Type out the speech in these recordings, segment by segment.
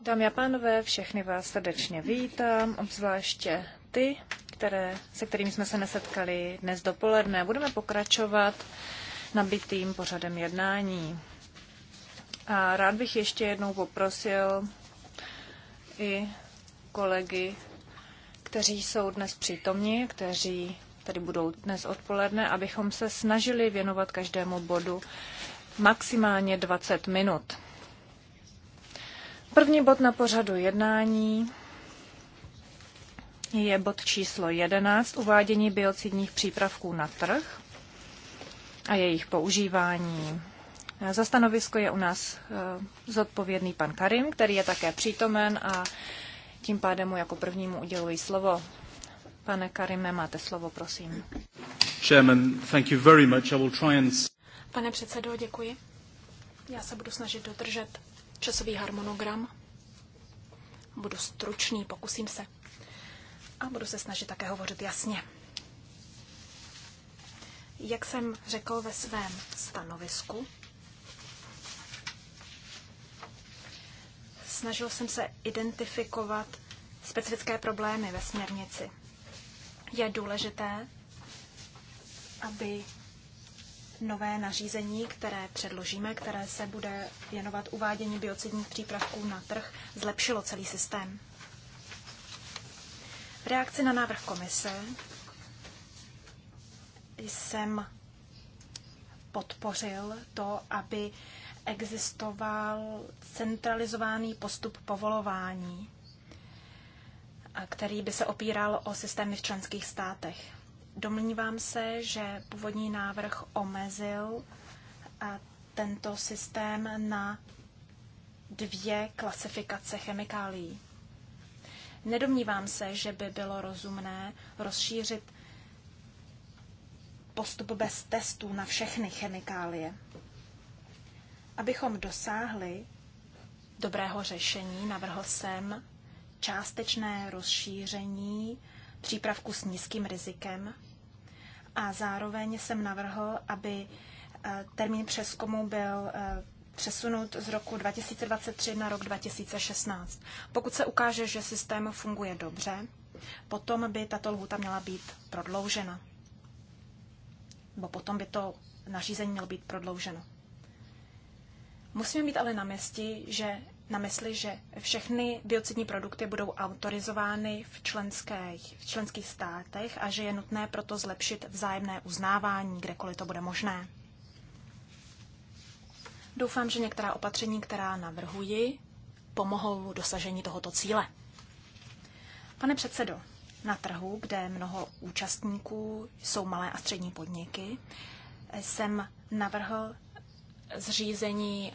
Dámy a pánové, všechny vás srdečně vítám, obzvláště ty, které, se kterými jsme se nesetkali dnes dopoledne. Budeme pokračovat nabitým pořadem jednání. A rád bych ještě jednou poprosil i kolegy, kteří jsou dnes přítomni, kteří tady budou dnes odpoledne, abychom se snažili věnovat každému bodu maximálně 20 minut. První bod na pořadu jednání je bod číslo 11, uvádění biocidních přípravků na trh a jejich používání. Za stanovisko je u nás eh, zodpovědný pan Karim, který je také přítomen a tím pádem mu jako prvnímu uděluji slovo. Pane Karime, máte slovo, prosím. Chairman, thank you very much. I will try and Pane předsedo, děkuji. Já se budu snažit dodržet časový harmonogram. Budu stručný, pokusím se. A budu se snažit také hovořit jasně. Jak jsem řekl ve svém stanovisku, snažil jsem se identifikovat specifické problémy ve směrnici. Je důležité, aby nové nařízení, které předložíme, které se bude věnovat uvádění biocidních přípravků na trh, zlepšilo celý systém. V reakci na návrh komise jsem podpořil to, aby existoval centralizovaný postup povolování, který by se opíral o systémy v členských státech. Domnívám se, že původní návrh omezil eh, tento systém na dvě klasifikace chemikálií. Nedomnívám se, že by bylo rozumné rozšířit postup bez testů na všechny chemikálie. Abychom dosáhli dobrého řešení, navrhl jsem částečné rozšíření přípravku s nízkým rizikem a zároveň jsem navrhl, aby eh, termín přeskumu byl eh, přesunout z roku 2023 na rok 2016. Pokud se ukáže, že systém funguje dobře, potom by tato lhuta měla být prodloužena. Bo potom by to nařízení mělo být prodlouženo. Musíme mít ale na městi, že na mysli, že všechny biocidní produkty budou autorizovány v, členských, v členských státech a že je nutné proto zlepšit vzájemné uznávání, kdekoliv to bude možné. Doufám, že některá opatření, která navrhuji, pomohou dosažení tohoto cíle. Pane předsedo, na trhu, kde mnoho účastníků jsou malé a střední podniky, jsem navrhl zřízení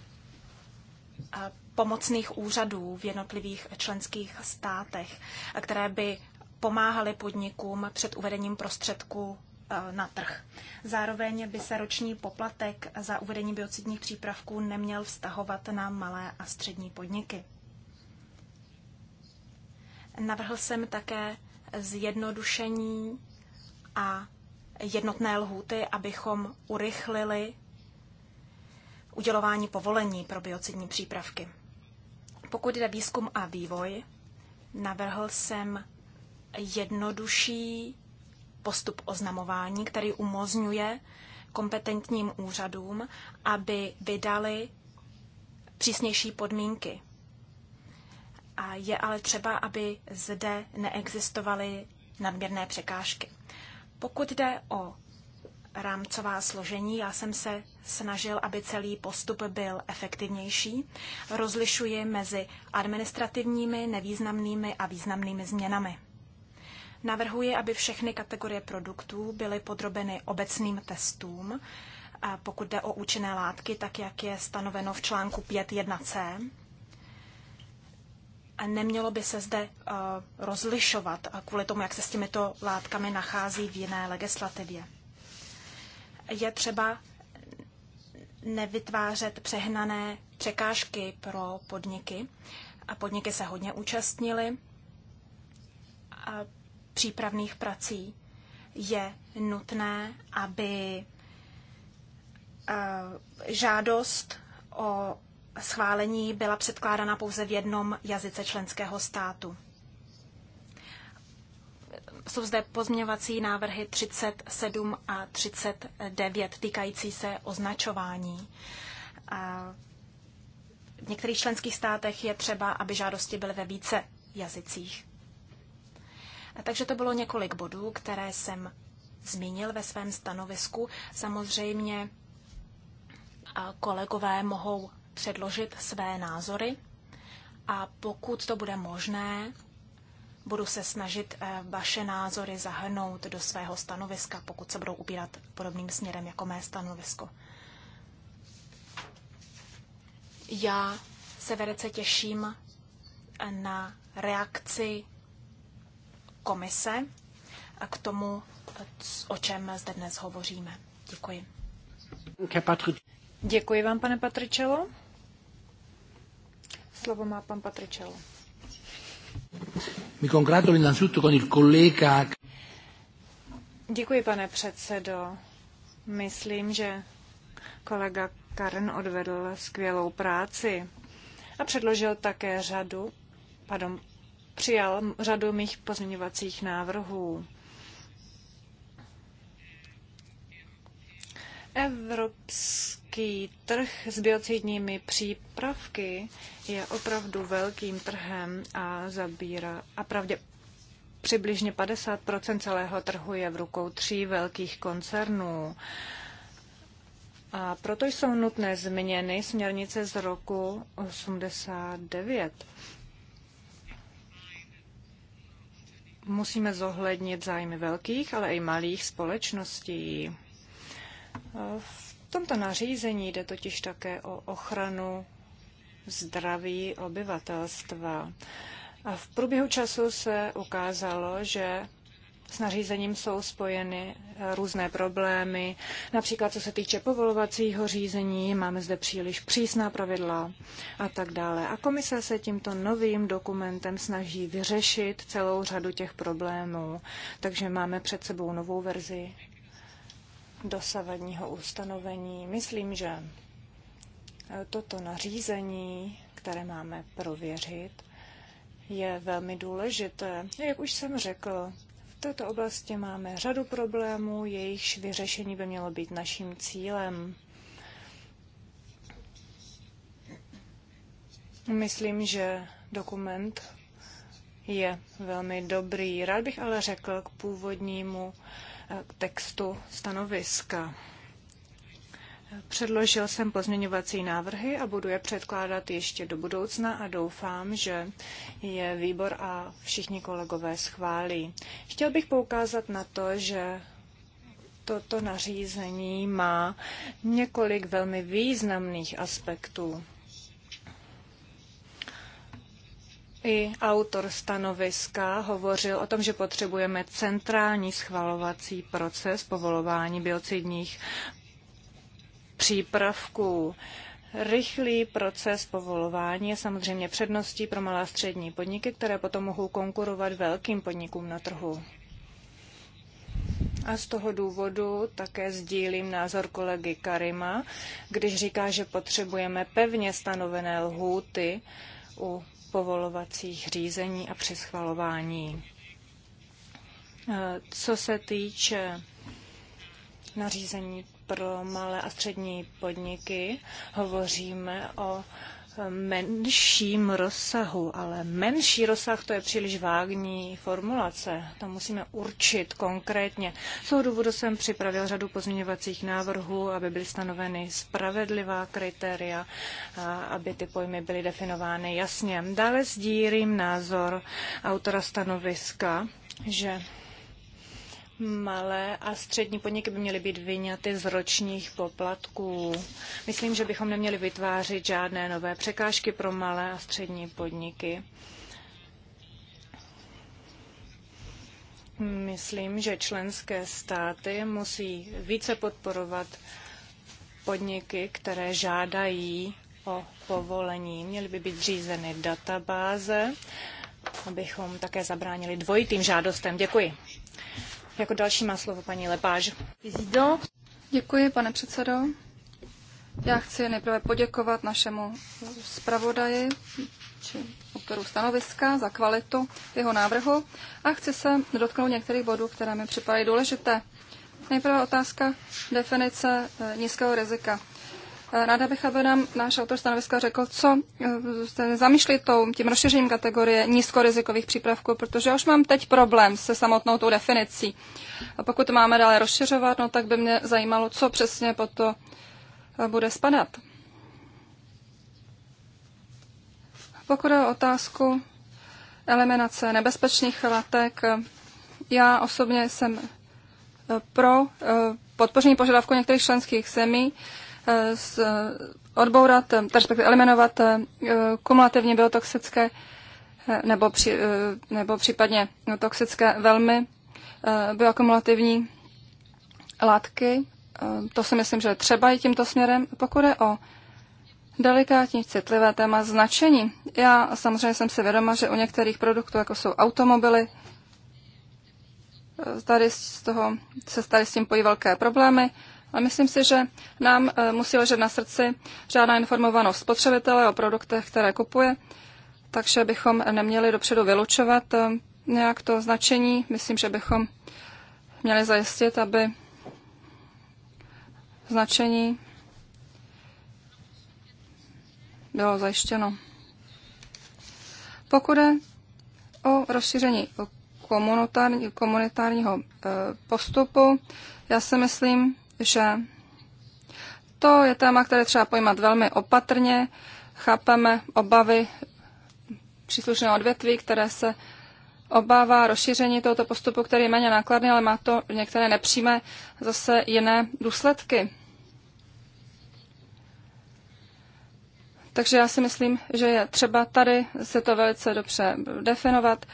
pomocných úřadů v jednotlivých členských státech, které by pomáhaly podnikům před uvedením prostředků e, na trh. Zároveň by se roční poplatek za uvedení biocidních přípravků neměl vztahovat na malé a střední podniky. Navrhl jsem také zjednodušení a jednotné lhůty, abychom urychlili udělování povolení pro biocidní přípravky. Pokud jde výzkum a vývoj, navrhl jsem jednodušší postup oznamování, který umožňuje kompetentním úřadům, aby vydali přísnější podmínky. A je ale třeba, aby zde neexistovaly nadměrné překážky. Pokud jde o rámcová složení. Já jsem se snažil, aby celý postup byl efektivnější. Rozlišuji mezi administrativními, nevýznamnými a významnými změnami. Navrhuji, aby všechny kategorie produktů byly podrobeny obecným testům, pokud jde o účinné látky, tak jak je stanoveno v článku 5.1c. Nemělo by se zde eh, rozlišovat kvůli tomu, jak se s těmito látkami nachází v jiné legislativě je třeba nevytvářet přehnané překážky pro podniky. A podniky se hodně účastnily a přípravných prací. Je nutné, aby eh, žádost o schválení byla předkládána pouze v jednom jazyce členského státu jsou zde pozměňovací návrhy 37 a 39 týkající se označování. V některých členských státech je třeba, aby žádosti byly ve více jazycích. Takže to bylo několik bodů, které jsem zmínil ve svém stanovisku. Samozřejmě kolegové mohou předložit své názory a pokud to bude možné, Budu se snažit eh, vaše názory zahrnout do svého stanoviska, pokud se budou ubírat podobným směrem jako mé stanovisko. Já se velice těším eh, na reakci komise a k tomu, eh, o čem zde dnes hovoříme. Děkuji. Děkuji vám, pane Patričelo. Slovo má pan Patričelo. Mi congratulo innanzitutto con il collega. Děkuji, pane předsedo. Myslím, že kolega Karen odvedl skvělou práci a předložil také řadu, pardon, přijal řadu mých pozměňovacích návrhů. Evropský Evropský trh s biocidními přípravky je opravdu velkým trhem a zabírá a pravdě přibližně 50 celého trhu je v rukou tří velkých koncernů. A proto jsou nutné změny směrnice z roku 89. Musíme zohlednit zájmy velkých, ale i malých společností. V tomto nařízení jde totiž také o ochranu zdraví obyvatelstva. A v průběhu času se ukázalo, že s nařízením jsou spojeny různé problémy, například co se týče povolovacího řízení, máme zde příliš přísná pravidla a tak dále. A komise se tímto novým dokumentem snaží vyřešit celou řadu těch problémů, takže máme před sebou novou verzi dosavadního ustanovení. Myslím, že toto nařízení, které máme prověřit, je velmi důležité. Jak už jsem řekl, v této oblasti máme řadu problémů, jejichž vyřešení by mělo být naším cílem. Myslím, že dokument je velmi dobrý. Rád bych ale řekl k původnímu uh, Eh, textu stanoviska. Předložil jsem pozměňovací návrhy a budu je předkládat ještě do budoucna a doufám, že je výbor a všichni kolegové schválí. Chtěl bych poukázat na to, že toto nařízení má několik velmi významných aspektů. I autor stanoviska hovořil o tom, že potřebujeme centrální schvalovací proces povolování biocidních přípravků. Rychlý proces povolování je samozřejmě předností pro malé a střední podniky, které potom mohou konkurovat velkým podnikům na trhu. A z toho důvodu také sdílím názor kolegy Karima, když říká, že potřebujeme pevně stanovené lhůty u povolovacích řízení a při schvalování. E, co se týče nařízení pro malé a střední podniky, hovoříme o menším rozsahu, ale menší rozsah to je příliš vágní formulace. To musíme určit konkrétně. Z toho důvodu jsem připravil řadu pozměňovacích návrhů, aby byly stanoveny spravedlivá kritéria, a aby ty pojmy byly definovány jasně. Dále sdílím názor autora stanoviska, že Malé a střední podniky by měly být vyňaty z ročních poplatků. Myslím, že bychom neměli vytvářet žádné nové překážky pro malé a střední podniky. Myslím, že členské státy musí více podporovat podniky, které žádají o povolení. Měly by být zřízeny databáze, abychom také zabránili dvojitým žádostem. Děkuji. Jako další má slovo paní Lepáž. Děkuji, pane předsedo. Já chci nejprve poděkovat našemu zpravodaji, či autoru stanoviska, za kvalitu jeho návrhu a chci se dotknout některých bodů, které mi připadají důležité. Nejprve otázka definice eh, nízkého rizika. Ráda bych, aby nám náš autor stanoviska řekl, co jste eh, zamýšlí tím rozšířením kategorie nízkorizikových přípravků, protože já už mám teď problém se samotnou tou definicí. A pokud to máme dále rozšiřovat, no, tak by mě zajímalo, co přesně po to eh, bude spadat. Pokud je otázku eliminace nebezpečných látek, eh, já osobně jsem pro podpoření požadavku některých členských zemí, Eh, s eh, odbourat, eh, respektive eliminovat kumulativně biotoxické nebo, při, nebo případně no, toxické velmi bioakumulativní látky. To si myslím, že třeba i tímto směrem. Pokud je o delikátní, citlivé téma značení, já samozřejmě jsem si vědoma, že u některých produktů, jako jsou automobily, tady z toho se tady s tím pojí velké problémy. A myslím si, že nám eh, musí ležet na srdci žádná informovanost spotřebitele o produktech, které kupuje, takže bychom neměli dopředu vylučovat eh, nějak to značení. Myslím, že bychom měli zajistit, aby značení bylo zajištěno. Pokud je o rozšíření komunitárního eh, postupu, já si myslím, že to je téma, které třeba pojímat velmi opatrně. Chápeme obavy příslušného odvětví, které se obává rozšíření tohoto postupu, který je méně nákladný, ale má to některé nepřímé zase jiné důsledky. Takže já si myslím, že je třeba tady se to velice dobře definovat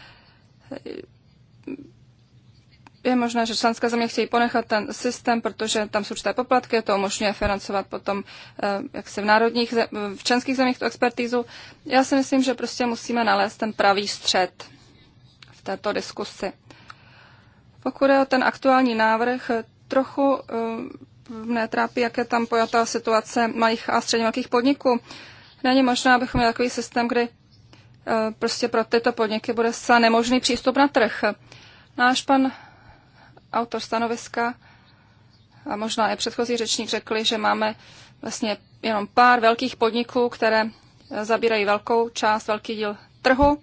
je možné, že členské země chtějí ponechat ten systém, protože tam jsou určité poplatky, to umožňuje financovat potom, eh, jak se v národních, v členských zemích tu expertízu. Já si myslím, že prostě musíme nalézt ten pravý střed v této diskusi. Pokud je o ten aktuální návrh, eh, trochu eh, mne trápí, jak je tam pojatá situace malých a středně velkých podniků. Není možné, abychom měli takový systém, kdy prostě pro tyto podniky bude se nemožný přístup na trh. Náš pan autor stanoviska a možná i předchozí řečník řekli, že máme vlastně jenom pár velkých podniků, které zabírají velkou část, velký díl trhu.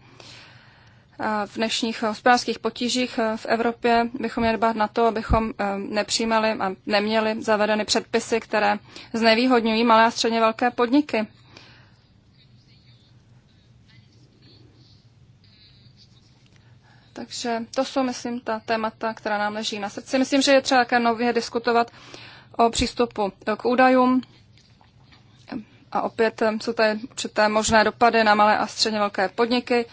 A v dnešních hospodářských potížích v Evropě bychom měli dbát na to, abychom eh, nepřijímali a neměli zavedeny předpisy, které znevýhodňují malé a středně velké podniky. Takže to jsou, myslím, ta témata, která nám leží na srdci. Myslím, že je třeba také nově diskutovat o přístupu k údajům. A opět eh, jsou tady určité možné dopady na malé a středně velké podniky,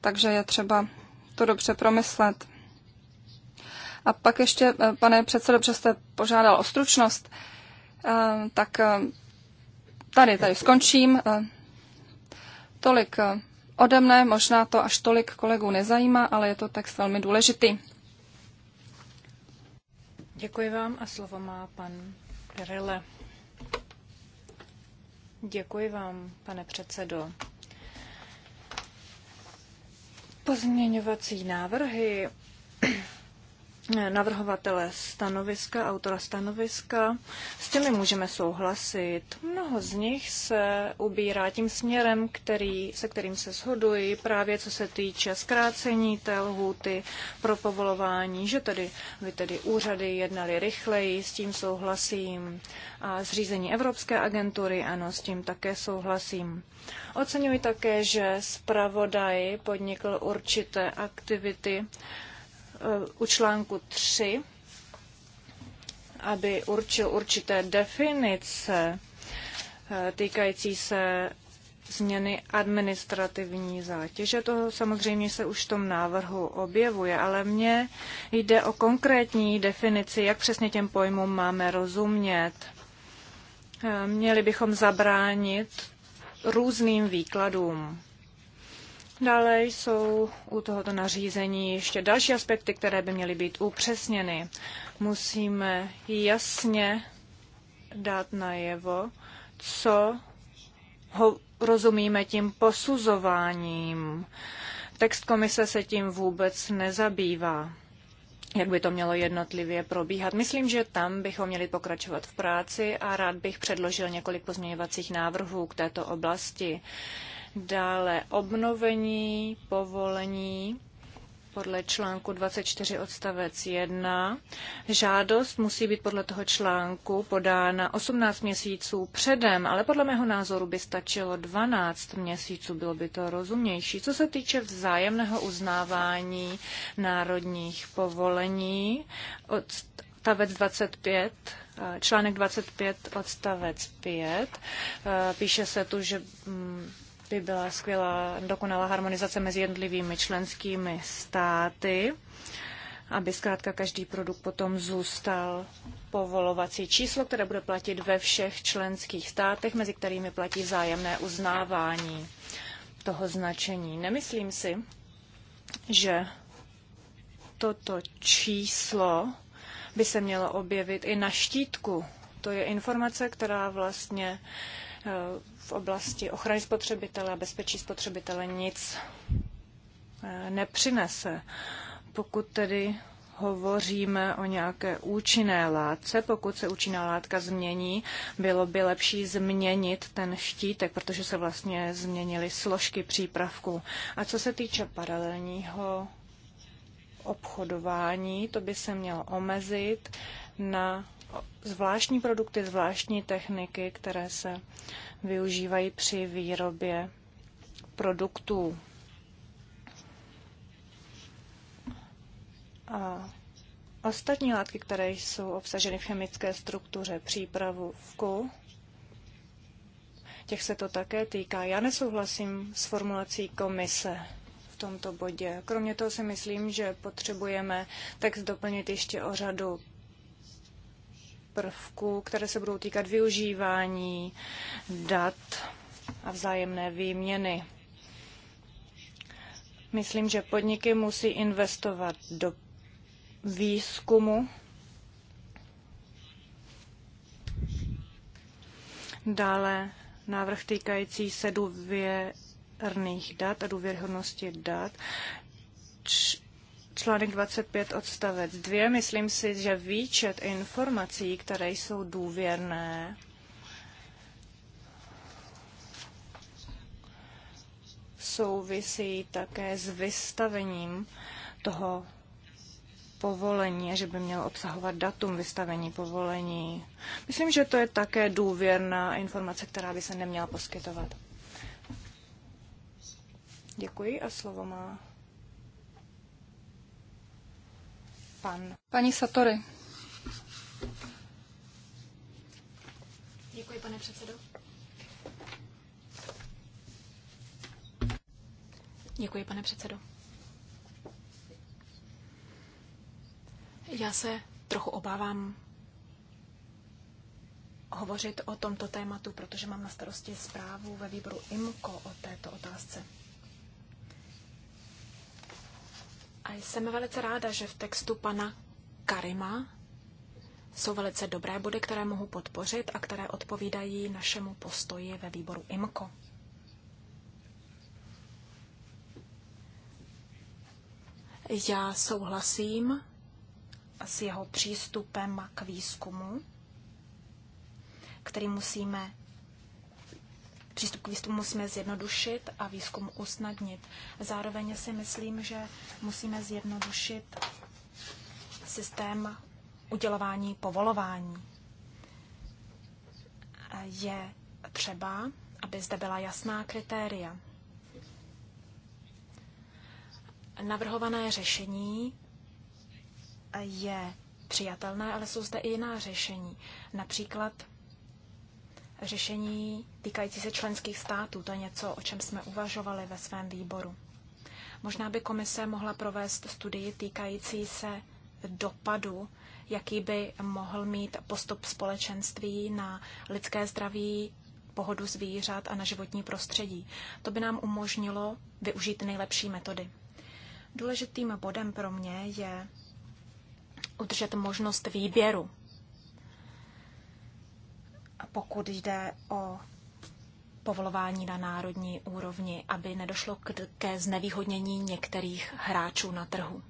takže je třeba to dobře promyslet. A pak ještě, eh, pane předsedo, protože jste požádal o stručnost, eh, tak tady, tady skončím. Tolik Ode mne možná to až tolik kolegů nezajímá, ale je to text velmi důležitý. Děkuji vám a slovo má pan Perele. Děkuji vám, pane předsedo. Pozměňovací návrhy navrhovatele stanoviska, autora stanoviska. S těmi můžeme souhlasit. Mnoho z nich se ubírá tím směrem, který, se kterým se shodují, právě co se týče zkrácení té lhůty pro povolování, že tedy, by tedy úřady jednali rychleji, s tím souhlasím. A zřízení Evropské agentury, ano, s tím také souhlasím. Oceňuji také, že zpravodaj podnikl určité aktivity, Eh, u článku 3, aby určil určité definice eh, týkající se změny administrativní zátěže. To samozřejmě se už v tom návrhu objevuje, ale mně jde o konkrétní definici, jak přesně těm pojmům máme rozumět. Eh, měli bychom zabránit různým výkladům. Dále jsou u tohoto nařízení ještě další aspekty, které by měly být upřesněny. Musíme jasně dát najevo, co ho rozumíme tím posuzováním. Text komise se tím vůbec nezabývá jak by to mělo jednotlivě probíhat. Myslím, že tam bychom měli pokračovat v práci a rád bych předložil několik pozměňovacích návrhů k této oblasti dále obnovení povolení podle článku 24 odstavec 1. Žádost musí být podle toho článku podána 18 měsíců předem, ale podle mého názoru by stačilo 12 měsíců, bylo by to rozumnější. Co se týče vzájemného uznávání národních povolení, odstavec 25, článek 25 odstavec 5, eh, píše se tu, že mm, by byla skvělá dokonalá harmonizace mezi jednotlivými členskými státy, aby zkrátka každý produkt potom zůstal povolovací číslo, které bude platit ve všech členských státech, mezi kterými platí vzájemné uznávání toho značení. Nemyslím si, že toto číslo by se mělo objevit i na štítku. To je informace, která vlastně eh, v oblasti ochrany spotřebitele a bezpečí spotřebitele nic eh, nepřinese. Pokud tedy hovoříme o nějaké účinné látce, pokud se účinná látka změní, bylo by lepší změnit ten štítek, protože se vlastně změnily složky přípravku. A co se týče paralelního obchodování, to by se mělo omezit na zvláštní produkty, zvláštní techniky, které se využívají při výrobě produktů. A ostatní látky, které jsou obsaženy v chemické struktuře přípravku, těch se to také týká. Já nesouhlasím s formulací komise v tomto bodě. Kromě toho si myslím, že potřebujeme text doplnit ještě o řadu prvků, které se budou týkat využívání dat a vzájemné výměny. Myslím, že podniky musí investovat do výzkumu, dále návrh týkající se důvěrných dat a důvěrhodnosti dat článek 25 odstavec 2. Myslím si, že výčet informací, které jsou důvěrné, souvisí také s vystavením toho povolení, že by měl obsahovat datum vystavení povolení. Myslím, že to je také důvěrná informace, která by se neměla poskytovat. Děkuji a slovo má pan... Paní Satory. Děkuji, pane předsedo. Děkuji, pane předsedo. Já se trochu obávám hovořit o tomto tématu, protože mám na starosti zprávu ve výboru IMKO o této otázce. Jsem velice ráda, že v textu pana Karima jsou velice dobré body, které mohu podpořit a které odpovídají našemu postoji ve výboru IMCO. Já souhlasím s jeho přístupem k výzkumu, který musíme Přístup k výzkumu musíme zjednodušit a výzkum usnadnit. Zároveň si myslím, že musíme zjednodušit systém udělování povolování. Je třeba, aby zde byla jasná kritéria. Navrhované řešení je přijatelné, ale jsou zde i jiná řešení. Například řešení týkající se členských států. To je něco, o čem jsme uvažovali ve svém výboru. Možná by komise mohla provést studii týkající se dopadu, jaký by mohl mít postup společenství na lidské zdraví, pohodu zvířat a na životní prostředí. To by nám umožnilo využít nejlepší metody. Důležitým bodem pro mě je udržet možnost výběru pokud jde o povolování na národní úrovni, aby nedošlo k, ke znevýhodnění některých hráčů na trhu.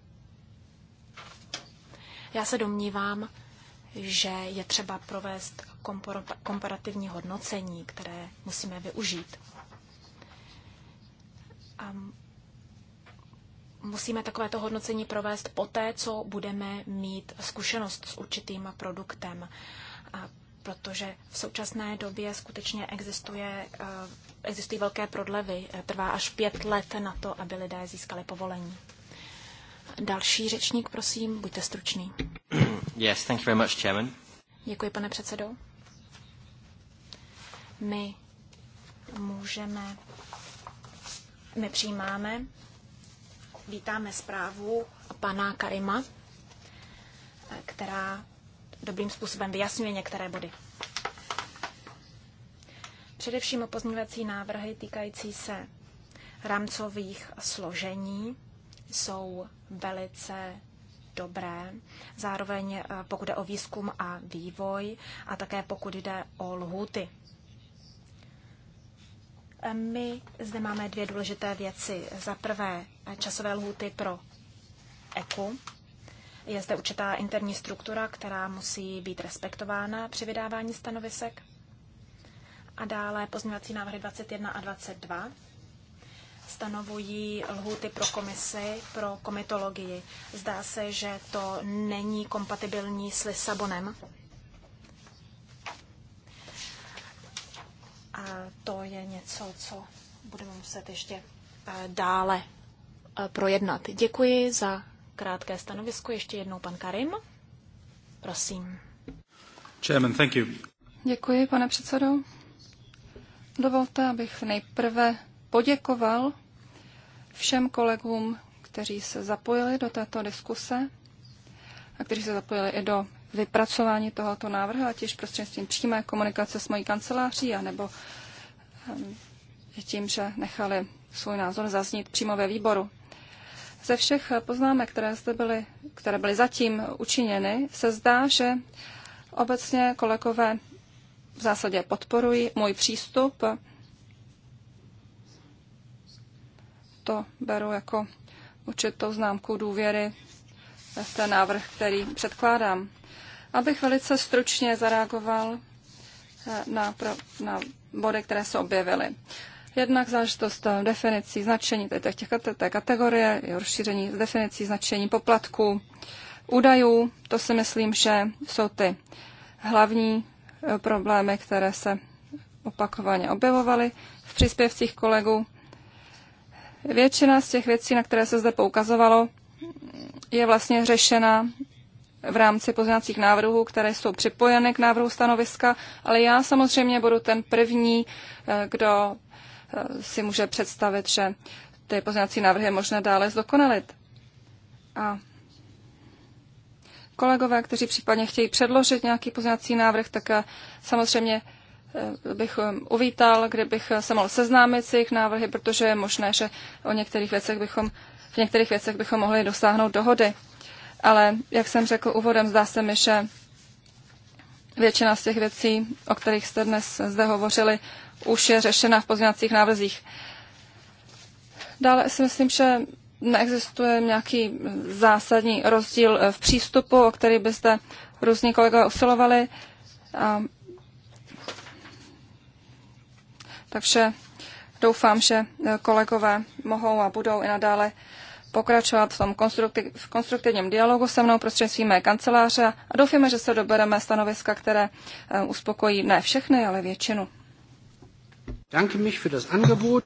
Já se domnívám, že je třeba provést komparativní hodnocení, které musíme využít. A musíme takovéto hodnocení provést poté, co budeme mít zkušenost s určitým produktem. A protože v současné době skutečně existuje, eh, existují velké prodlevy. Eh, trvá až pět let na to, aby lidé získali povolení. Další řečník, prosím, buďte stručný. Yes, thank you very much, Chairman. Děkuji, pane předsedo. My můžeme, my přijímáme, vítáme zprávu pana Karima, eh, která dobrým způsobem vyjasňuje některé body. Především o pozměňovací návrhy týkající se rámcových složení jsou velice dobré. Zároveň eh, pokud jde o výzkum a vývoj a také pokud jde o lhuty. Eh, my zde máme dvě důležité věci. Za prvé eh, časové lhuty pro EKU, je zde určitá interní struktura, která musí být respektována při vydávání stanovisek. A dále pozměňovací návrhy 21 a 22 stanovují lhuty pro komisi, pro komitologii. Zdá se, že to není kompatibilní s Lisabonem. A to je něco, co budeme muset ještě eh, dále eh, projednat. Děkuji za krátké stanovisko. Ještě jednou pan Karim. Prosím. Chairman, thank you. Děkuji, pane předsedo. Dovolte, abych nejprve poděkoval všem kolegům, kteří se zapojili do této diskuse a kteří se zapojili i do vypracování tohoto návrhu, ať již prostřednictvím přímé komunikace s mojí kanceláří, anebo ehm, tím, že nechali svůj názor zaznít přímo ve výboru. Ze všech poznámek, které, zde byly, které byly zatím učiněny, se zdá, že obecně kolegové v zásadě podporují můj přístup. To beru jako určitou známku důvěry v ten návrh, který předkládám. Abych velice stručně zareagoval eh, na, pro, na body, které se objevily. Jednak záležitost eh, definicí, značení těch, těch, té kategorie, je rozšíření definicí, značení poplatků, údajů, to si myslím, že jsou ty hlavní eh, problémy, které se opakovaně objevovaly v příspěvcích kolegů. Většina z těch věcí, na které se zde poukazovalo, je vlastně řešena v rámci pozměňovacích návrhů, které jsou připojeny k návrhu stanoviska, ale já samozřejmě budu ten první, eh, kdo Eh, si může představit, že ty pozměňovací návrhy je možné dále zdokonalit. A kolegové, kteří případně chtějí předložit nějaký pozměňovací návrh, tak samozřejmě eh, bych eh, uvítal, kdybych se mohl seznámit s jejich návrhy, protože je možné, že o některých věcech bychom, v některých věcech bychom mohli dosáhnout dohody. Ale jak jsem řekl úvodem, zdá se mi, že většina z těch věcí, o kterých jste dnes zde hovořili, už je řešena v pozměňovacích návrzích. Dále si myslím, že neexistuje nějaký zásadní rozdíl v přístupu, o který byste různí kolegové usilovali. A... Takže doufám, že kolegové mohou a budou i nadále pokračovat v tom konstruktiv, v konstruktivním dialogu se mnou prostřednictvím mé kanceláře a doufáme, že se dobereme stanoviska, které eh, uspokojí ne všechny, ale většinu. Danke mich für das Angebot.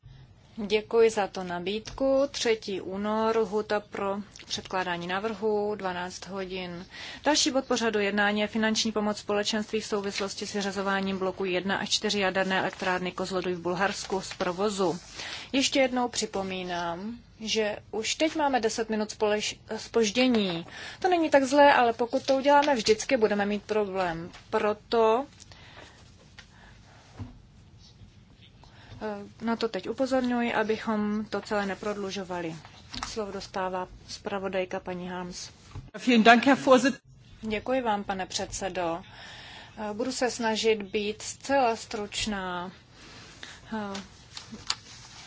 Děkuji za to nabídku. 3. únor, lhuta pro předkládání návrhu, 12 hodin. Další bod pořadu jednání je finanční pomoc společenství v souvislosti s vyřazováním bloku 1 a 4 jaderné elektrárny Kozloduj v Bulharsku z provozu. Ještě jednou připomínám, že už teď máme 10 minut spoleš- spoždění. To není tak zlé, ale pokud to uděláme vždycky, budeme mít problém. Proto Na to teď upozorňuji, abychom to celé neprodlužovali. Slovo dostává zpravodajka paní Hams. Děkuji vám, pane předsedo. Eh, budu se snažit být zcela stručná. Eh,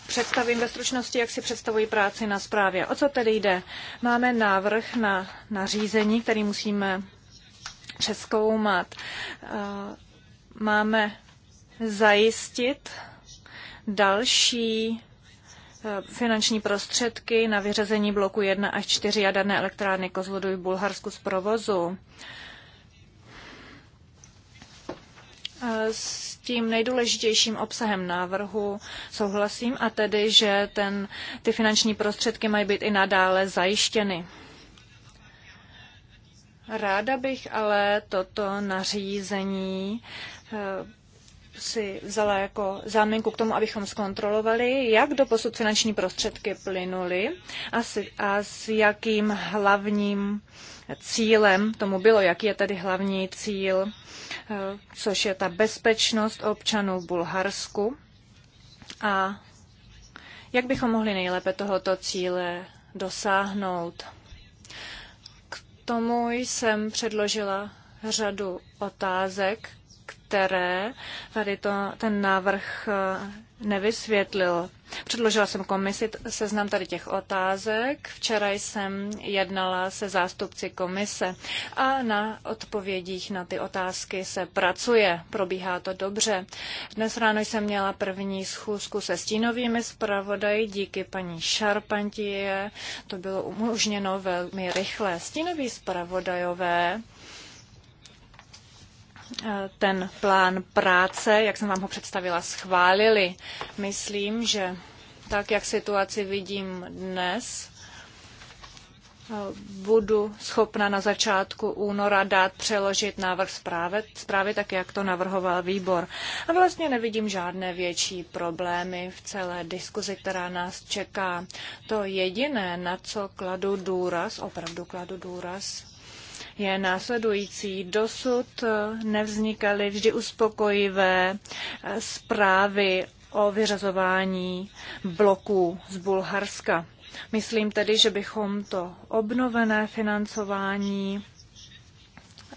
představím ve stručnosti, jak si představuji práci na zprávě. O co tedy jde? Máme návrh na nařízení, který musíme přeskoumat. Eh, máme zajistit další eh, finanční prostředky na vyřazení bloku 1 až 4 jaderné elektrárny Kozloduj v Bulharsku z provozu. Eh, s tím nejdůležitějším obsahem návrhu souhlasím a tedy, že ten, ty finanční prostředky mají být i nadále zajištěny. Ráda bych ale toto nařízení eh, si vzala jako záminku k tomu, abychom zkontrolovali, jak do posud finanční prostředky plynuly a, a s jakým hlavním cílem tomu bylo, jaký je tedy hlavní cíl, eh, což je ta bezpečnost občanů v Bulharsku a jak bychom mohli nejlépe tohoto cíle dosáhnout. K tomu jsem předložila řadu otázek, které tady to, ten návrh eh, nevysvětlil. Předložila jsem komisi seznam tady těch otázek. Včera jsem jednala se zástupci komise a na odpovědích na ty otázky se pracuje. Probíhá to dobře. Dnes ráno jsem měla první schůzku se stínovými zpravodaji díky paní Šarpantie. To bylo umožněno velmi rychle. Stínoví zpravodajové Eh, ten plán práce, jak jsem vám ho představila, schválili. Myslím, že tak, jak situaci vidím dnes, eh, budu schopna na začátku února dát přeložit návrh zprávy, zprávy tak, jak to navrhoval výbor. A vlastně nevidím žádné větší problémy v celé diskuzi, která nás čeká. To jediné, na co kladu důraz, opravdu kladu důraz, je následující. Dosud nevznikaly vždy uspokojivé eh, zprávy o vyřazování bloků z Bulharska. Myslím tedy, že bychom to obnovené financování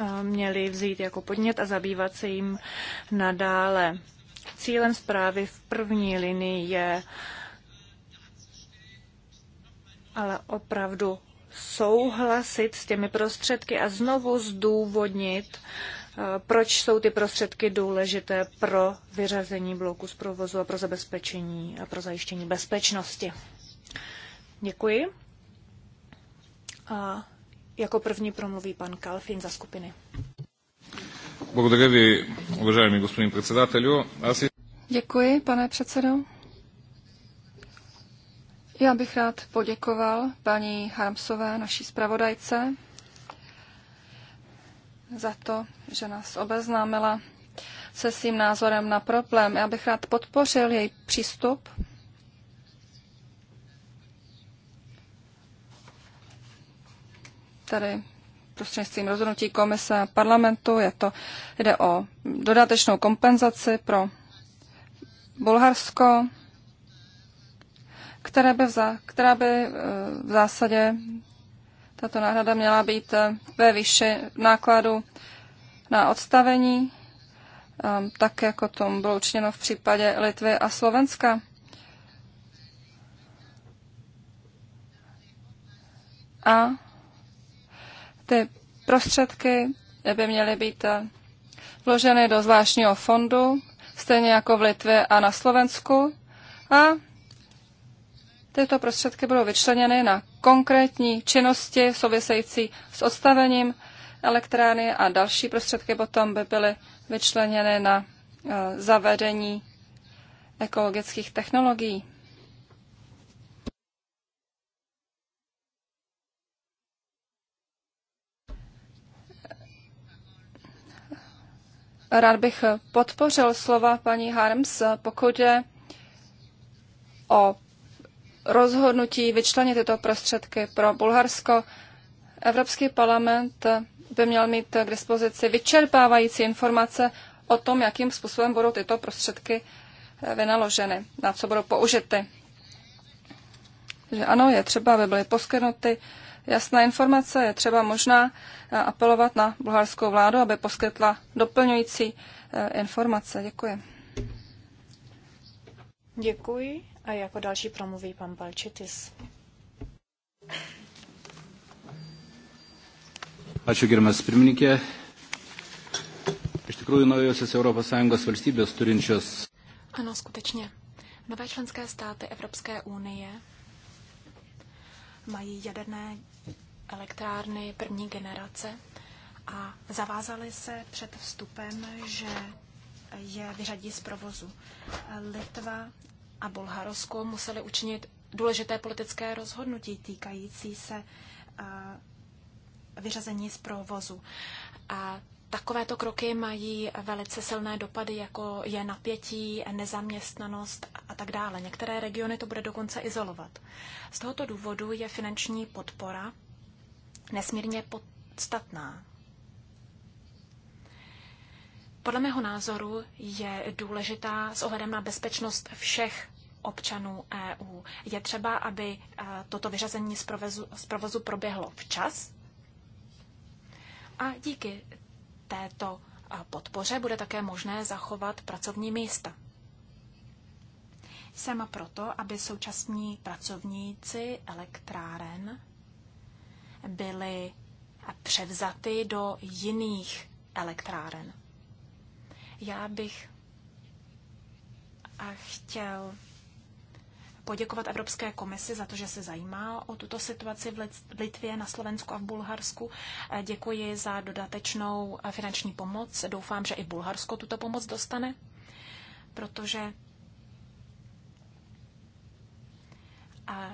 eh, měli vzít jako podnět a zabývat se jim nadále. Cílem zprávy v první linii je ale opravdu souhlasit s těmi prostředky a znovu zdůvodnit, eh, proč jsou ty prostředky důležité pro vyřazení bloku z provozu a pro zabezpečení a pro zajištění bezpečnosti. Děkuji. A jako první promluví pan Kalfin za skupiny. Děkuji, pane předsedo. Já bych rád poděkoval paní Harmsové, naší zpravodajce, za to, že nás obeznámila se svým názorem na problém. Já bych rád podpořil její přístup. Tady prostřednictvím rozhodnutí komise a parlamentu je to, jde o dodatečnou kompenzaci pro Bulharsko, které by v která by eh, v zásadě tato náhrada měla být eh, ve výši nákladu na odstavení, ehm, tak jako tom bylo učiněno v případě Litvy a Slovenska. A ty prostředky by měly být eh, vloženy do zvláštního fondu, stejně jako v Litvě a na Slovensku. A Tyto prostředky budou vyčleněny na konkrétní činnosti související s odstavením elektrárny a další prostředky potom by byly vyčleněny na e, zavedení ekologických technologií. Rád bych podpořil slova paní Harms, pokud je o rozhodnutí vyčlenit tyto prostředky pro Bulharsko. Evropský parlament by měl mít k dispozici vyčerpávající informace o tom, jakým způsobem budou tyto prostředky eh, vynaloženy, na co budou použity. Takže ano, je třeba, aby byly poskytnuty jasná informace, je třeba možná eh, apelovat na bulharskou vládu, aby poskytla doplňující eh, informace. Děkuji. Děkuji. A jako další promluví pan Balčitis. Ačiū gerbiamas pirmininkė. Iš tikrųjų, naujosios ES valstybės turinčios. Ano, skutečně. Nové členské státy Evropské unie mají jaderné elektrárny první generace a zavázali se před vstupem, že je vyřadí z provozu. Litva, a Bulharsko museli učinit důležité politické rozhodnutí týkající se vyřazení z provozu. A takovéto kroky mají velice silné dopady, jako je napětí, nezaměstnanost a tak dále. Některé regiony to bude dokonce izolovat. Z tohoto důvodu je finanční podpora nesmírně podstatná. Podle mého názoru je důležitá s ohledem na bezpečnost všech občanů EU. Je třeba, aby eh, toto vyřazení z provozu, z provozu proběhlo včas a díky této eh, podpoře bude také možné zachovat pracovní místa. Jsem proto, aby současní pracovníci elektráren byli převzaty do jiných elektráren. Já bych eh, chtěl poděkovat Evropské komisi za to, že se zajímá o tuto situaci v Litvě, na Slovensku a v Bulharsku. Eh, děkuji za dodatečnou eh, finanční pomoc. Doufám, že i Bulharsko tuto pomoc dostane, protože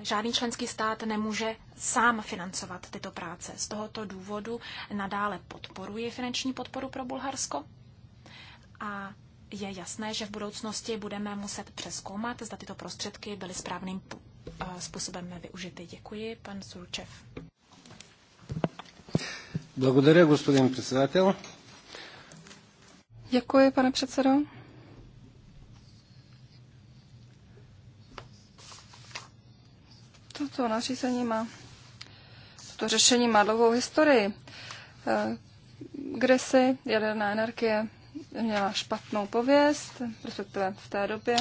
žádný členský stát nemůže sám financovat tyto práce. Z tohoto důvodu nadále podporuji finanční podporu pro Bulharsko a je jasné, že v budoucnosti budeme muset přeskoumat, zda tyto prostředky byly správným eh, způsobem využity. Děkuji, pan Surčev. Благодаря, господин председател. Děkuji, pane předsedo. Toto nařízení má, toto řešení má dlouhou historii. Eh, Kdysi jaderná energie měla špatnou pověst, respektive v té době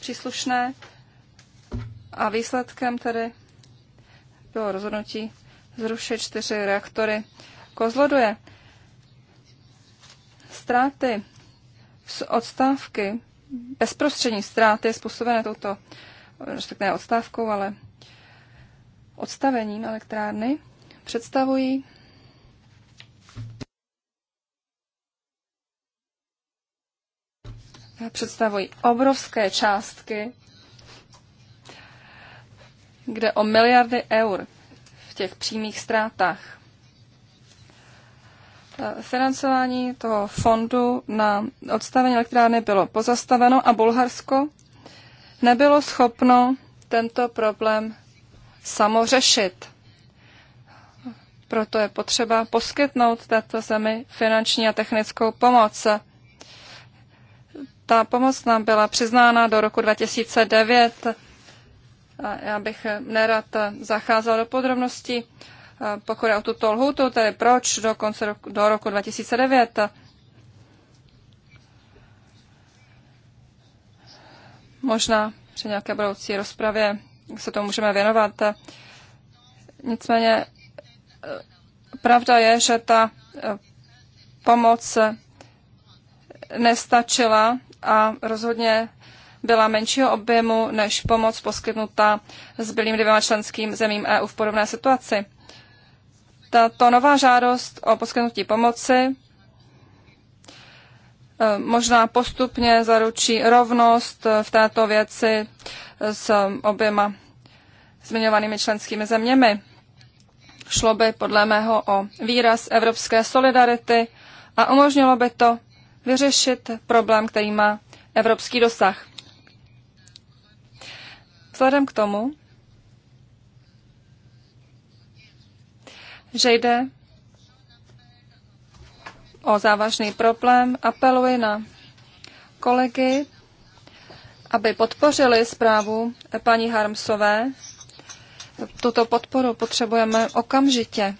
příslušné. A výsledkem tedy bylo rozhodnutí zrušit čtyři reaktory Kozloduje. Ztráty z odstávky, bezprostřední ztráty způsobené touto, respektive odstávkou, ale odstavením elektrárny, představují představují obrovské částky, kde o miliardy eur v těch přímých ztrátách. Financování toho fondu na odstavení elektrárny bylo pozastaveno a Bulharsko nebylo schopno tento problém samořešit. Proto je potřeba poskytnout této zemi finanční a technickou pomoc. Ta pomoc nám byla přiznána do roku 2009. Já bych nerad zacházel do podrobností, pokud je o tuto lhutu, tedy proč do konce roku, do roku 2009. Možná při nějaké budoucí rozpravě se tomu můžeme věnovat. Nicméně e, pravda je, že ta e, pomoc nestačila a rozhodně byla menšího objemu než pomoc poskytnuta zbylým dvěma členským zemím EU v podobné situaci. Tato nová žádost o poskytnutí pomoci eh, možná postupně zaručí rovnost eh, v této věci s eh, oběma zmiňovanými členskými zeměmi. Šlo by podle mého o výraz evropské solidarity a umožnilo by to vyřešit problém, který má evropský dosah. Vzhledem k tomu, že jde o závažný problém, apeluji na kolegy, aby podpořili zprávu paní Harmsové. Tuto podporu potřebujeme okamžitě.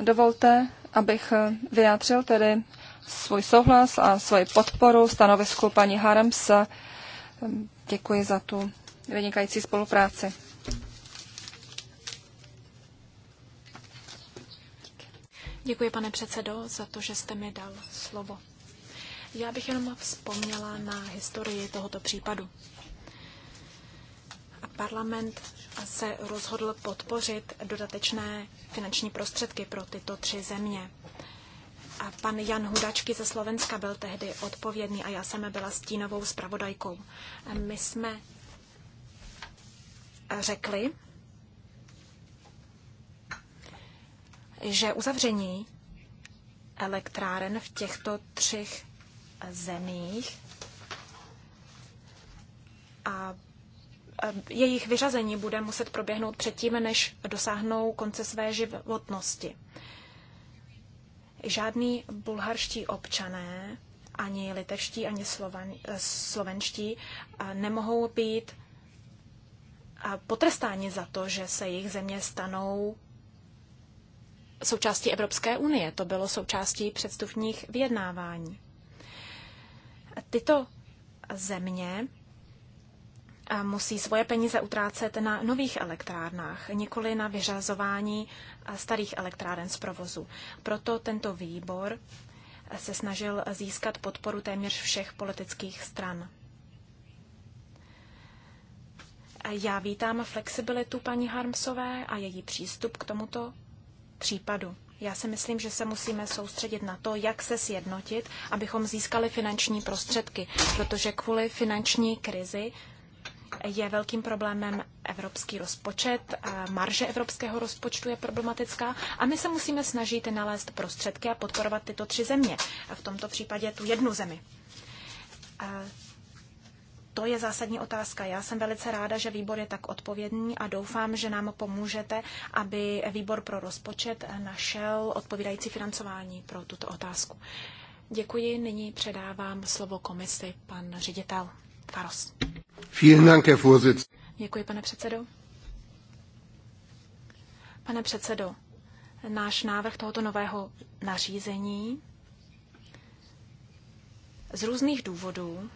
dovolte, abych vyjádřil tedy svůj souhlas a svoji podporu stanovisku paní Harems. Děkuji za tu vynikající spolupráci. Děkuji, pane předsedo, za to, že jste mi dal slovo. Já bych jenom vzpomněla na historii tohoto případu parlament se rozhodl podpořit dodatečné finanční prostředky pro tyto tři země. A pan Jan Hudačky ze Slovenska byl tehdy odpovědný a já jsem byla stínovou zpravodajkou. My jsme řekli, že uzavření elektráren v těchto třech zemích a Eh, jejich vyřazení bude muset proběhnout předtím, než dosáhnou konce své životnosti. Žádný bulharští občané, ani litevští, ani sloven, eh, slovenští eh, nemohou být potrestáni za to, že se jejich země stanou součástí Evropské unie. To bylo součástí předstupních vyjednávání. Tyto země musí svoje peníze utrácet na nových elektrárnách, nikoli na vyřazování starých elektráren z provozu. Proto tento výbor se snažil získat podporu téměř všech politických stran. Já vítám flexibilitu paní Harmsové a její přístup k tomuto případu. Já si myslím, že se musíme soustředit na to, jak se sjednotit, abychom získali finanční prostředky, protože kvůli finanční krizi je velkým problémem evropský rozpočet, marže evropského rozpočtu je problematická a my se musíme snažit nalézt prostředky a podporovat tyto tři země, v tomto případě tu jednu zemi. To je zásadní otázka. Já jsem velice ráda, že výbor je tak odpovědný a doufám, že nám pomůžete, aby výbor pro rozpočet našel odpovídající financování pro tuto otázku. Děkuji, nyní předávám slovo komisi, pan ředitel. Karos. Děkuji, pane předsedo. Pane předsedo, náš návrh tohoto nového nařízení z různých důvodů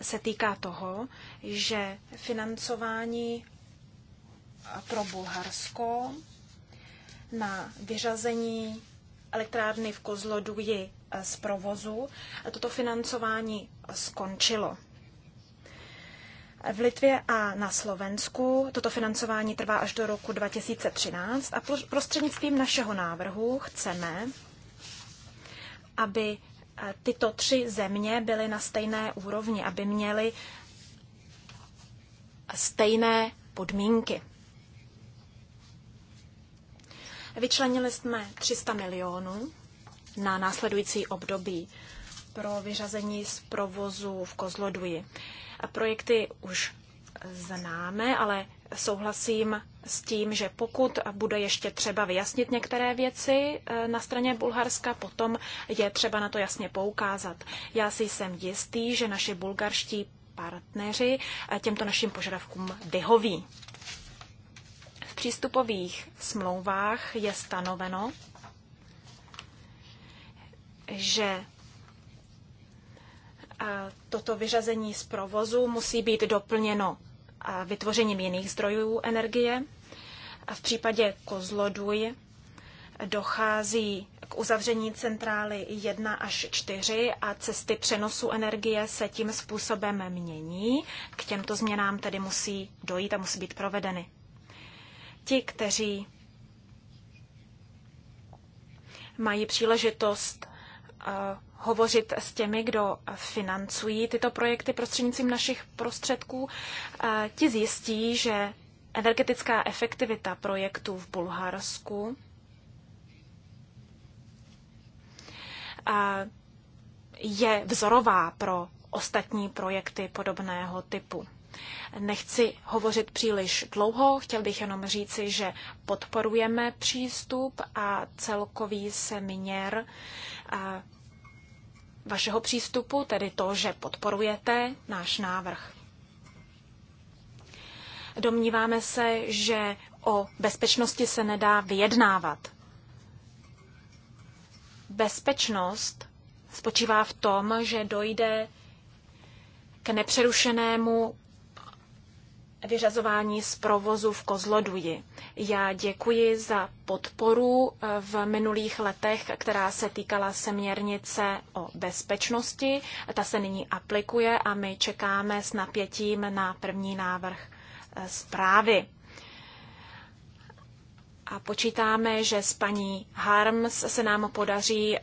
se týká toho, že financování pro Bulharsko na vyřazení elektrárny v Kozloduji z provozu. Toto financování skončilo. V Litvě a na Slovensku toto financování trvá až do roku 2013 a prostřednictvím našeho návrhu chceme, aby eh, tyto tři země byly na stejné úrovni, aby měly stejné podmínky. Vyčlenili jsme 300 milionů na následující období pro vyřazení z provozu v Kozloduji. A projekty už známe, ale souhlasím s tím, že pokud bude ještě třeba vyjasnit některé věci e, na straně Bulharska, potom je třeba na to jasně poukázat. Já si jsem jistý, že naši bulgarští partneři e, těmto našim požadavkům vyhoví. V přístupových smlouvách je stanoveno, že toto vyřazení z provozu musí být doplněno vytvořením jiných zdrojů energie. V případě Kozloduj dochází k uzavření centrály 1 až 4 a cesty přenosu energie se tím způsobem mění. K těmto změnám tedy musí dojít a musí být provedeny. Ti, kteří mají příležitost hovořit s těmi, kdo financují tyto projekty prostřednictvím našich prostředků. Ti zjistí, že energetická efektivita projektů v Bulharsku je vzorová pro ostatní projekty podobného typu. Nechci hovořit příliš dlouho, chtěl bych jenom říci, že podporujeme přístup a celkový směr vašeho přístupu, tedy to, že podporujete náš návrh. Domníváme se, že o bezpečnosti se nedá vyjednávat. Bezpečnost spočívá v tom, že dojde k nepřerušenému vyřazování z provozu v Kozloduji. Já děkuji za podporu eh, v minulých letech, která se týkala seměrnice o bezpečnosti. Ta se nyní aplikuje a my čekáme s napětím na první návrh eh, zprávy. A počítáme, že s paní Harms se nám podaří eh,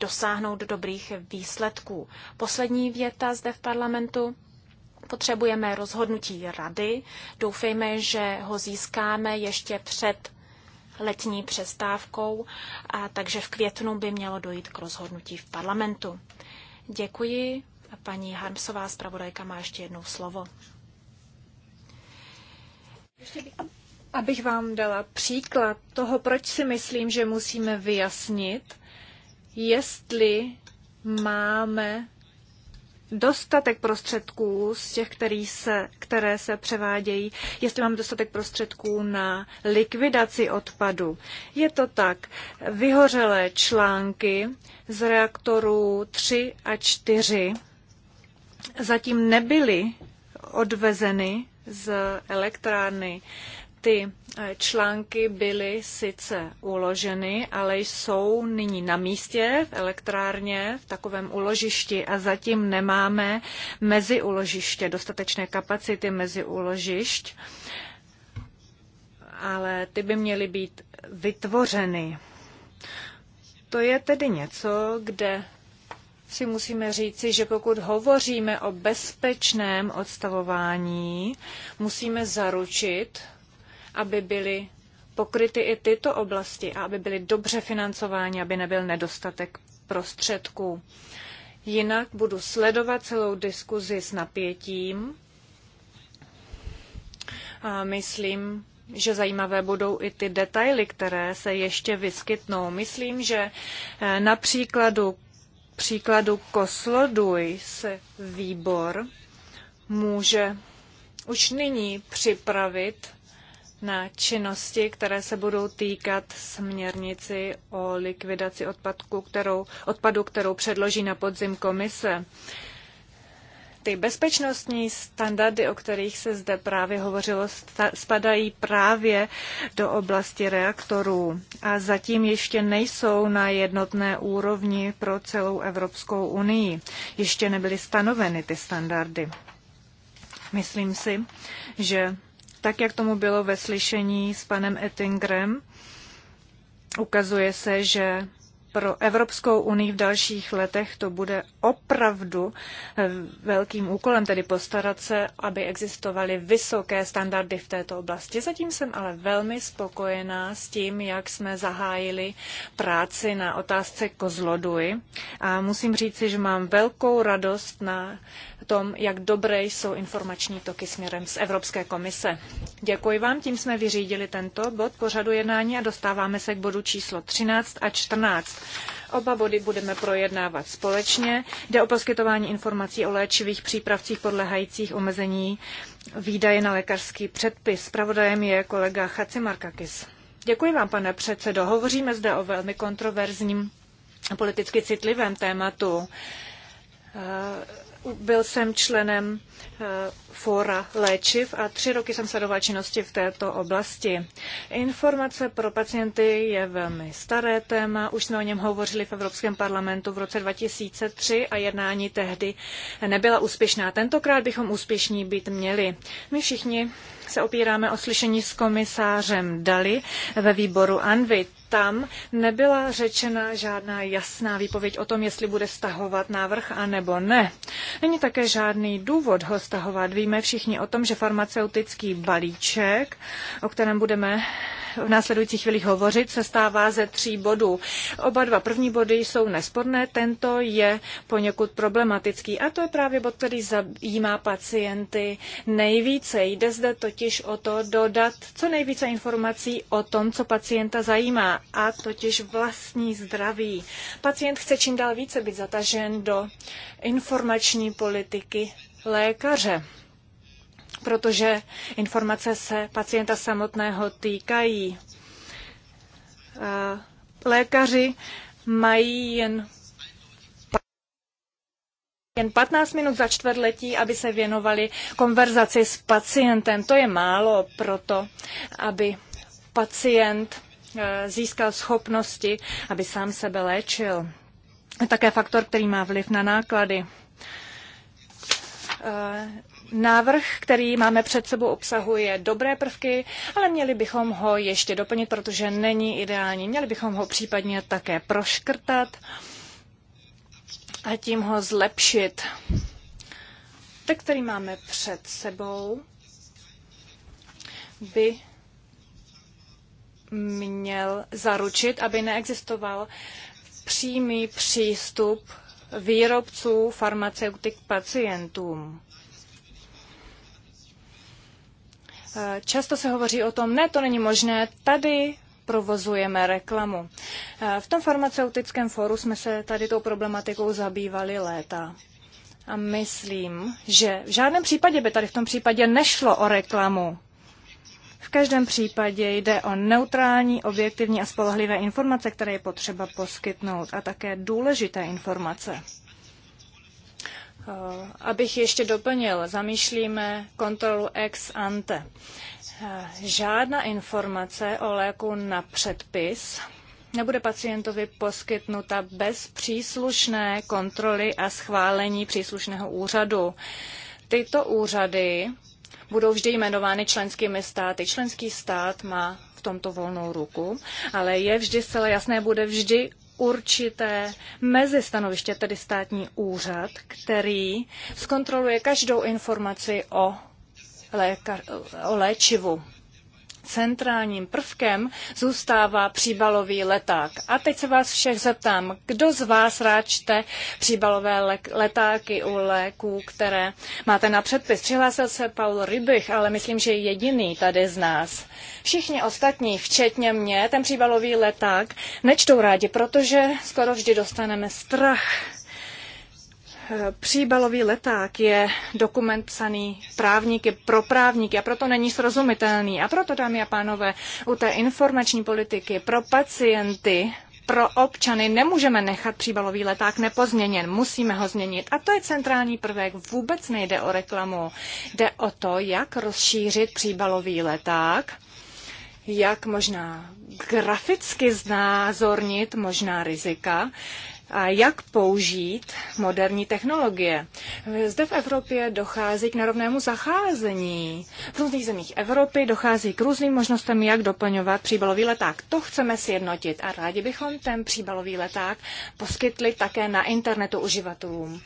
dosáhnout dobrých výsledků. Poslední věta zde v parlamentu potřebujeme rozhodnutí rady. Doufejme, že ho získáme ještě před letní přestávkou, a takže v květnu by mělo dojít k rozhodnutí v parlamentu. Děkuji. Paní Harmsová, zpravodajka, má ještě jednou slovo. Abych vám dala příklad toho, proč si myslím, že musíme vyjasnit, jestli máme dostatek prostředků z těch, který se, které se převádějí, jestli mám dostatek prostředků na likvidaci odpadu. Je to tak, vyhořelé články z reaktorů 3 a 4 zatím nebyly odvezeny z elektrárny ty eh, články byly sice uloženy, ale jsou nyní na místě v elektrárně, v takovém uložišti a zatím nemáme mezi uložiště, dostatečné kapacity mezi uložišť, ale ty by měly být vytvořeny. To je tedy něco, kde si musíme říci, že pokud hovoříme o bezpečném odstavování, musíme zaručit, aby byly pokryty i tyto oblasti a aby byly dobře financovány, aby nebyl nedostatek prostředků. Jinak budu sledovat celou diskuzi s napětím a myslím, že zajímavé budou i ty detaily, které se ještě vyskytnou. Myslím, že eh, na příkladu, příkladu Kosloduj se výbor může už nyní připravit na činnosti, které se budou týkat směrnici o likvidaci odpadku, kterou, odpadu, kterou předloží na podzim komise. Ty bezpečnostní standardy, o kterých se zde právě hovořilo, spadají právě do oblasti reaktorů a zatím ještě nejsou na jednotné úrovni pro celou Evropskou unii. Ještě nebyly stanoveny ty standardy. Myslím si, že tak jak tomu bylo ve slyšení s panem Ettingrem, ukazuje se, že pro Evropskou unii v dalších letech to bude opravdu eh, velkým úkolem, tedy postarat se, aby existovaly vysoké standardy v této oblasti. Zatím jsem ale velmi spokojená s tím, jak jsme zahájili práci na otázce Kozloduji. A musím říci, že mám velkou radost na tom, jak dobré jsou informační toky směrem z Evropské komise. Děkuji vám, tím jsme vyřídili tento bod pořadu jednání a dostáváme se k bodu číslo 13 a 14. Oba body budeme projednávat společně. Jde o poskytování informací o léčivých přípravcích podlehajících omezení výdaje na lékařský předpis. Spravodajem je kolega Markakis. Děkuji vám, pane předsedo. Hovoříme zde o velmi kontroverzním a politicky citlivém tématu. Eh, byl jsem členem eh, fóra léčiv a tři roky jsem sledovala činnosti v této oblasti. Informace pro pacienty je velmi staré téma, už jsme o něm hovořili v Evropském parlamentu v roce 2003 a jednání tehdy nebyla úspěšná. Tentokrát bychom úspěšní být měli. My všichni se opíráme o slyšení s komisářem Dali ve výboru ANVI. tam nebyla řečena žádná jasná výpověď o tom, jestli bude stahovat návrh a nebo ne. Není také žádný důvod ho stahovat. Víme, víme všichni o tom, že farmaceutický balíček, o kterém budeme v následujících chvílích hovořit, se stává ze tří bodů. Oba dva první body jsou nesporné, tento je poněkud problematický a to je právě bod, který zajímá pacienty nejvíce. Jde zde totiž o to dodat co nejvíce informací o tom, co pacienta zajímá a totiž vlastní zdraví. Pacient chce čím dál více být zatažen do informační politiky lékaře protože informace se pacienta samotného týkají. Lékaři mají jen jen 15 minut za čtvrtletí, aby se věnovali konverzaci s pacientem. To je málo proto, aby pacient e, získal schopnosti, aby sám sebe léčil. Také faktor, který má vliv na náklady e, Návrh, který máme před sebou, obsahuje dobré prvky, ale měli bychom ho ještě doplnit, protože není ideální. Měli bychom ho případně také proškrtat a tím ho zlepšit. Text, který máme před sebou, by měl zaručit, aby neexistoval přímý přístup výrobců farmaceutik pacientům. Eh, často se hovoří o tom, ne, to není možné, tady provozujeme reklamu. Eh, v tom farmaceutickém fóru jsme se tady tou problematikou zabývali léta. A myslím, že v žádném případě by tady v tom případě nešlo o reklamu. V každém případě jde o neutrální, objektivní a spolehlivé informace, které je potřeba poskytnout a také důležité informace. Eh, abych ještě doplnil, zamýšlíme kontrolu ex ante. Eh, žádná informace o léku na předpis nebude pacientovi poskytnuta bez příslušné kontroly a schválení příslušného úřadu. Tyto úřady budou vždy jmenovány členskými státy. Členský stát má v tomto volnou ruku, ale je vždy zcela jasné, bude vždy určité mezistanoviště, tedy státní úřad, který zkontroluje každou informaci o, léka, o léčivu centrálním prvkem zůstává příbalový leták. A teď se vás všech zeptám, kdo z vás rád čte příbalové letáky u léků, které máte na předpis? Přihlásil se Paul Rybich, ale myslím, že je jediný tady z nás. Všichni ostatní, včetně mě, ten příbalový leták nečtou rádi, protože skoro vždy dostaneme strach Příbalový leták je dokument psaný právníky pro právníky a proto není srozumitelný. A proto, dámy a pánové, u té informační politiky pro pacienty pro občany nemůžeme nechat příbalový leták nepozměněn, musíme ho změnit. A to je centrální prvek, vůbec nejde o reklamu. Jde o to, jak rozšířit příbalový leták, jak možná graficky znázornit možná rizika, a jak použít moderní technologie. Zde v Evropě dochází k nerovnému zacházení. V různých zemích Evropy dochází k různým možnostem, jak doplňovat příbalový leták. To chceme sjednotit a rádi bychom ten příbalový leták poskytli také na internetu uživatelům.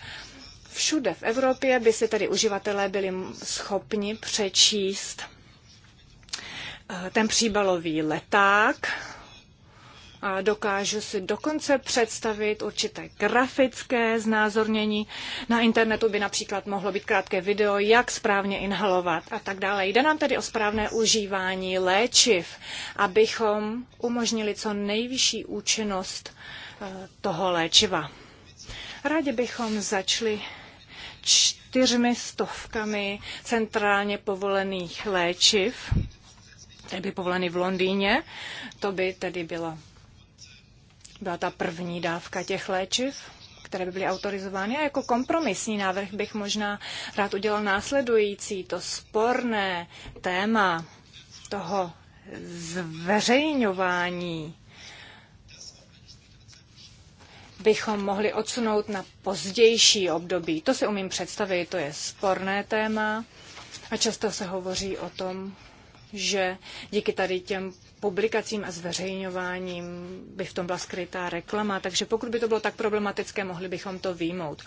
Všude v Evropě by si tedy uživatelé byli schopni přečíst eh, ten příbalový leták dokážu si dokonce představit určité grafické znázornění. Na internetu by například mohlo být krátké video, jak správně inhalovat a tak dále. Jde nám tedy o správné užívání léčiv, abychom umožnili co nejvyšší účinnost eh, toho léčiva. Rádi bychom začali čtyřmi stovkami centrálně povolených léčiv, které by povoleny v Londýně. To by tedy bylo byla ta první dávka těch léčiv, které by byly autorizovány. A jako kompromisní návrh bych možná rád udělal následující, to sporné téma toho zveřejňování bychom mohli odsunout na pozdější období. To si umím představit, to je sporné téma a často se hovoří o tom, že díky tady těm publikacím a zveřejňováním by v tom byla skrytá reklama, takže pokud by to bylo tak problematické, mohli bychom to výmout.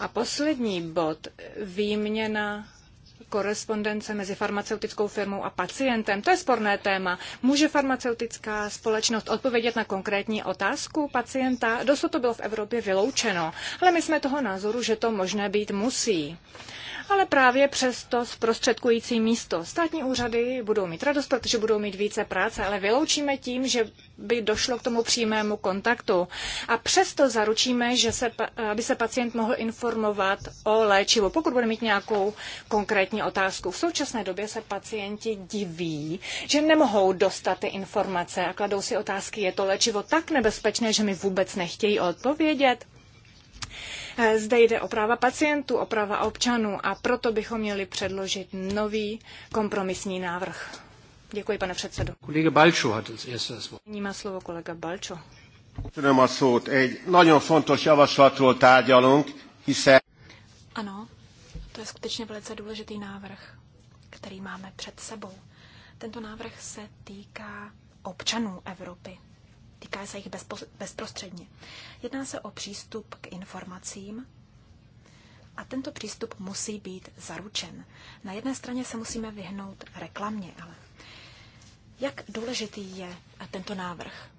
A poslední bod, výměna korespondence mezi farmaceutickou firmou a pacientem. To je sporné téma. Může farmaceutická společnost odpovědět na konkrétní otázku pacienta? Dosud to bylo v Evropě vyloučeno, ale my jsme toho názoru, že to možné být musí ale právě přesto zprostředkující místo. Státní úřady budou mít radost, protože budou mít více práce, ale vyloučíme tím, že by došlo k tomu přímému kontaktu. A přesto zaručíme, že se, aby se pacient mohl informovat o léčivu, pokud bude mít nějakou konkrétní otázku. V současné době se pacienti diví, že nemohou dostat ty informace a kladou si otázky, je to léčivo tak nebezpečné, že mi vůbec nechtějí odpovědět. Eh, zde jde o práva pacientů, o práva občanů a proto bychom měli předložit nový kompromisní návrh. Děkuji, pane předsedo. Kolega Balčo hat als erstes Wort. Nyní má slovo kolega Balčo. Köszönöm a szót. Egy nagyon fontos javaslatról tárgyalunk, hiszen... Ano, to je skutečně velice důležitý návrh, který máme před sebou. Tento návrh se týká občanů Evropy týká se jich bezprostředně. Jedná se o přístup k informacím a tento přístup musí být zaručen. Na jedné straně se musíme vyhnout reklamě, ale jak důležitý je tento návrh?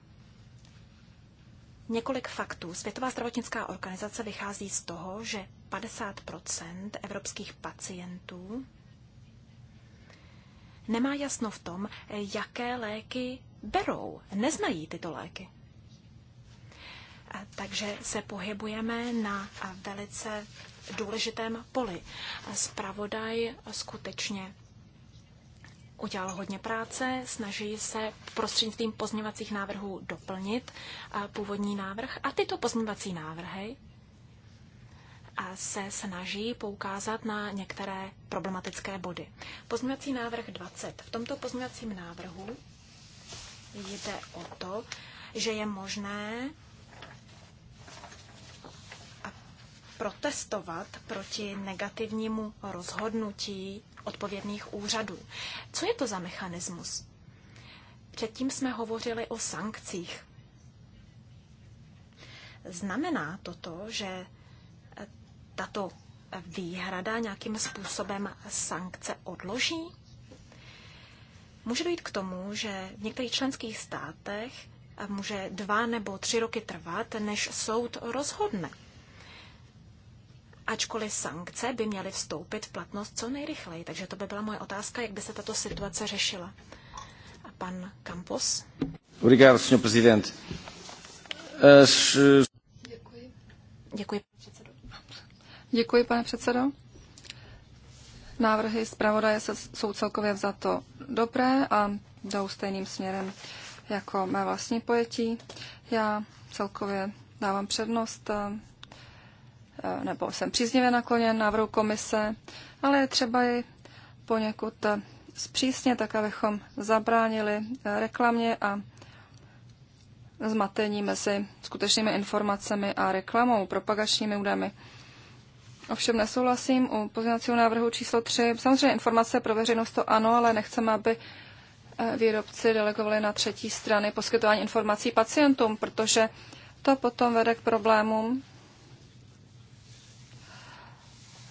Několik faktů. Světová zdravotnická organizace vychází z toho, že 50 evropských pacientů nemá jasno v tom, jaké léky berou, neznají tyto léky. Takže se pohybujeme na velice důležitém poli. Spravodaj skutečně udělal hodně práce, snaží se prostřednictvím pozměňovacích návrhů doplnit původní návrh a tyto pozměňovací návrhy se snaží poukázat na některé problematické body. Pozměňovací návrh 20. V tomto pozměňovacím návrhu jde o to, že je možné protestovat proti negativnímu rozhodnutí odpovědných úřadů. Co je to za mechanismus? Předtím jsme hovořili o sankcích. Znamená toto, že tato výhrada nějakým způsobem sankce odloží? Může dojít k tomu, že v některých členských státech může dva nebo tři roky trvat, než soud rozhodne. Ačkoliv sankce by měly vstoupit v platnost co nejrychleji. Takže to by byla moje otázka, jak by se tato situace řešila. A pan Campos? Obrigado, senhor eh, Děkuji. Děkuji, Děkuji, pane předsedo. Návrhy zpravodaje jsou celkově vzato dobré a jdou stejným směrem jako mé vlastní pojetí. Já celkově dávám přednost eh, eh, nebo jsem příznivě nakloněn návrhu komise, ale je třeba ji poněkud eh, zpřísně, tak abychom zabránili reklamě a zmatení mezi skutečnými informacemi a reklamou, propagačními údami. Ovšem nesouhlasím u pozměňovacího návrhu číslo 3. Samozřejmě informace pro veřejnost to ano, ale nechceme, aby eh, výrobci delegovali na třetí strany poskytování informací pacientům, protože to potom vede k problémům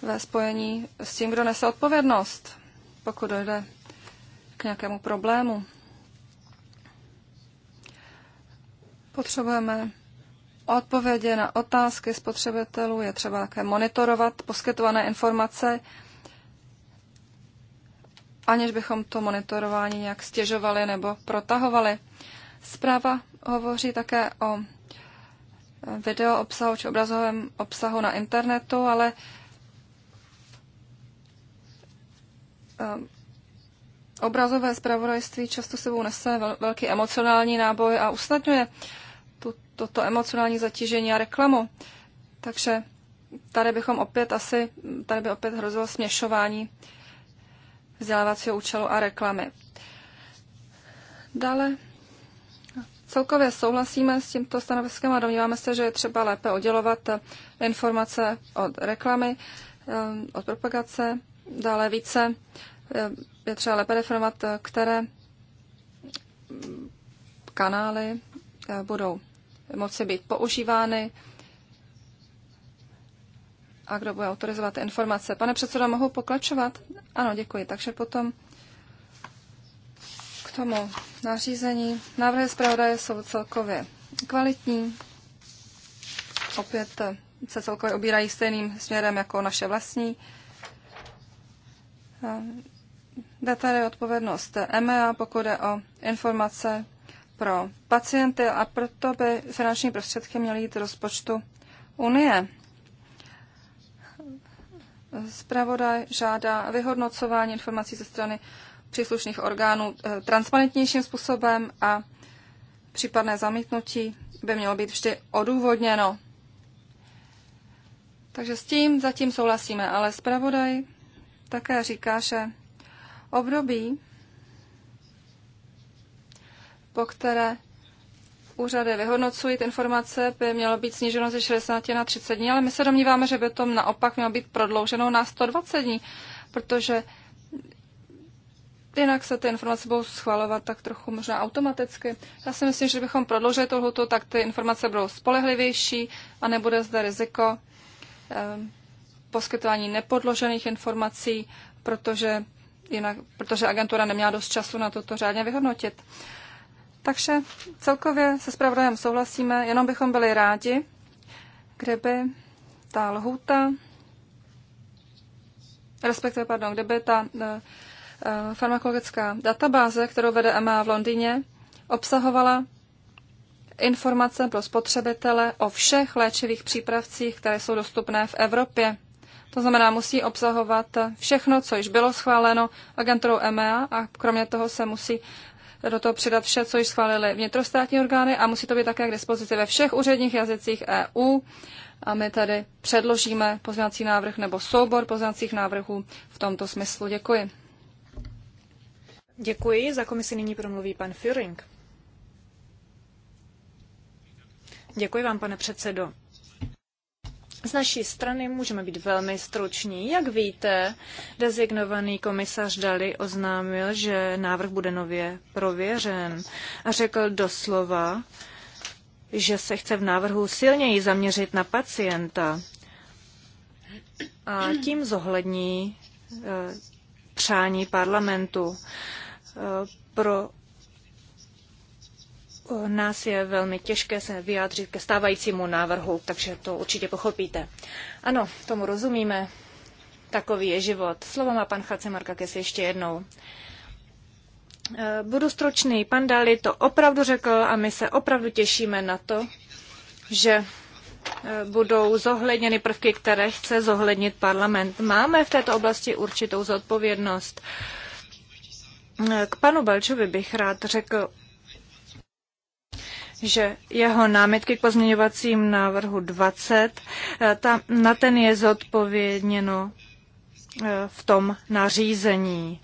ve spojení s tím, kdo nese odpovědnost, pokud dojde k nějakému problému. Potřebujeme odpovědi na otázky spotřebitelů, je třeba také monitorovat poskytované informace, aniž bychom to monitorování nějak stěžovali nebo protahovali. Zpráva hovoří také o video obsahu či obrazovém obsahu na internetu, ale eh, obrazové zpravodajství často sebou nese velký emocionální náboj a usnadňuje uh, toto emocionální zatížení a reklamu. Takže tady bychom opět asi, tady by opět hrozilo směšování vzdělávacího účelu a reklamy. Dále celkově souhlasíme s tímto stanoviskem a domníváme se, že je třeba lépe oddělovat informace od reklamy, eh, od propagace, dále více eh, je třeba lépe definovat, eh, které kanály budou moci být používány a kdo bude autorizovat informace. Pane předsedo, mohu pokračovat? Ano, děkuji. Takže potom k tomu nařízení. Návrhy zpravodaje jsou celkově kvalitní. Opět se celkově obírají stejným směrem jako naše vlastní. Ehm, jde tady odpovědnost EMEA, pokud je o informace pro pacienty a proto by finanční prostředky měly jít do rozpočtu Unie. Zpravodaj žádá vyhodnocování informací ze strany příslušných orgánů eh, transparentnějším způsobem a případné zamítnutí by mělo být vždy odůvodněno. Takže s tím zatím souhlasíme, ale zpravodaj také říká, že období po které úřady vyhodnocují ty informace, by mělo být sníženo ze 60 na 30 dní, ale my se domníváme, že by to naopak mělo být prodlouženo na 120 dní, protože jinak se ty informace budou schvalovat tak trochu možná automaticky. Já si myslím, že bychom prodloužili tu lhutu, tak ty informace budou spolehlivější a nebude zde riziko eh, poskytování nepodložených informací, protože, jinak, protože agentura neměla dost času na toto řádně vyhodnotit. Eh, takže celkově se zpravodajem souhlasíme, jenom bychom byli rádi, kdyby ta lhůta, respektive, pardon, kdyby ta eh, eh, farmakologická databáze, kterou vede EMA v Londýně, obsahovala informace pro spotřebitele o všech léčivých přípravcích, které jsou dostupné v Evropě. To znamená, musí obsahovat všechno, co již bylo schváleno agenturou EMA a kromě toho se musí do toho přidat vše, co již schválili vnitrostátní orgány a musí to být také k dispozici ve všech úředních jazycích EU. A my tady předložíme poznací návrh nebo soubor poznacích návrhů v tomto smyslu. Děkuji. Děkuji. Za komisi nyní promluví pan Führing. Děkuji vám, pane předsedo. Z naší strany můžeme být velmi struční. Jak víte, dezignovaný komisař Dali oznámil, že návrh bude nově prověřen a řekl doslova, že se chce v návrhu silněji zaměřit na pacienta a tím zohlední eh, přání parlamentu eh, pro nás je velmi těžké se vyjádřit ke stávajícímu návrhu, takže to určitě pochopíte. Ano, tomu rozumíme. Takový je život. Slovo má pan Kes ještě jednou. E, budu stručný. Pan Dali to opravdu řekl a my se opravdu těšíme na to, že e, budou zohledněny prvky, které chce zohlednit parlament. Máme v této oblasti určitou zodpovědnost. E, k panu Balčovi bych rád řekl, že jeho námitky k pozměňovacím návrhu 20, eh, tam, na ten je zodpovědněno Eh, v tom nařízení.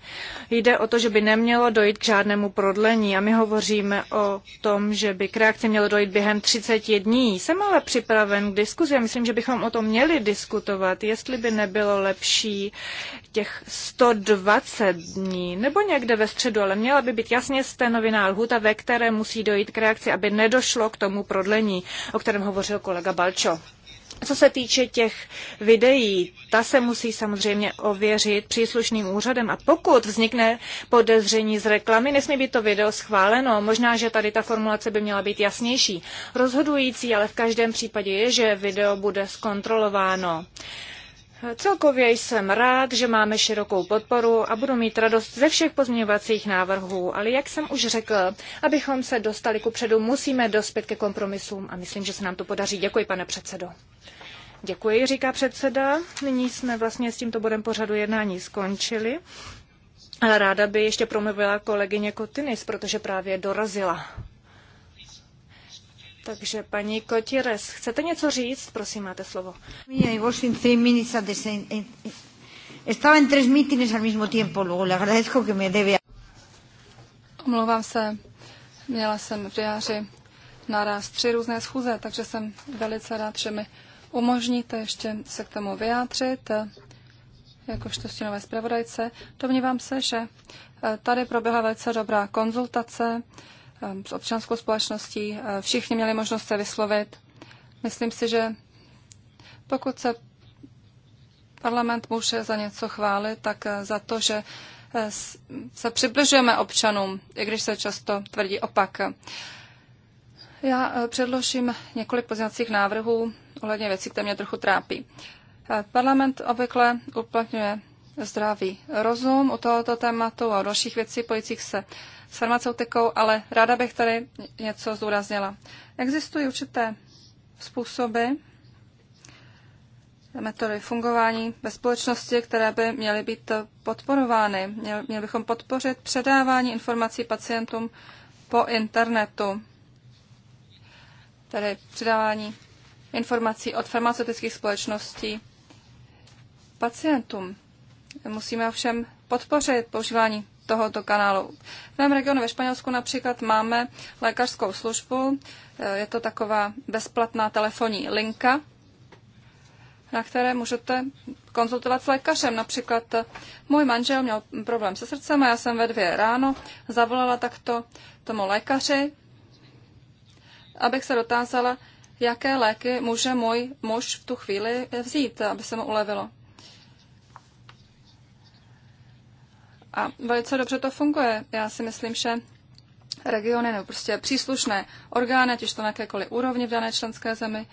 Jde o to, že by nemělo dojít k žádnému prodlení a my hovoříme o tom, že by k reakci mělo dojít během 30 dní. Jsem ale připraven k diskuzi a myslím, že bychom o tom měli diskutovat, jestli by nebylo lepší těch 120 dní nebo někde ve středu, ale měla by být jasně stanovená lhuta, ve které musí dojít k reakci, aby nedošlo k tomu prodlení, o kterém hovořil kolega Balčo. Co se týče těch videí, ta se musí samozřejmě ověřit příslušným úřadem a pokud vznikne podezření z reklamy, nesmí být to video schváleno. Možná, že tady ta formulace by měla být jasnější. Rozhodující ale v každém případě je, že video bude zkontrolováno. Celkově jsem rád, že máme širokou podporu a budu mít radost ze všech pozměňovacích návrhů, ale jak jsem už řekl, abychom se dostali ku předu, musíme dospět ke kompromisům a myslím, že se nám to podaří. Děkuji, pane předsedo. Děkuji, říká předseda. Nyní jsme vlastně s tímto bodem pořadu jednání skončili. Ale ráda by ještě promluvila kolegyně Kotinis, protože právě dorazila. Takže paní Kotires, chcete něco říct? Prosím, máte slovo. Estaba en tres mítines al mismo tiempo, luego le agradezco que me debe... Omlouvám se, měla jsem v diáři naraz tři různé schůze, takže jsem velice rád, že mi umožníte ještě se k tomu vyjádřit jakožto stínové zpravodajce. Domnívám se, že eh, tady proběhla velice dobrá konzultace s občanskou společností. Eh, všichni měli možnost se vyslovit. Myslím si, že pokud se parlament může za něco chválit, tak eh, za to, že eh, se přibližujeme občanům, i když se často tvrdí opak. Já předložím několik pozněcích návrhů ohledně věcí, které mě trochu trápí. Parlament obvykle uplatňuje zdravý rozum u tohoto tématu a o dalších věcí pojících se s farmaceutikou, ale ráda bych tady něco zdůraznila. Existují určité způsoby, metody fungování ve společnosti, které by měly být podporovány. Měli, měli bychom podpořit předávání informací pacientům po internetu, tedy předávání informací od farmaceutických společností pacientům. Musíme ovšem podpořit používání tohoto kanálu. V mém regionu ve Španělsku například máme lékařskou službu, je to taková bezplatná telefonní linka, na které můžete konzultovat s lékařem. Například můj manžel měl problém se srdcem a já jsem ve dvě ráno zavolala takto tomu lékaři, abych se dotázala, jaké léky může můj muž v tu chvíli vzít, aby se mu ulevilo. A velice dobře to funguje. Já si myslím, že regiony nebo prostě příslušné orgány, ať už to na jakékoliv úrovni v dané členské zemi,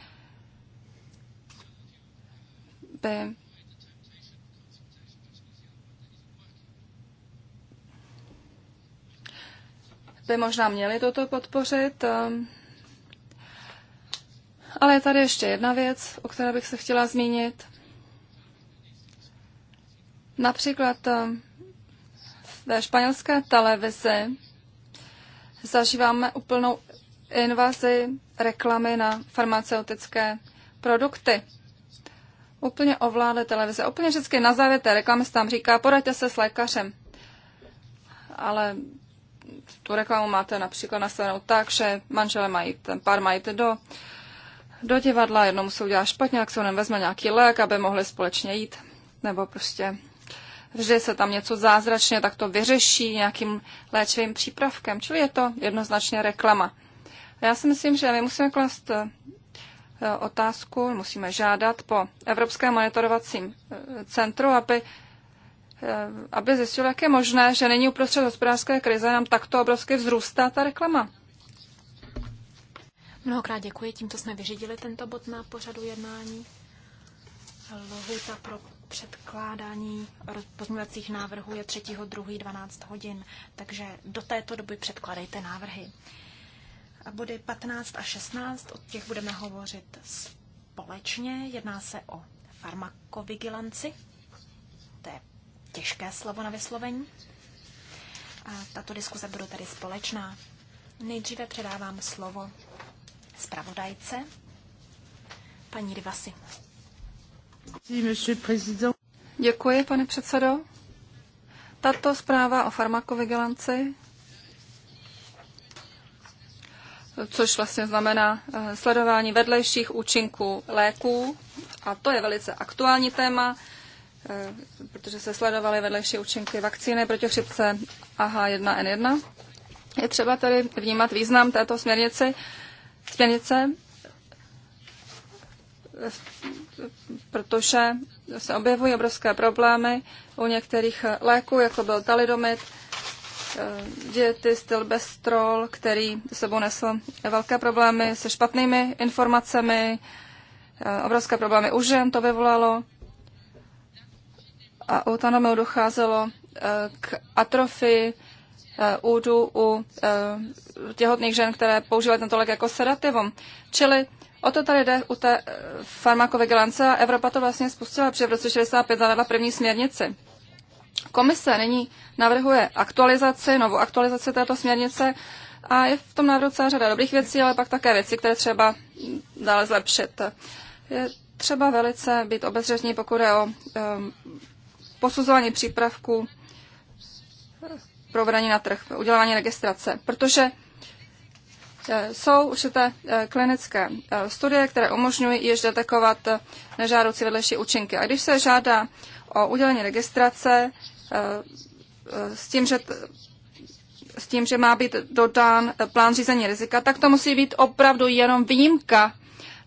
by by možná měli toto podpořit. Ehm, ale je tady ještě jedna věc, o které bych se chtěla zmínit. Například ehm, ve španělské televizi zažíváme úplnou invazi reklamy na farmaceutické produkty. Úplně ovládly televize. Úplně vždycky na závěr té reklamy se tam říká, poraďte se s lékařem. Ale tu reklamu máte například nastavenou tak, že manžele mají, ten pár mají do, do divadla, jednomu se udělá špatně, tak se onem vezme nějaký lék, aby mohli společně jít. Nebo prostě že se tam něco zázračně takto vyřeší nějakým léčivým přípravkem, čili je to jednoznačně reklama. Já si myslím, že my musíme klást eh, otázku, musíme žádat po Evropském monitorovacím eh, centru, aby, eh, aby zjistil, jak je možné, že není uprostřed hospodářské krize nám takto obrovsky vzrůstá ta reklama. Mnohokrát děkuji, tímto jsme vyřídili tento bod na pořadu jednání. Lohuta pro Předkládání pozměňovacích návrhů je 3.2.12 hodin, takže do této doby předkládejte návrhy. A body 15 a 16, o těch budeme hovořit společně. Jedná se o farmakovigilanci. To je těžké slovo na vyslovení. A tato diskuze bude tady společná. Nejdříve předávám slovo zpravodajce, paní Rivasi. Děkuji, pane předsedo. Tato zpráva o farmakovigilanci, což vlastně znamená eh, sledování vedlejších účinků léků, a to je velice aktuální téma, eh, protože se sledovaly vedlejší účinky vakcíny proti chřipce AH1N1. Je třeba tedy vnímat význam této směrnice protože se objevují obrovské problémy u některých léků, jako byl talidomid, eh, diety styl bestrol, který sebou nesl velké problémy se špatnými informacemi, eh, obrovské problémy u žen to vyvolalo a u tanomil docházelo eh, k atrofii údu u těhotných žen, které používají tento lék jako sedativum. Čili O to tady jde u té eh, farmakovigilance a Evropa to vlastně spustila, protože v roce 65 zavedla první směrnici. Komise nyní navrhuje aktualizaci, novou aktualizaci této směrnice a je v tom návrhu celá řada dobrých věcí, ale pak také věci, které třeba dále zlepšit. Je třeba velice být obezřetní, pokud je o um, posuzování přípravků pro na trh, udělování registrace, protože Eh, jsou určité eh, klinické eh, studie, které umožňují již detekovat nežádoucí vedlejší účinky. A když se žádá o udělení registrace s tím, že s tím, že má být dodán plán řízení rizika, tak to musí být opravdu jenom výjimka.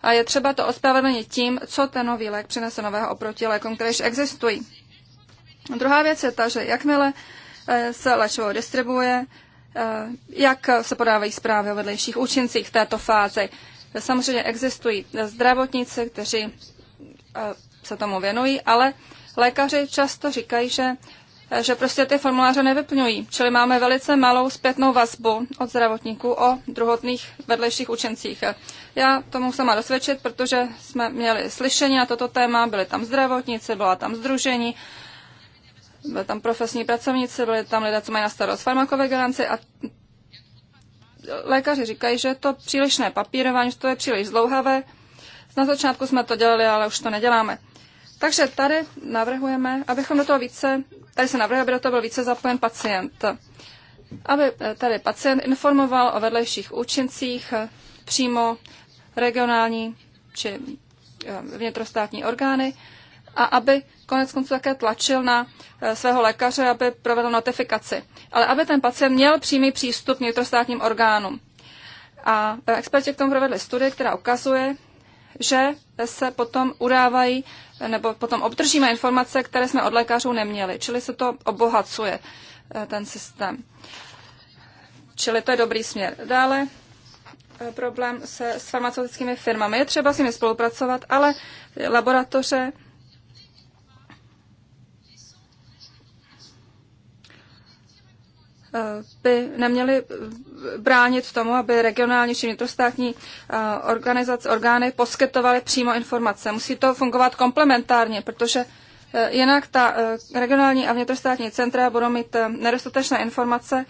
A je třeba to ospravedlnit tím, co ten nový lék přinese nového oproti lékům, které již existují. Druhá věc je ta, že jakmile se léčivo distribuje, Eh, jak se podávají zprávy o vedlejších účincích v této fázi. Samozřejmě existují zdravotníci, kteří eh, se tomu věnují, ale lékaři často říkají, že, eh, že prostě ty formuláře nevyplňují. Čili máme velice malou zpětnou vazbu od zdravotníků o druhotných vedlejších účincích. Já tomu sama dosvědčit, protože jsme měli slyšení na toto téma, byli tam zdravotníci, byla tam združení, byly tam profesní pracovníci, byly tam lidé, co mají na starost farmakovigilanci a lékaři říkají, že je to přílišné papírování, že to je příliš zdlouhavé. Na začátku jsme to dělali, ale už to neděláme. Takže tady navrhujeme, abychom do toho více, tady se navrhuje, aby do toho byl více zapojen pacient. Aby eh, tady pacient informoval o vedlejších účincích eh, přímo regionální či eh, vnitrostátní orgány a aby konec konců také tlačil na eh, svého lékaře, aby provedl notifikaci. Ale aby ten pacient měl přímý přístup k vnitrostátním orgánům. A eh, experti k tomu provedli studie, která ukazuje, že se potom udávají eh, nebo potom obdržíme informace, které jsme od lékařů neměli. Čili se to obohacuje, ten systém. Čili to je dobrý směr. Dále problém se, s farmaceutickými firmami. Je třeba s nimi spolupracovat, ale laboratoře by neměly bránit tomu, aby regionální či vnitrostátní eh, organizace, orgány poskytovaly přímo informace. Musí to fungovat komplementárně, protože eh, jinak ta eh, regionální a vnitrostátní centra budou mít nedostatečné informace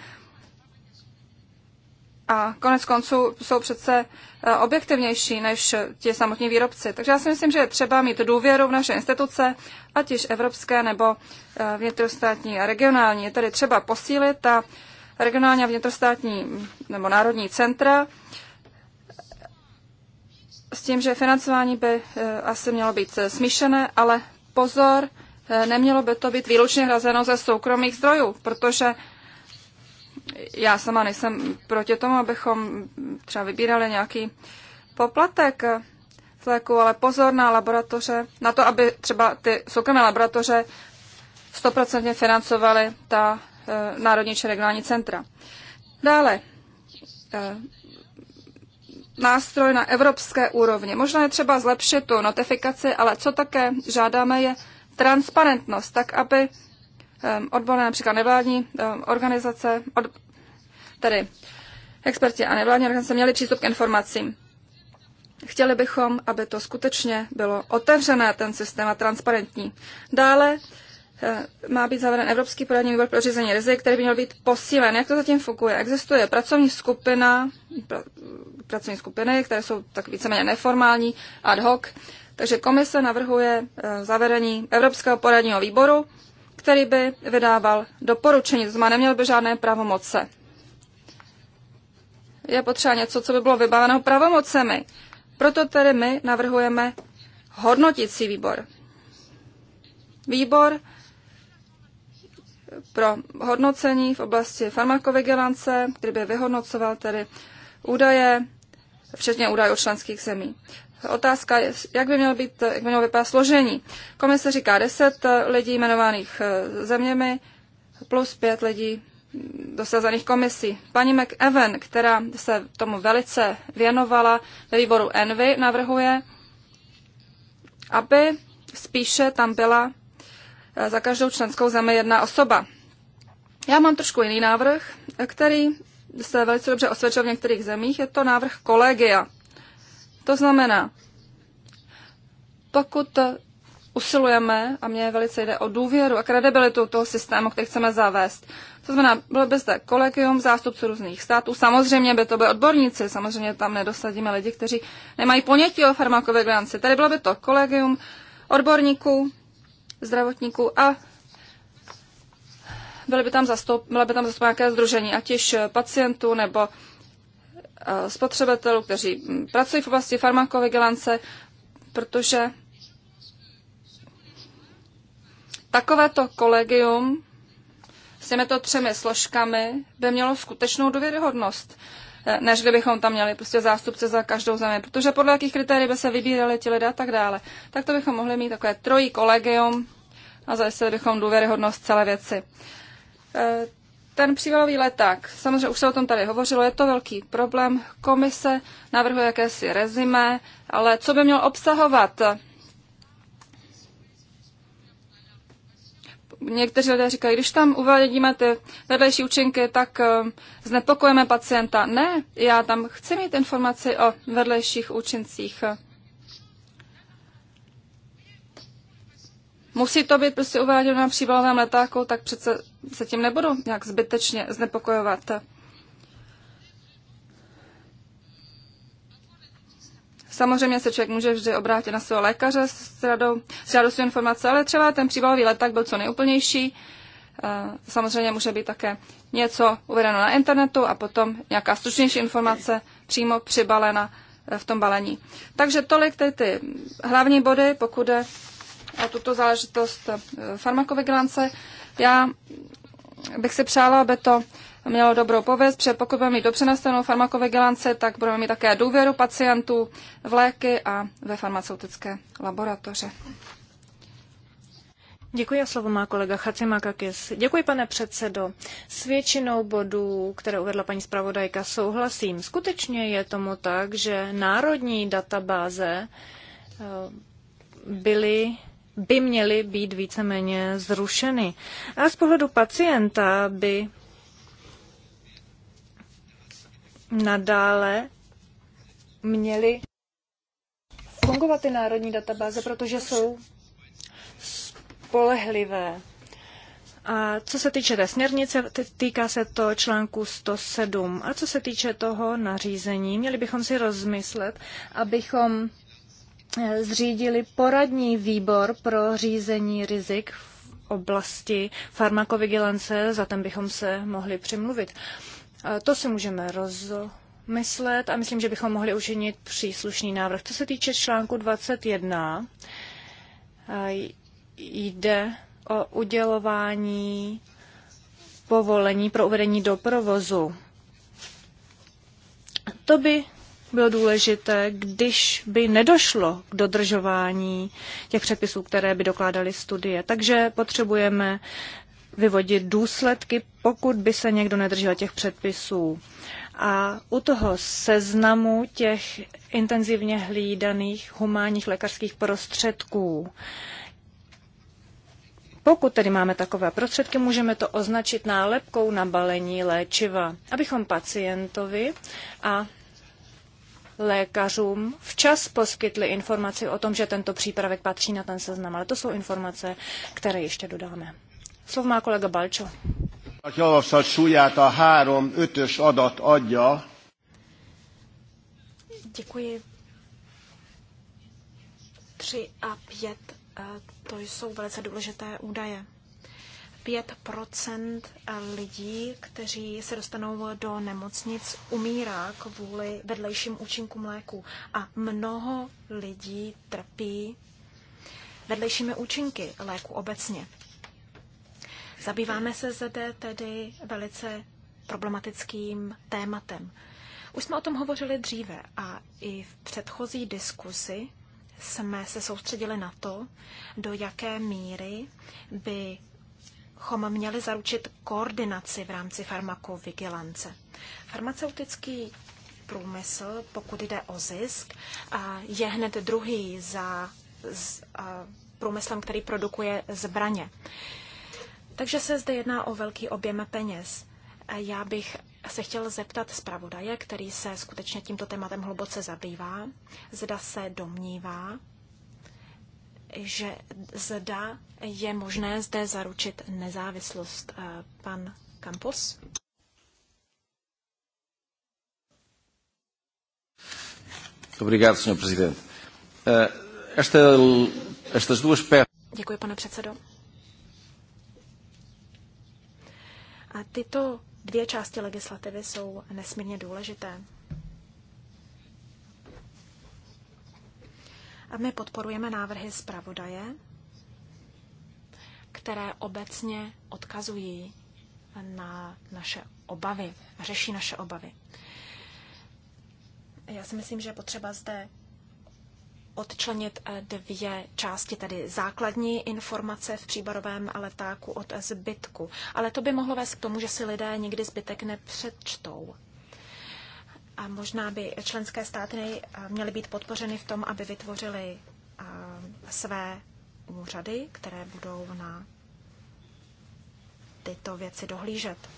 a konec konců jsou přece eh, objektivnější než ti samotní výrobci. Takže já si myslím, že je třeba mít důvěru v naše instituce, ať již evropské nebo eh, vnitrostátní a regionální. Je tedy třeba posílit ta regionální a vnitrostátní mm, nebo národní centra eh, s tím, že financování by asi mělo být smíšené, ale pozor, nemělo by to být výlučně hrazeno ze soukromých zdrojů, protože já sama nejsem proti tomu, abychom třeba vybírali nějaký poplatek z léku, ale pozor na laboratoře, na to, aby třeba ty soukromé laboratoře stoprocentně financovaly ta e, národní či regionální centra. Dále, e, nástroj na evropské úrovni. Možná je třeba zlepšit tu notifikaci, ale co také žádáme je transparentnost, tak aby Ehm, odborné, například nevládní ehm, organizace, od, tedy experti a nevládní organizace měli přístup k informacím. Chtěli bychom, aby to skutečně bylo otevřené, ten systém a transparentní. Dále ehm, má být zaveden Evropský poradní výbor pro řízení rizik, který by měl být posílen. Jak to zatím funguje? Existuje pracovní skupina, pr- pracovní skupiny, které jsou tak víceméně neformální, ad hoc. Takže komise navrhuje zavedení Evropského poradního výboru, který by vydával doporučení, to znamená neměl by žádné pravomoce. Je potřeba něco, co by bylo vybaveno pravomocemi. Proto tedy my navrhujeme hodnotící výbor. Výbor pro hodnocení v oblasti farmakovigilance, který by vyhodnocoval tedy údaje, včetně údajů členských zemí otázka, jak by mělo, být, jak by mělo vypadat složení. Komise říká 10 eh, lidí jmenovaných eh, zeměmi plus 5 lidí dosazených komisí. Paní McEwen, která se tomu velice věnovala ve výboru Envy, navrhuje, aby spíše tam byla eh, za každou členskou zemi jedna osoba. Já mám trošku jiný návrh, který se velice dobře osvědčil v některých zemích. Je to návrh kolegia. To znamená, pokud usilujeme, a mě velice jde o důvěru a kredibilitu toho systému, který chceme zavést. To znamená, bylo by zde kolegium zástupců různých států, samozřejmě by to byli odborníci, samozřejmě tam nedosadíme lidi, kteří nemají ponětí o farmakovigilanci. Tady bylo by to kolegium odborníků, zdravotníků a byly by tam zastoup, byla by tam zastoupena nějaké združení, ať již pacientů nebo Eh, spotřebitelů, kteří hm, pracují v oblasti farmakovigilance, protože takovéto kolegium s těmito třemi složkami by mělo skutečnou důvěryhodnost, eh, než kdybychom tam měli prostě zástupce za každou zemi, protože podle jakých kritérií by se vybírali ti lidé a tak dále. Tak to bychom mohli mít takové trojí kolegium a zajistili bychom důvěryhodnost celé věci. Eh, ten přívalový leták, samozřejmě už se o tom tady hovořilo, je to velký problém. Komise navrhuje jakési rezime, ale co by měl obsahovat? Někteří lidé říkají, když tam uvádíme ty vedlejší účinky, tak eh, znepokojeme pacienta. Ne, já tam chci mít informaci o vedlejších účincích. musí to být prostě uváděno na příbalovém letáku, tak přece se tím nebudu nějak zbytečně znepokojovat. Samozřejmě se člověk může vždy obrátit na svého lékaře s, radou, s žádostí informace, ale třeba ten příbalový leták byl co nejúplnější. Eh, samozřejmě může být také něco uvedeno na internetu a potom nějaká stručnější informace přímo přibalena eh, v tom balení. Takže tolik ty, ty hlavní body, pokud je tuto záležitost eh, farmakovigilance. Já bych si přála, aby to mělo dobrou pověst, protože pokud budeme mít dobře nastavenou farmakovigilance, tak budeme mít také důvěru pacientů v léky a ve farmaceutické laboratoře. Děkuji a slovo má kolega Chacimakakis. Děkuji, pane předsedo. S většinou bodů, které uvedla paní zpravodajka, souhlasím. Skutečně je tomu tak, že národní databáze eh, byly by měly být víceméně zrušeny. A z pohledu pacienta by nadále měly fungovat ty národní databáze, protože jsou spolehlivé. A co se týče té směrnice, týká se to článku 107. A co se týče toho nařízení, měli bychom si rozmyslet, abychom Eh, zřídili poradní výbor pro řízení rizik v oblasti farmakovigilance, za ten bychom se mohli přimluvit. Eh, to si můžeme rozmyslet a myslím, že bychom mohli učinit příslušný návrh. Co se týče článku 21, eh, jde o udělování povolení pro uvedení do provozu. To by bylo důležité, když by nedošlo k dodržování těch předpisů, které by dokládaly studie. Takže potřebujeme vyvodit důsledky, pokud by se někdo nedržel těch předpisů. A u toho seznamu těch intenzivně hlídaných humánních lékařských prostředků, pokud tedy máme takové prostředky, můžeme to označit nálepkou na balení léčiva, abychom pacientovi a lékařům včas poskytli informaci o tom, že tento přípravek patří na ten seznam, ale to jsou informace, které ještě dodáme. Slov má kolega Balčo. Javaslat súlyát a 3 5 adat adja. Děkuji. 3 a 5, eh, to jsou velice důležité údaje. 5 lidí, kteří se dostanou do nemocnic, umírá kvůli vedlejším účinkům léku. A mnoho lidí trpí vedlejšími účinky léku obecně. Zabýváme se zde tedy velice problematickým tématem. Už jsme o tom hovořili dříve a i v předchozí diskusi jsme se soustředili na to, do jaké míry by bychom měli zaručit koordinaci v rámci farmakovigilance. Farmaceutický průmysl, pokud jde o zisk, je hned druhý za průmyslem, který produkuje zbraně. Takže se zde jedná o velký objem peněz. Já bych se chtěl zeptat zpravodaje, který se skutečně tímto tématem hluboce zabývá, zda se domnívá, že zda je možné zde zaručit nezávislost. Eh, pan Campos? Obrigado, Sr. Eh, estas duas Děkuji, pane předsedo. A tyto dvě části legislativy jsou nesmírně důležité. A my podporujeme návrhy zpravodaje, které obecně odkazují na naše obavy, řeší naše obavy. Já si myslím, že je potřeba zde odčlenit eh, dvě části, tedy základní informace v příbarovém letáku od zbytku. Ale to by mohlo vést k tomu, že si lidé nikdy zbytek nepřečtou. A možná by členské státy eh, měly být podpořeny v tom, aby vytvořily eh, své úřady, které budou na tyto věci dohlížet.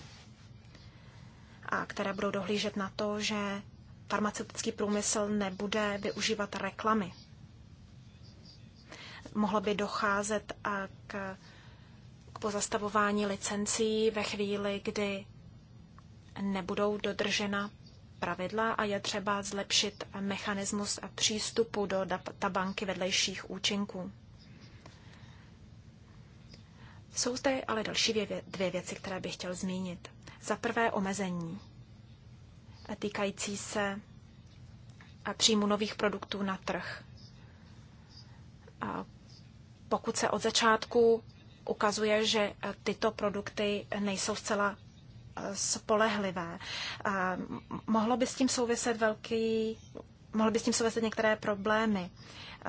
A které budou dohlížet na to, že farmaceutický průmysl nebude využívat reklamy. Mohlo by docházet a eh, k, k pozastavování licencí ve chvíli, kdy nebudou dodržena pravidla a je třeba zlepšit mechanismus přístupu do databanky vedlejších účinků. Jsou zde ale další dvě věci, které bych chtěl zmínit. Za prvé omezení týkající se příjmu nových produktů na trh. pokud se od začátku ukazuje, že tyto produkty nejsou zcela spolehlivé. Mohlo by s tím souviset velký, mohlo by s tím souviset některé problémy,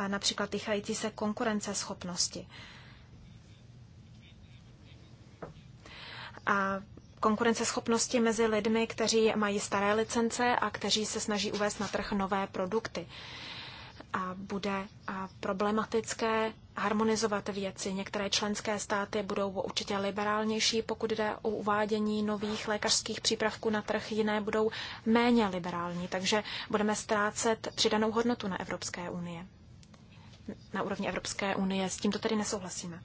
například týkající se konkurenceschopnosti. A konkurenceschopnosti mezi lidmi, kteří mají staré licence a kteří se snaží uvést na trh nové produkty. A bude problematické harmonizovat věci. Některé členské státy budou určitě liberálnější, pokud jde o uvádění nových lékařských přípravků na trh, jiné budou méně liberální, takže budeme ztrácet přidanou hodnotu na Evropské unie. Na úrovni Evropské unie s tímto tedy nesouhlasíme.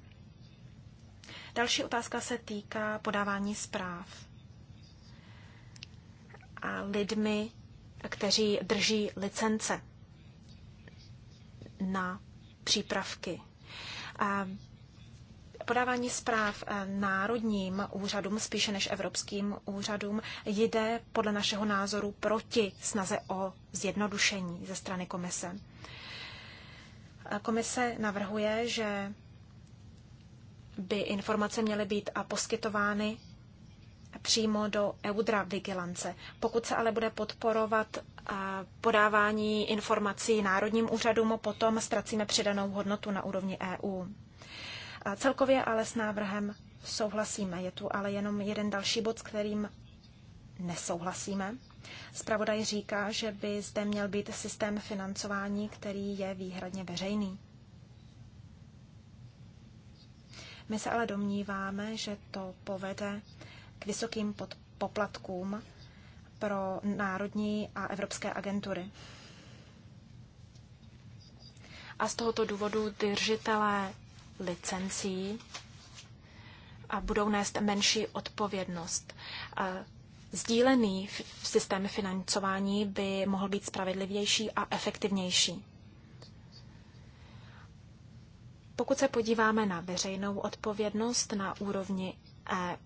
Další otázka se týká podávání zpráv a lidmi, kteří drží licence na přípravky podávání zpráv eh, národním úřadům spíše než evropským úřadům jde podle našeho názoru proti snaze o zjednodušení ze strany komise. Komise navrhuje, že by informace měly být poskytovány přímo do EUDRA vigilance. Pokud se ale bude podporovat eh, podávání informací národním úřadům, potom ztracíme přidanou hodnotu na úrovni EU. Eh, celkově ale s návrhem souhlasíme. Je tu ale jenom jeden další bod, s kterým nesouhlasíme. Spravodaj říká, že by zde měl být systém financování, který je výhradně veřejný. My se ale domníváme, že to povede k vysokým poplatkům pro národní a evropské agentury. A z tohoto důvodu držitelé licencí a budou nést menší odpovědnost. Sdílený systém financování by mohl být spravedlivější a efektivnější. Pokud se podíváme na veřejnou odpovědnost na úrovni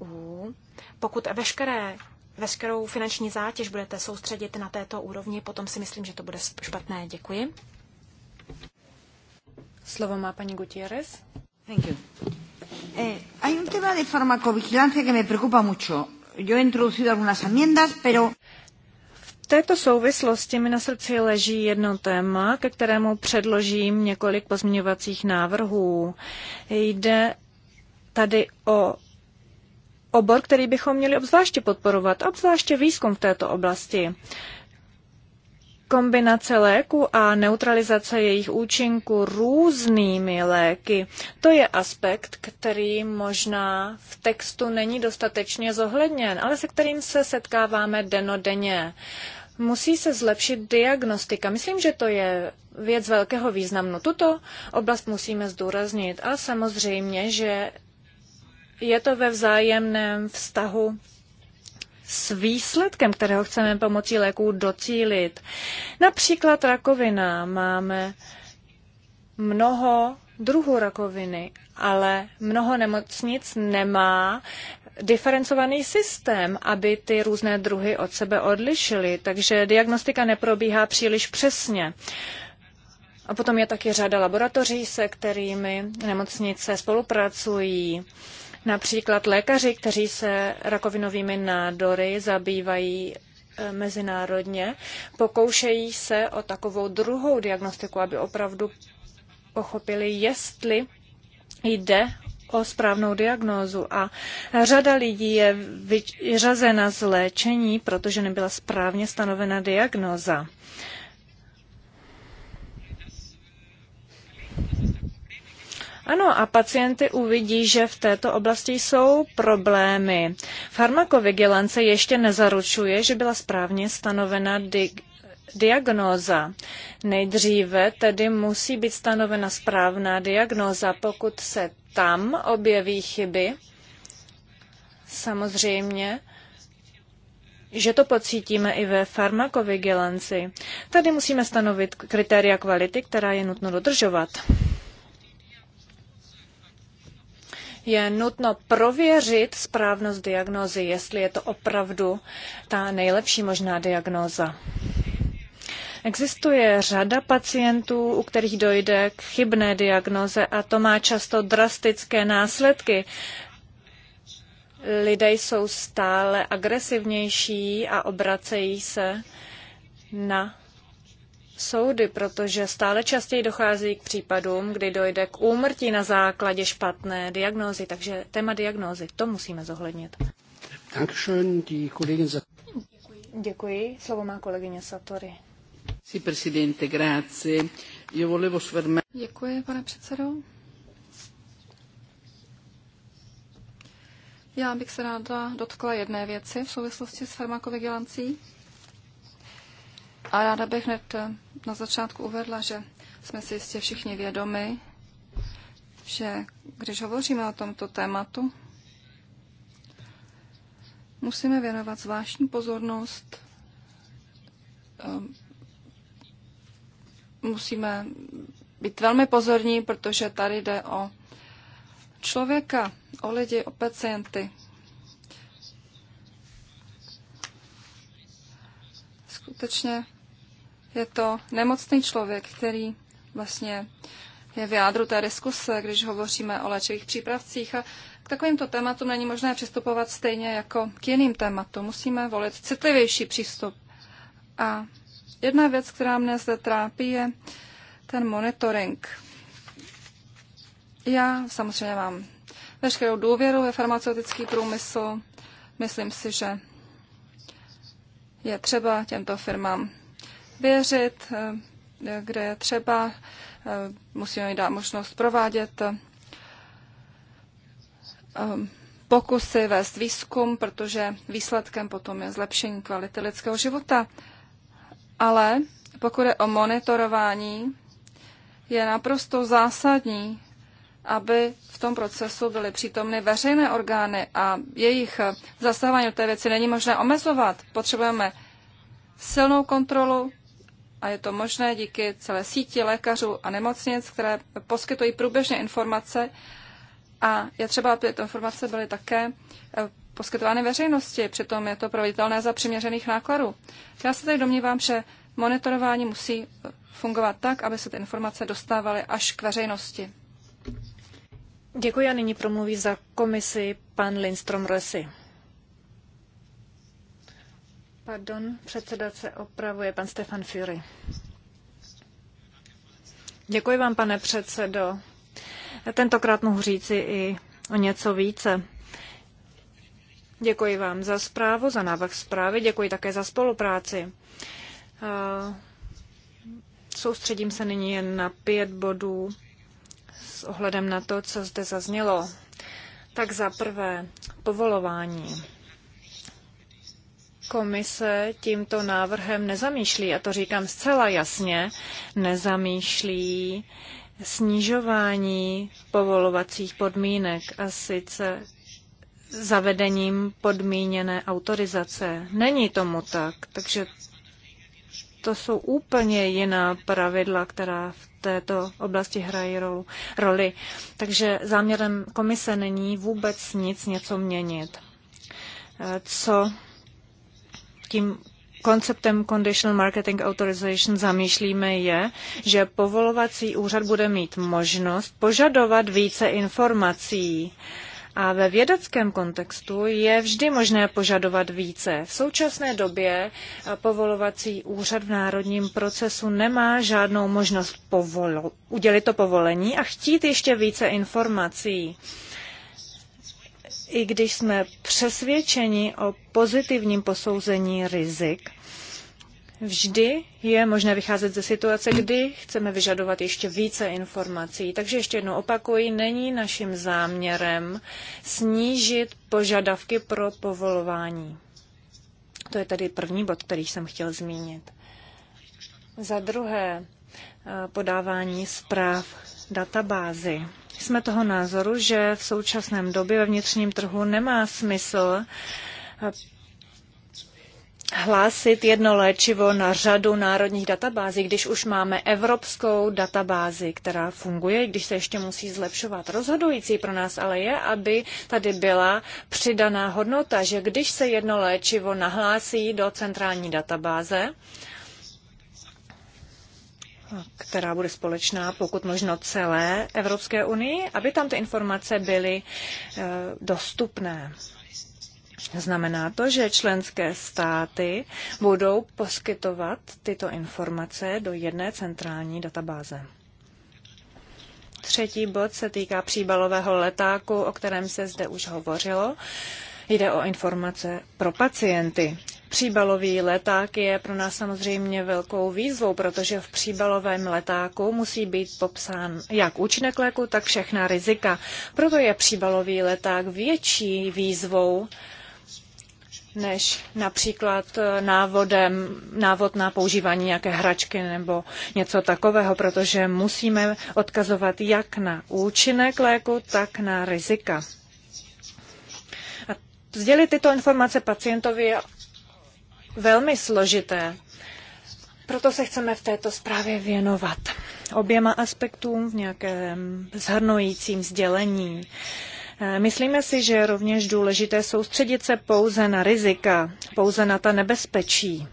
EU, pokud veškeré, veškerou finanční zátěž budete soustředit na této úrovni, potom si myslím, že to bude špatné. Děkuji. Slovo má paní Gutierrez. Thank you. Eh, hay un tema de farmacovigilancia que me preocupa mucho. Yo he introducido algunas enmiendas, pero V této souvislosti mi na srdci leží jedno téma, ke kterému předložím několik pozměňovacích návrhů. Jde tady o obor, který bychom měli obzvláště podporovat, obzvláště výzkum v této oblasti. Kombinace léku a neutralizace jejich účinku různými léky, to je aspekt, který možná v textu není dostatečně zohledněn, ale se kterým se setkáváme denodenně. Musí se zlepšit diagnostika. Myslím, že to je věc velkého významu. Tuto oblast musíme zdůraznit a samozřejmě, že je to ve vzájemném vztahu s výsledkem, kterého chceme pomocí léků docílit. Například rakovina. Máme mnoho druhů rakoviny, ale mnoho nemocnic nemá diferencovaný systém, aby ty různé druhy od sebe odlišily, takže diagnostika neprobíhá příliš přesně. A potom je taky řada laboratoří, se kterými nemocnice spolupracují. Například lékaři, kteří se rakovinovými nádory zabývají e, mezinárodně, pokoušejí se o takovou druhou diagnostiku, aby opravdu pochopili, jestli jde o správnou diagnózu a řada lidí je vyřazena z léčení, protože nebyla správně stanovena diagnóza. Ano, a pacienty uvidí, že v této oblasti jsou problémy. Farmakovigilance ještě nezaručuje, že byla správně stanovena di- diagnóza. Nejdříve tedy musí být stanovena správná diagnóza, pokud se tam objeví chyby. Samozřejmě, že to pocítíme i ve farmakovigilanci. Tady musíme stanovit kritéria kvality, která je nutno dodržovat. je nutno prověřit správnost diagnózy, jestli je to opravdu ta nejlepší možná diagnóza. Existuje řada pacientů, u kterých dojde k chybné diagnoze a to má často drastické následky. Lidé jsou stále agresivnější a obracejí se na soudy, protože stále častěji dochází k případům, kdy dojde k úmrtí na základě špatné diagnózy. Takže téma diagnózy, to musíme zohlednit. Děkuji. Děkuji. Slovo má kolegyně Satory. Děkuji, pane předsedo. Já bych se ráda dotkla jedné věci v souvislosti s farmakovigilancí. A ráda bych hned eh, na začátku uvedla, že jsme si jistě všichni vědomi, že když hovoříme o tomto tématu, musíme věnovat zvláštní pozornost, eh, musíme být velmi pozorní, protože tady jde o člověka, o lidi, o pacienty. Skutečně je to nemocný člověk, který vlastně je v jádru té diskuse, když hovoříme o léčivých přípravcích. A k takovýmto tématům není možné přistupovat stejně jako k jiným tématům. Musíme volit citlivější přístup. A jedna věc, která mě zde trápí, je ten monitoring. Já samozřejmě mám veškerou důvěru ve farmaceutický průmysl. Myslím si, že je třeba těmto firmám věřit, eh, kde je třeba. Eh, musíme jim dát možnost provádět eh, pokusy vést výzkum, protože výsledkem potom je zlepšení kvality lidského života. Ale pokud je o monitorování, je naprosto zásadní, aby v tom procesu byly přítomny veřejné orgány a jejich zasahování do té věci není možné omezovat. Potřebujeme silnou kontrolu, a je to možné díky celé síti lékařů a nemocnic, které poskytují průběžně informace a je třeba, aby tyto informace byly také eh, poskytovány veřejnosti, přitom je to proveditelné za přiměřených nákladů. Já se tedy domnívám, že monitorování musí eh, fungovat tak, aby se ty informace dostávaly až k veřejnosti. Děkuji a nyní promluví za komisi pan Lindstrom Rösi. Pardon, předseda se opravuje, pan Stefan Fury. Děkuji vám, pane předsedo. Tentokrát mohu říci i o něco více. Děkuji vám za zprávu, za návrh zprávy, děkuji také za spolupráci. Soustředím se nyní jen na pět bodů s ohledem na to, co zde zaznělo. Tak za prvé, povolování komise tímto návrhem nezamýšlí, a to říkám zcela jasně, nezamýšlí snižování povolovacích podmínek a sice zavedením podmíněné autorizace. Není tomu tak, takže to jsou úplně jiná pravidla, která v této oblasti hrají roli. Takže záměrem komise není vůbec nic něco měnit. Eh, co tím konceptem Conditional Marketing Authorization zamýšlíme je, že povolovací úřad bude mít možnost požadovat více informací. A ve vědeckém kontextu je vždy možné požadovat více. V současné době povolovací úřad v národním procesu nemá žádnou možnost povolo- udělit to povolení a chtít ještě více informací i když jsme přesvědčeni o pozitivním posouzení rizik, Vždy je možné vycházet ze situace, kdy chceme vyžadovat ještě více informací. Takže ještě jednou opakuji, není naším záměrem snížit požadavky pro povolování. To je tedy první bod, který jsem chtěl zmínit. Za druhé, eh, podávání zpráv databázy jsme toho názoru, že v současném době ve vnitřním trhu nemá smysl eh, hlásit jedno léčivo na řadu národních databází, když už máme evropskou databázi, která funguje, když se ještě musí zlepšovat. Rozhodující pro nás ale je, aby tady byla přidaná hodnota, že když se jedno léčivo nahlásí do centrální databáze, která bude společná, pokud možno celé Evropské unii, aby tam ty informace byly eh, dostupné. Znamená to, že členské státy budou poskytovat tyto informace do jedné centrální databáze. Třetí bod se týká příbalového letáku, o kterém se zde už hovořilo. Jde o informace pro pacienty. Příbalový leták je pro nás samozřejmě velkou výzvou, protože v příbalovém letáku musí být popsán jak účinek léku, tak všechna rizika. Proto je příbalový leták větší výzvou než například eh, návodem, návod na používání nějaké hračky nebo něco takového, protože musíme odkazovat jak na účinek léku, tak na rizika. A sdělit tyto informace pacientovi je velmi složité. Proto se chceme v této zprávě věnovat oběma aspektům v nějakém zhrnujícím sdělení. Eh, myslíme si, že je rovněž důležité soustředit se pouze na rizika, pouze na ta nebezpečí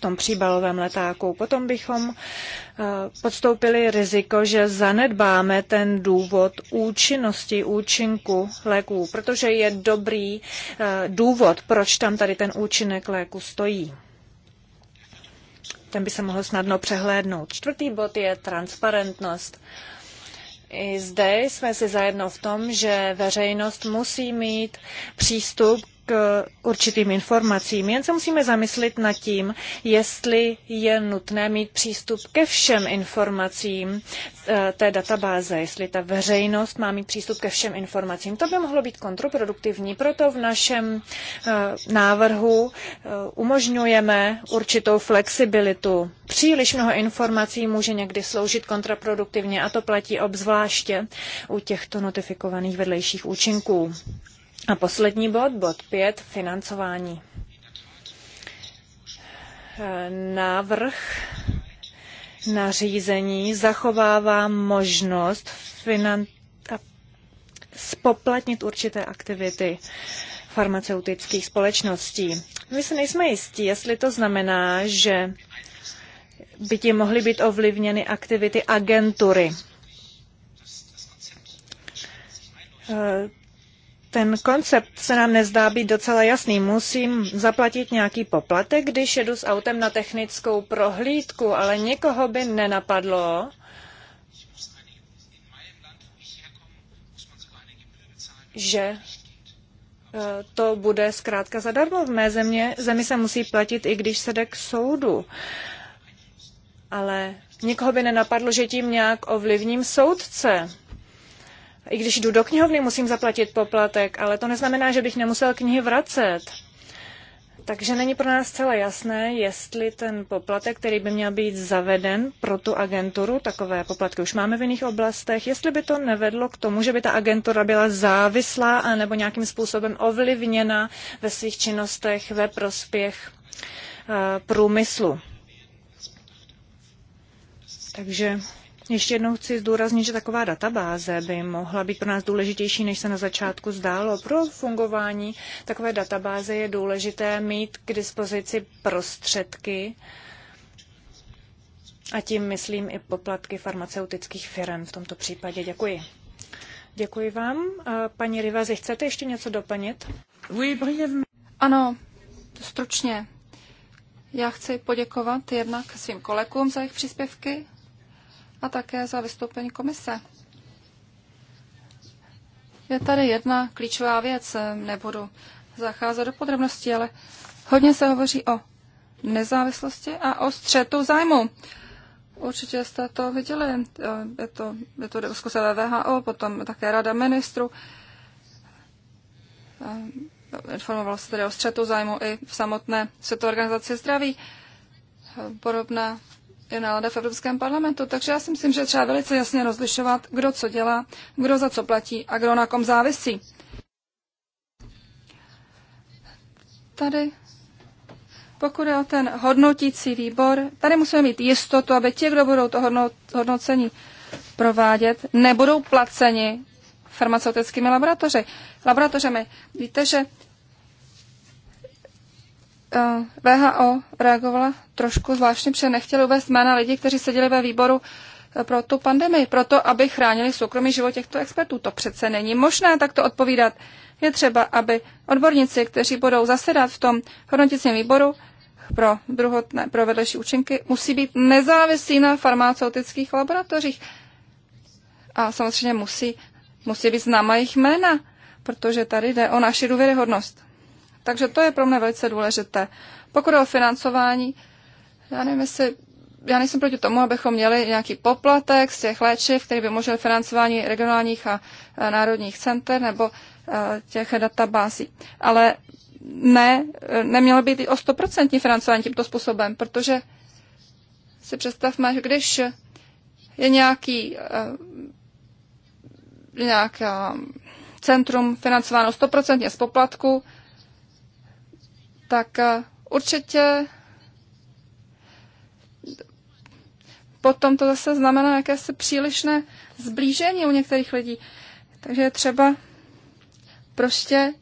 tom příbalovém letáku. Potom bychom eh, podstoupili riziko, že zanedbáme ten důvod účinnosti účinku léků, protože je dobrý eh, důvod, proč tam tady ten účinek léku stojí ten by se mohl snadno přehlédnout. Čtvrtý bod je transparentnost. I zde jsme si zajedno v tom, že veřejnost musí mít přístup určitým informacím. Jen se musíme zamyslet nad tím, jestli je nutné mít přístup ke všem informacím e, té databáze, jestli ta veřejnost má mít přístup ke všem informacím. To by mohlo být kontraproduktivní, proto v našem e, návrhu e, umožňujeme určitou flexibilitu. Příliš mnoho informací může někdy sloužit kontraproduktivně a to platí obzvláště u těchto notifikovaných vedlejších účinků. A poslední bod, bod 5, financování. Návrh nařízení zachovává možnost finan... spoplatnit určité aktivity farmaceutických společností. My se nejsme jistí, jestli to znamená, že by tím mohly být ovlivněny aktivity agentury ten koncept se nám nezdá být docela jasný. Musím zaplatit nějaký poplatek, když jedu s autem na technickou prohlídku, ale nikoho by nenapadlo, že eh, to bude zkrátka zadarmo. V mé země, zemi se musí platit, i když se jde k soudu. Ale nikoho by nenapadlo, že tím nějak ovlivním soudce. I když jdu do knihovny, musím zaplatit poplatek, ale to neznamená, že bych nemusel knihy vracet. Takže není pro nás celé jasné, jestli ten poplatek, který by měl být zaveden pro tu agenturu, takové poplatky už máme v jiných oblastech, jestli by to nevedlo k tomu, že by ta agentura byla závislá a nebo nějakým způsobem ovlivněna ve svých činnostech ve prospěch eh, průmyslu. Takže ještě jednou chci zdůraznit, že taková databáze by mohla být pro nás důležitější, než se na začátku zdálo. Pro fungování takové databáze je důležité mít k dispozici prostředky, a tím myslím i poplatky farmaceutických firm v tomto případě. Děkuji. Děkuji vám. Paní Rivazi, chcete ještě něco doplnit? Ano, stručně. Já chci poděkovat jednak svým kolegům za jejich příspěvky a také za vystoupení komise. Je tady jedna klíčová věc, nebudu zacházet do podrobností, ale hodně se hovoří o nezávislosti a o střetu zájmu. Určitě jste to viděli, eh, je to, je to diskuse VHO, potom také Rada ministru. Eh, Informovalo se tedy o střetu zájmu i v samotné Světové organizaci zdraví. Eh, podobná je nálada v Evropském parlamentu. Takže já si myslím, že třeba velice jasně rozlišovat, kdo co dělá, kdo za co platí a kdo na kom závisí. Tady, pokud je o ten hodnotící výbor, tady musíme mít jistotu, aby ti, kdo budou to hodnocení provádět, nebudou placeni farmaceutickými laboratoři, laboratořemi. Víte, že Eh, VHO reagovala trošku zvláštně, protože nechtěli uvést jména lidí, kteří seděli ve výboru eh, pro tu pandemii, proto aby chránili soukromý život těchto expertů. To přece není možné takto odpovídat. Je třeba, aby odborníci, kteří budou zasedat v tom hodnotícím výboru pro druhotné, pro vedlejší účinky, musí být nezávislí na farmaceutických laboratořích. A samozřejmě musí, musí být známa jejich jména, protože tady jde o naši důvěryhodnost. Takže to je pro mě velice důležité. Pokud o financování, já nevím, jestli já nejsem proti tomu, abychom měli nějaký poplatek z těch léčiv, který by umožnil financování regionálních a národních center nebo těch databází. Ale ne, nemělo být i o 100% financování tímto způsobem, protože si představme, že když je nějaký, nějaká centrum financováno 100% z poplatku, tak eh, určitě potom to zase znamená jakési přílišné zblížení u některých lidí. Takže je třeba prostě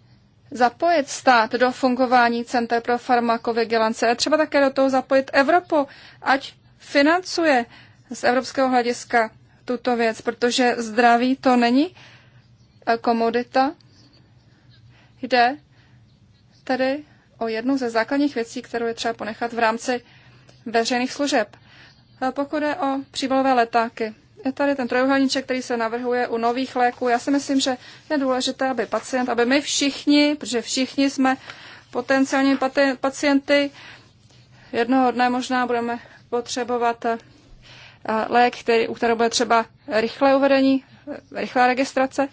zapojit stát do fungování Center pro farmakovigilance a třeba také do toho zapojit Evropu, ať financuje z evropského hlediska tuto věc, protože zdraví to není eh, komodita. Jde tedy o jednu ze základních věcí, kterou je třeba ponechat v rámci veřejných služeb. Pokud je o příbalové letáky, je tady ten trojuhelníček, který se navrhuje u nových léků. Já si myslím, že je důležité, aby pacient, aby my všichni, protože všichni jsme potenciální pacienty, jednoho dne možná budeme potřebovat eh, lék, který, u kterého bude třeba rychlé uvedení, eh, rychlá registrace.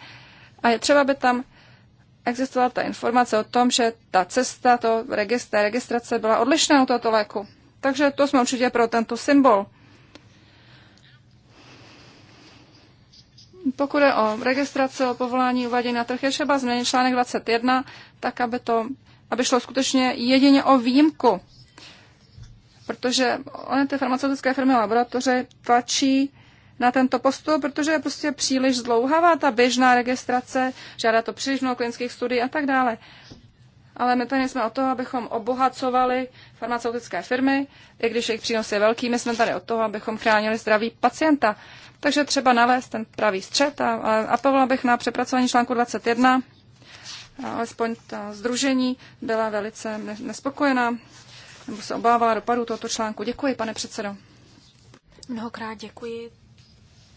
A je třeba, aby tam existovala ta informace o tom, že ta cesta, to registra, registrace byla odlišná u tohoto léku. Takže to jsme určitě pro tento symbol. Pokud je o registraci, o povolání uvádění na trh, je třeba změnit článek 21, tak aby, to, aby šlo skutečně jedině o výjimku. Protože ony ty farmaceutické firmy a laboratoře tlačí na tento postup, protože je prostě příliš zdlouhavá ta běžná registrace, žádá to příliš mnoho klinických studií a tak dále. Ale my tady nejsme o to, abychom obohacovali farmaceutické firmy, i když jejich přínos je velký, my jsme tady o to, abychom chránili zdraví pacienta. Takže třeba nalézt ten pravý střed a, a apelovala bych na přepracování článku 21. A alespoň ta združení byla velice nespokojená nebo se obávala dopadu tohoto článku. Děkuji, pane předsedo. Mnohokrát děkuji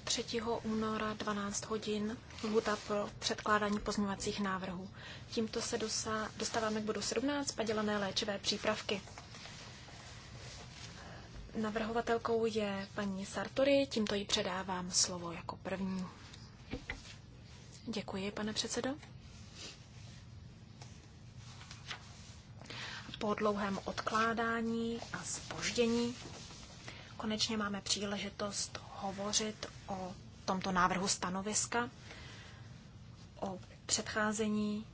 3. února 12 hodin lhuta pro předkládání pozměňovacích návrhů. Tímto se dosa, dostáváme k bodu 17 padělané léčivé přípravky. Navrhovatelkou je paní Sartori, tímto jí předávám slovo jako první. Děkuji, pane předsedo. Po dlouhém odkládání a spoždění konečně máme příležitost hovořit o tomto návrhu stanoviska, o předcházení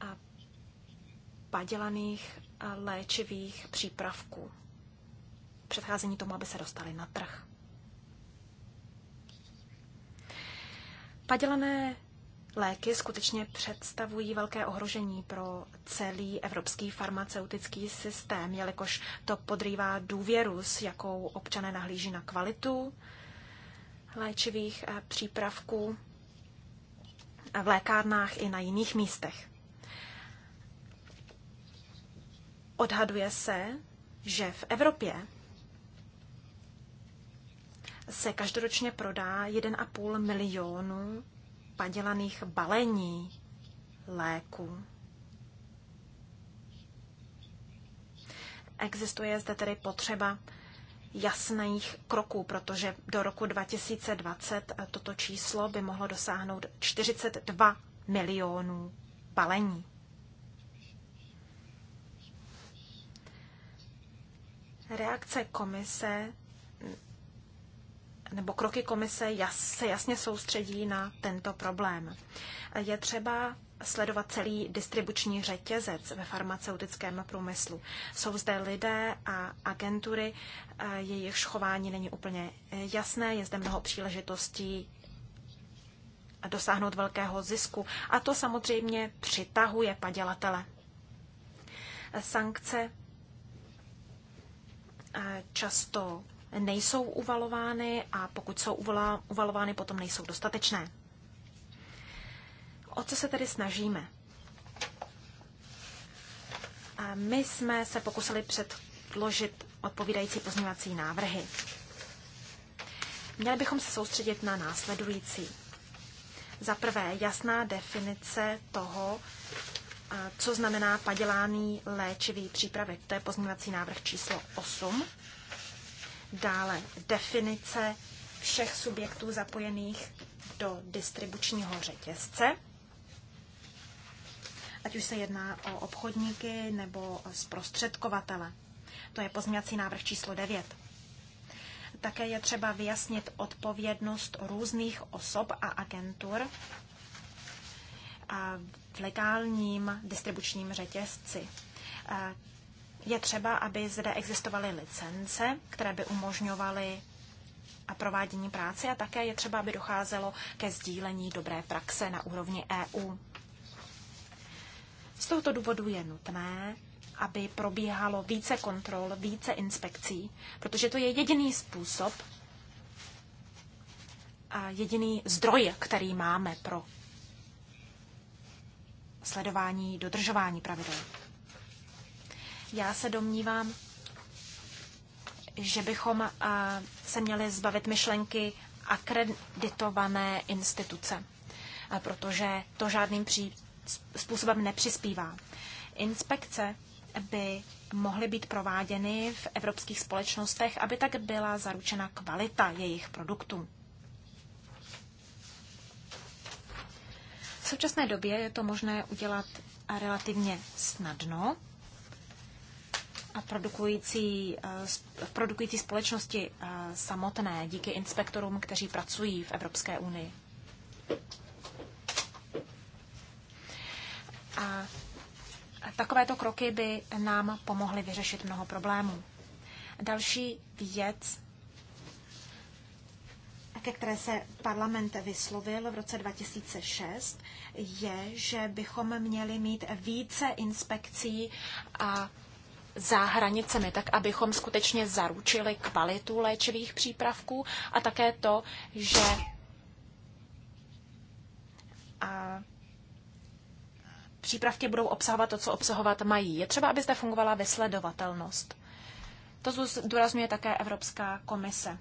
a padělaných léčivých přípravků. Předcházení tomu, aby se dostali na trh. Padělané léky skutečně představují velké ohrožení pro celý evropský farmaceutický systém, jelikož to podrývá důvěru, s jakou občané nahlíží na kvalitu léčivých eh, přípravků v lékárnách i na jiných místech. Odhaduje se, že v Evropě se každoročně prodá 1,5 milionu padělaných balení léků. Existuje zde tedy potřeba jasných kroků, protože do roku 2020 toto číslo by mohlo dosáhnout 42 milionů balení. Reakce komise nebo kroky komise jas, se jasně soustředí na tento problém. Je třeba sledovat celý distribuční řetězec ve farmaceutickém průmyslu. Jsou zde lidé a agentury, eh, jejich chování není úplně jasné, je zde mnoho příležitostí dosáhnout velkého zisku a to samozřejmě přitahuje padělatele. Sankce eh, často nejsou uvalovány a pokud jsou uvalovány, potom nejsou dostatečné. O co se tedy snažíme? A my jsme se pokusili předložit odpovídající pozměňovací návrhy. Měli bychom se soustředit na následující. Za prvé, jasná definice toho, co znamená padělaný léčivý přípravek. To je pozměňovací návrh číslo 8 dále definice všech subjektů zapojených do distribučního řetězce, ať už se jedná o obchodníky nebo o zprostředkovatele. To je pozměňovací návrh číslo 9. Také je třeba vyjasnit odpovědnost různých osob a agentur v legálním distribučním řetězci. Je třeba, aby zde existovaly licence, které by umožňovaly a provádění práce a také je třeba, aby docházelo ke sdílení dobré praxe na úrovni EU. Z tohoto důvodu je nutné, aby probíhalo více kontrol, více inspekcí, protože to je jediný způsob a jediný zdroj, který máme pro sledování dodržování pravidel. Já se domnívám, že bychom eh, se měli zbavit myšlenky akreditované instituce, eh, protože to žádným pří, způsobem nepřispívá. Inspekce by mohly být prováděny v evropských společnostech, aby tak byla zaručena kvalita jejich produktů. V současné době je to možné udělat relativně snadno a produkující, eh, produkující společnosti eh, samotné díky inspektorům, kteří pracují v Evropské unii. A takovéto kroky by nám pomohly vyřešit mnoho problémů. Další věc, ke které se parlament vyslovil v roce 2006, je, že bychom měli mít více inspekcí a za hranicemi, tak abychom skutečně zaručili kvalitu léčivých přípravků a také to, že a přípravky budou obsahovat to, co obsahovat mají. Je třeba, aby zde fungovala vysledovatelnost. To zdůrazňuje také Evropská komise.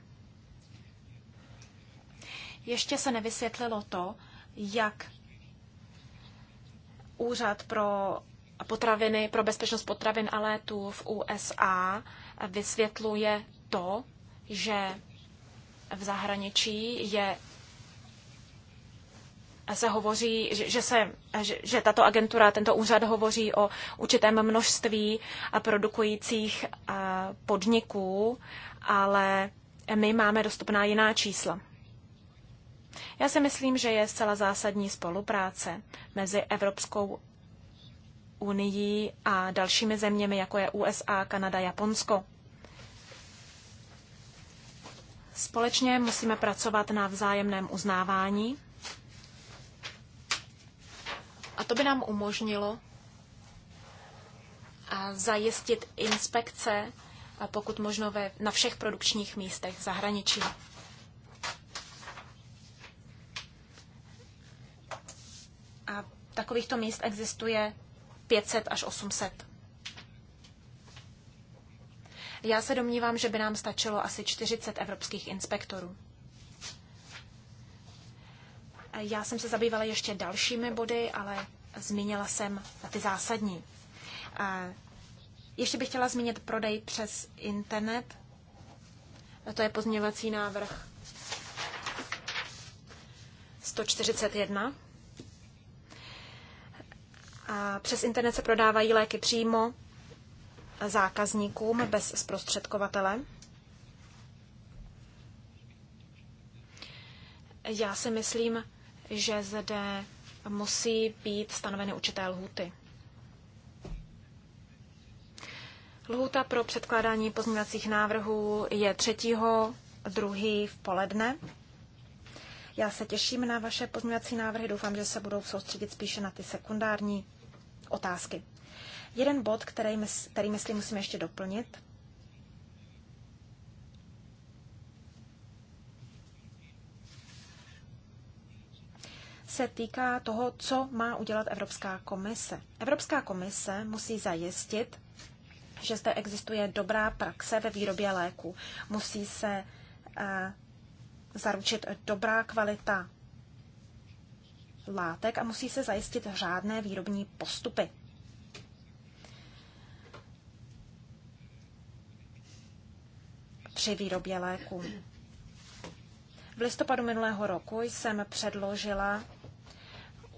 Ještě se nevysvětlilo to, jak Úřad pro potraviny, pro bezpečnost potravin a létů v USA vysvětluje to, že v zahraničí je se hovoří, že, se, že, že tato agentura, tento úřad hovoří o určitém množství produkujících podniků, ale my máme dostupná jiná čísla. Já si myslím, že je zcela zásadní spolupráce mezi Evropskou unii a dalšími zeměmi, jako je USA, Kanada, Japonsko. Společně musíme pracovat na vzájemném uznávání. A to by nám umožnilo zajistit inspekce, pokud možno ve, na všech produkčních místech v zahraničí. A takovýchto míst existuje 500 až 800. Já se domnívám, že by nám stačilo asi 40 evropských inspektorů. Já jsem se zabývala ještě dalšími body, ale zmínila jsem ty zásadní. Ještě bych chtěla zmínit prodej přes internet. To je pozměňovací návrh 141. A přes internet se prodávají léky přímo zákazníkům bez zprostředkovatele. Já si myslím, že zde musí být stanoveny určité lhuty. Lhuta pro předkládání pozměňovacích návrhů je 3. 2. v poledne. Já se těším na vaše pozměňovací návrhy, doufám, že se budou soustředit spíše na ty sekundární otázky. Jeden bod, který, který myslím musím ještě doplnit, se týká toho, co má udělat Evropská komise. Evropská komise musí zajistit, že zde existuje dobrá praxe ve výrobě léku. Musí se eh, zaručit dobrá kvalita látek a musí se zajistit řádné výrobní postupy. Při výrobě léku. V listopadu minulého roku jsem předložila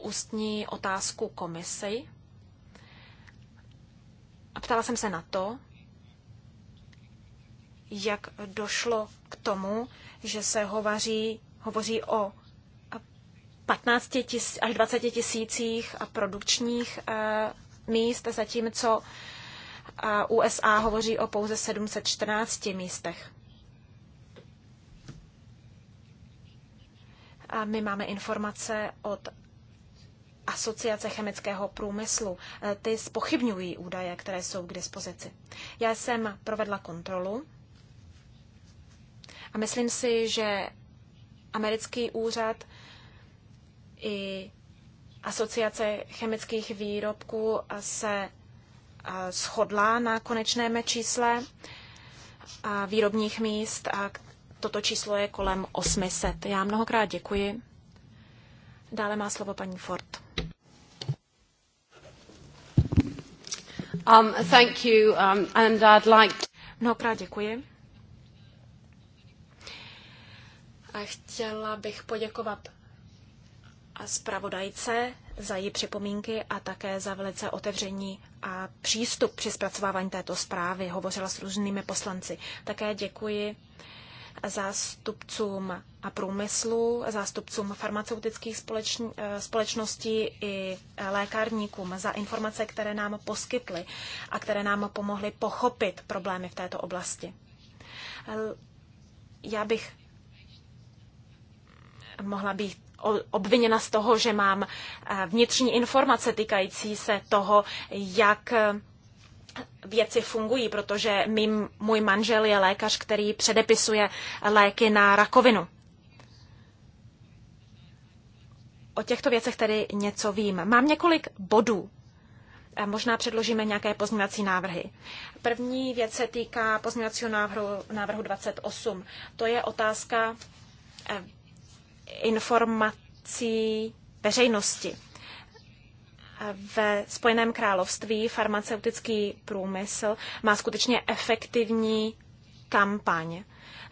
ústní otázku komisi a ptala jsem se na to, jak došlo k tomu, že se hovaří, hovoří o 15 tis, až 20 tisících produkčních eh, míst, zatímco eh, USA hovoří o pouze 714 místech. A my máme informace od Asociace chemického průmyslu. Eh, ty spochybňují údaje, které jsou k dispozici. Já jsem provedla kontrolu a myslím si, že americký úřad i asociace chemických výrobků se shodla na konečném čísle výrobních míst a toto číslo je kolem 800. Já mnohokrát děkuji. Dále má slovo paní Ford. Um, thank you, um, and I'd like... Mnohokrát děkuji. A chtěla bych poděkovat zpravodajce za její připomínky a také za velice otevření a přístup při zpracovávání této zprávy. Hovořila s různými poslanci. Také děkuji zástupcům a průmyslu, zástupcům farmaceutických společn- eh, společností i lékárníkům za informace, které nám poskytly a které nám pomohly pochopit problémy v této oblasti. Já bych mohla být obviněna z toho, že mám eh, vnitřní informace týkající se toho, jak eh, věci fungují, protože mým, můj manžel je lékař, který předepisuje léky na rakovinu. O těchto věcech tedy něco vím. Mám několik bodů. Eh, možná předložíme nějaké pozměňovací návrhy. První věc se týká pozměňovacího návrhu, návrhu 28. To je otázka informací veřejnosti. Ve Spojeném království farmaceutický průmysl má skutečně efektivní kampaň,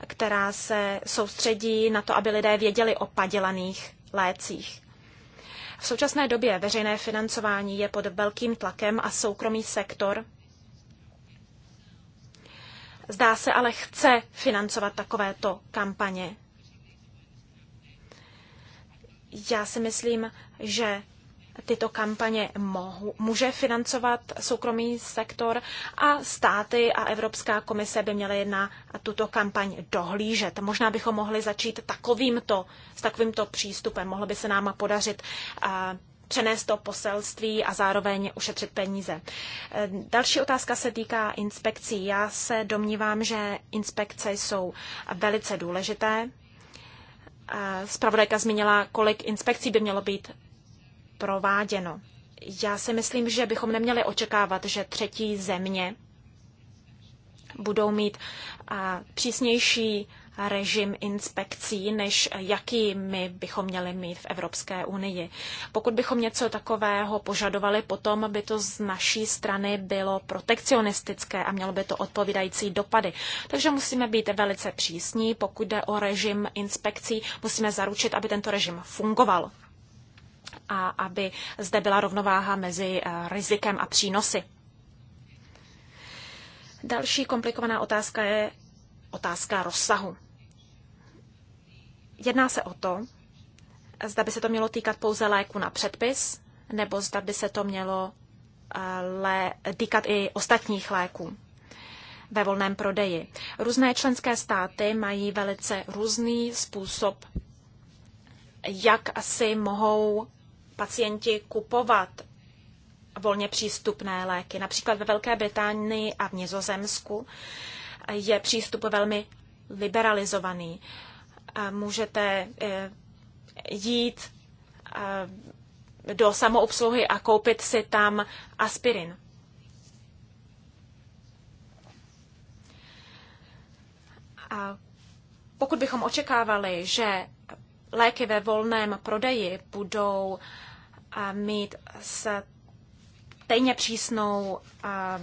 která se soustředí na to, aby lidé věděli o padělaných lécích. V současné době veřejné financování je pod velkým tlakem a soukromý sektor zdá se ale chce financovat takovéto kampaně. Já si myslím, že tyto kampaně mohu, může financovat soukromý sektor a státy a Evropská komise by měly na tuto kampaň dohlížet. Možná bychom mohli začít takovýmto, s takovýmto přístupem. Mohlo by se nám podařit a, eh, přenést to poselství a zároveň ušetřit peníze. Eh, další otázka se týká inspekcí. Já se domnívám, že inspekce jsou velice důležité zpravodajka zmínila, kolik inspekcí by mělo být prováděno. Já si myslím, že bychom neměli očekávat, že třetí země budou mít přísnější režim inspekcí, než jaký my bychom měli mít v Evropské unii. Pokud bychom něco takového požadovali, potom by to z naší strany bylo protekcionistické a mělo by to odpovídající dopady. Takže musíme být velice přísní, pokud jde o režim inspekcí, musíme zaručit, aby tento režim fungoval a aby zde byla rovnováha mezi eh, rizikem a přínosy. Další komplikovaná otázka je otázka rozsahu. Jedná se o to, zda by se to mělo týkat pouze léku na předpis, nebo zda by se to mělo eh, lé, týkat i ostatních léků ve volném prodeji. Různé členské státy mají velice různý způsob, jak asi mohou pacienti kupovat volně přístupné léky. Například ve Velké Británii a v Nizozemsku je přístup velmi liberalizovaný můžete eh, jít eh, do samoobsluhy a koupit si tam aspirin. A pokud bychom očekávali, že léky ve volném prodeji budou eh, mít stejně přísnou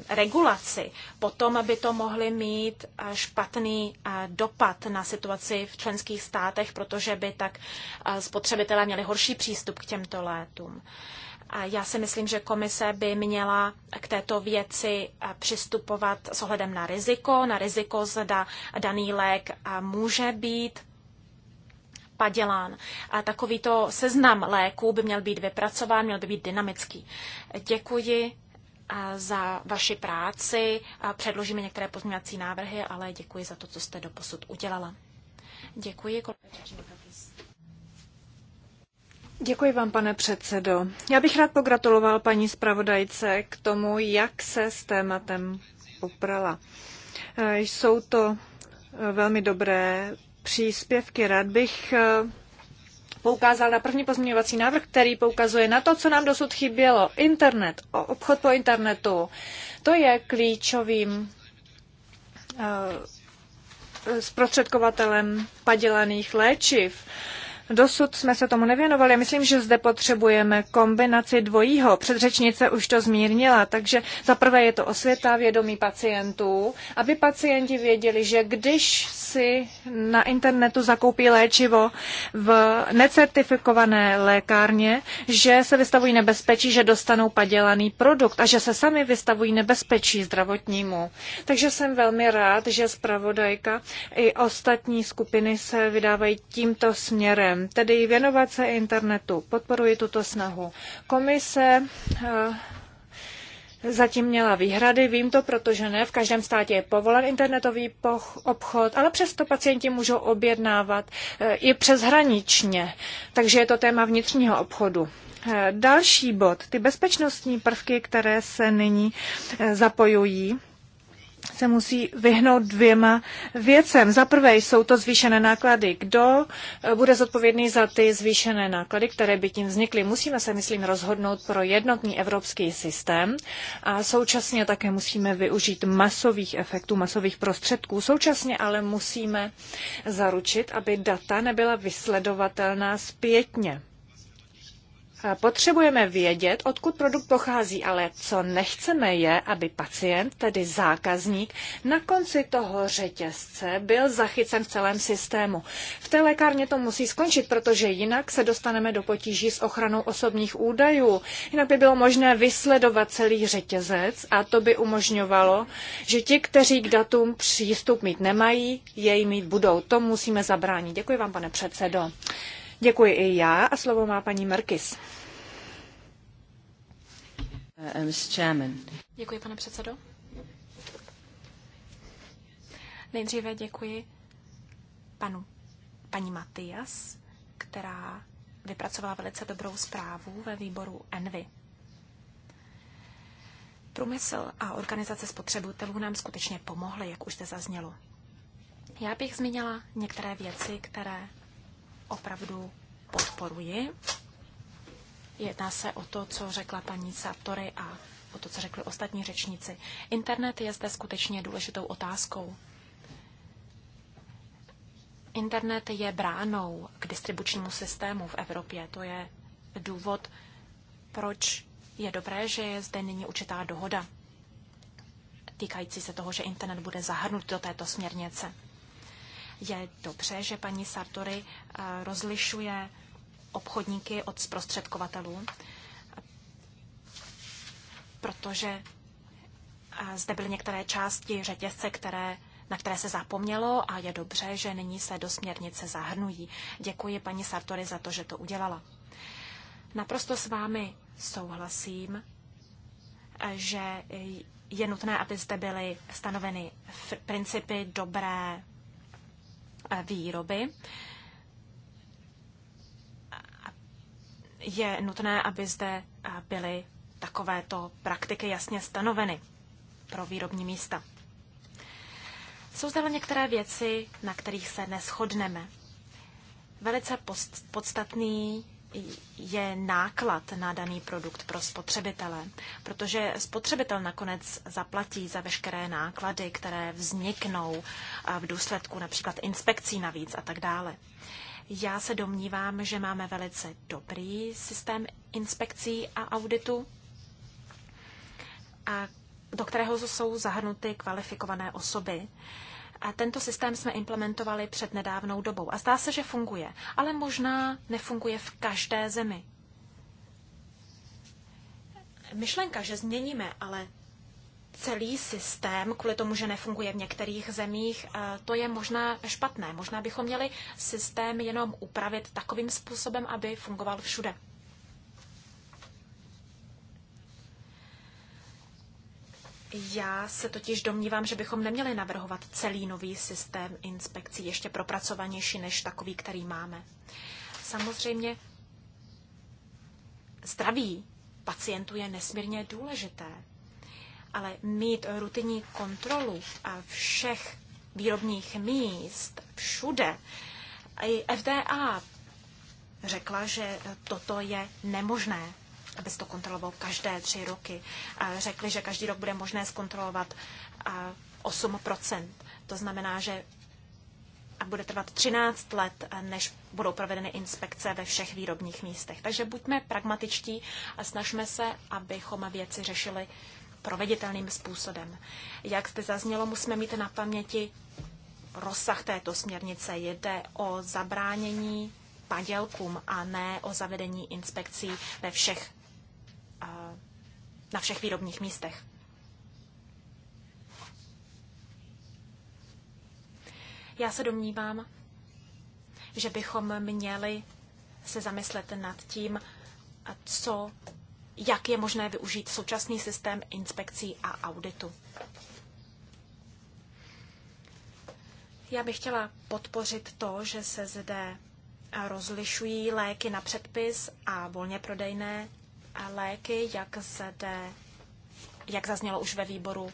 regulaci, potom by to mohly mít špatný dopad na situaci v členských státech, protože by tak spotřebitelé měli horší přístup k těmto létům. A já si myslím, že komise by měla k této věci přistupovat s ohledem na riziko, na riziko, zda daný lék může být padělán. A takovýto seznam léků by měl být vypracován, měl by být dynamický. Děkuji za vaši práci. Předložíme některé pozměňovací návrhy, ale děkuji za to, co jste do posud udělala. Děkuji. Děkuji vám, pane předsedo. Já bych rád pogratuloval paní zpravodajce k tomu, jak se s tématem poprala. E, jsou to velmi dobré příspěvky. Rád bych eh, poukázal na první pozměňovací návrh, který poukazuje na to, co nám dosud chybělo. Internet, obchod po internetu. To je klíčovým eh, eh, zprostředkovatelem padělaných léčiv. Dosud jsme se tomu nevěnovali. Myslím, že zde potřebujeme kombinaci dvojího. Předřečnice už to zmírnila, takže za prvé je to osvěta vědomí pacientů, aby pacienti věděli, že když si na internetu zakoupí léčivo v necertifikované lékárně, že se vystavují nebezpečí, že dostanou padělaný produkt a že se sami vystavují nebezpečí zdravotnímu. Takže jsem velmi rád, že zpravodajka i ostatní skupiny se vydávají tímto směrem cílem, tedy věnovat se internetu. Podporuji tuto snahu. Komise eh, Zatím měla výhrady, vím to, protože ne v každém státě je povolen internetový obchod, ale přesto pacienti můžou objednávat eh, i přeshraničně, takže je to téma vnitřního obchodu. Eh, další bod, ty bezpečnostní prvky, které se nyní zapojují se musí vyhnout dvěma věcem. Za prvé jsou to zvýšené náklady. Kdo eh, bude zodpovědný za ty zvýšené náklady, které by tím vznikly? Musíme se, myslím, rozhodnout pro jednotný evropský systém a současně také musíme využít masových efektů, masových prostředků. Současně ale musíme zaručit, aby data nebyla vysledovatelná zpětně. Potřebujeme vědět, odkud produkt pochází, ale co nechceme je, aby pacient, tedy zákazník, na konci toho řetězce byl zachycen v celém systému. V té lékárně to musí skončit, protože jinak se dostaneme do potíží s ochranou osobních údajů. Jinak by bylo možné vysledovat celý řetězec a to by umožňovalo, že ti, kteří k datům přístup mít nemají, jej mít budou. To musíme zabránit. Děkuji vám, pane předsedo. Děkuji i já a slovo má paní Merkis. Uh, uh, děkuji, pane předsedo. Nejdříve děkuji panu, paní Matias, která vypracovala velice dobrou zprávu ve výboru Envy. Průmysl a organizace spotřebitelů nám skutečně pomohly, jak už zde zaznělo. Já bych zmínila některé věci, které opravdu podporuji. Jedná se o to, co řekla paní Sartori a o to, co řekli ostatní řečníci. Internet je zde skutečně důležitou otázkou. Internet je bránou k distribučnímu systému v Evropě. To je důvod, proč je dobré, že je zde nyní určitá dohoda týkající se toho, že internet bude zahrnut do této směrnice. Je dobře, že paní Sartori eh, rozlišuje obchodníky od zprostředkovatelů, protože eh, zde byly některé části řetězce, které na které se zapomnělo a je dobře, že nyní se do směrnice zahrnují. Děkuji paní Sartori za to, že to udělala. Naprosto s vámi souhlasím, eh, že je nutné, aby zde byly stanoveny principy dobré výroby, je nutné, aby zde byly takovéto praktiky jasně stanoveny pro výrobní místa. Jsou zde některé věci, na kterých se neschodneme. Velice podstatný je náklad na daný produkt pro spotřebitele, protože spotřebitel nakonec zaplatí za veškeré náklady, které vzniknou eh, v důsledku například inspekcí navíc a tak dále. Já se domnívám, že máme velice dobrý systém inspekcí a auditu, a do kterého jsou zahrnuty kvalifikované osoby, a tento systém jsme implementovali před nedávnou dobou a zdá se, že funguje, ale možná nefunguje v každé zemi. Myšlenka, že změníme ale celý systém kvůli tomu, že nefunguje v některých zemích, eh, to je možná špatné. Možná bychom měli systém jenom upravit takovým způsobem, aby fungoval všude. Já se totiž domnívám, že bychom neměli navrhovat celý nový systém inspekcí, ještě propracovanější než takový, který máme. Samozřejmě zdraví pacientů je nesmírně důležité, ale mít rutinní kontrolu a všech výrobních míst všude, i FDA řekla, že toto je nemožné aby se to kontrolovalo každé tři roky. Řekli, že každý rok bude možné zkontrolovat 8 To znamená, že a bude trvat 13 let, než budou provedeny inspekce ve všech výrobních místech. Takže buďme pragmatičtí a snažme se, abychom věci řešili proveditelným způsobem. Jak zde zaznělo, musíme mít na paměti rozsah této směrnice. Jde o zabránění padělkům a ne o zavedení inspekcí ve všech na všech výrobních místech. Já se domnívám, že bychom měli se zamyslet nad tím, co, jak je možné využít současný systém inspekcí a auditu. Já bych chtěla podpořit to, že se zde rozlišují léky na předpis a volně prodejné a léky, jak zde, jak zaznělo už ve výboru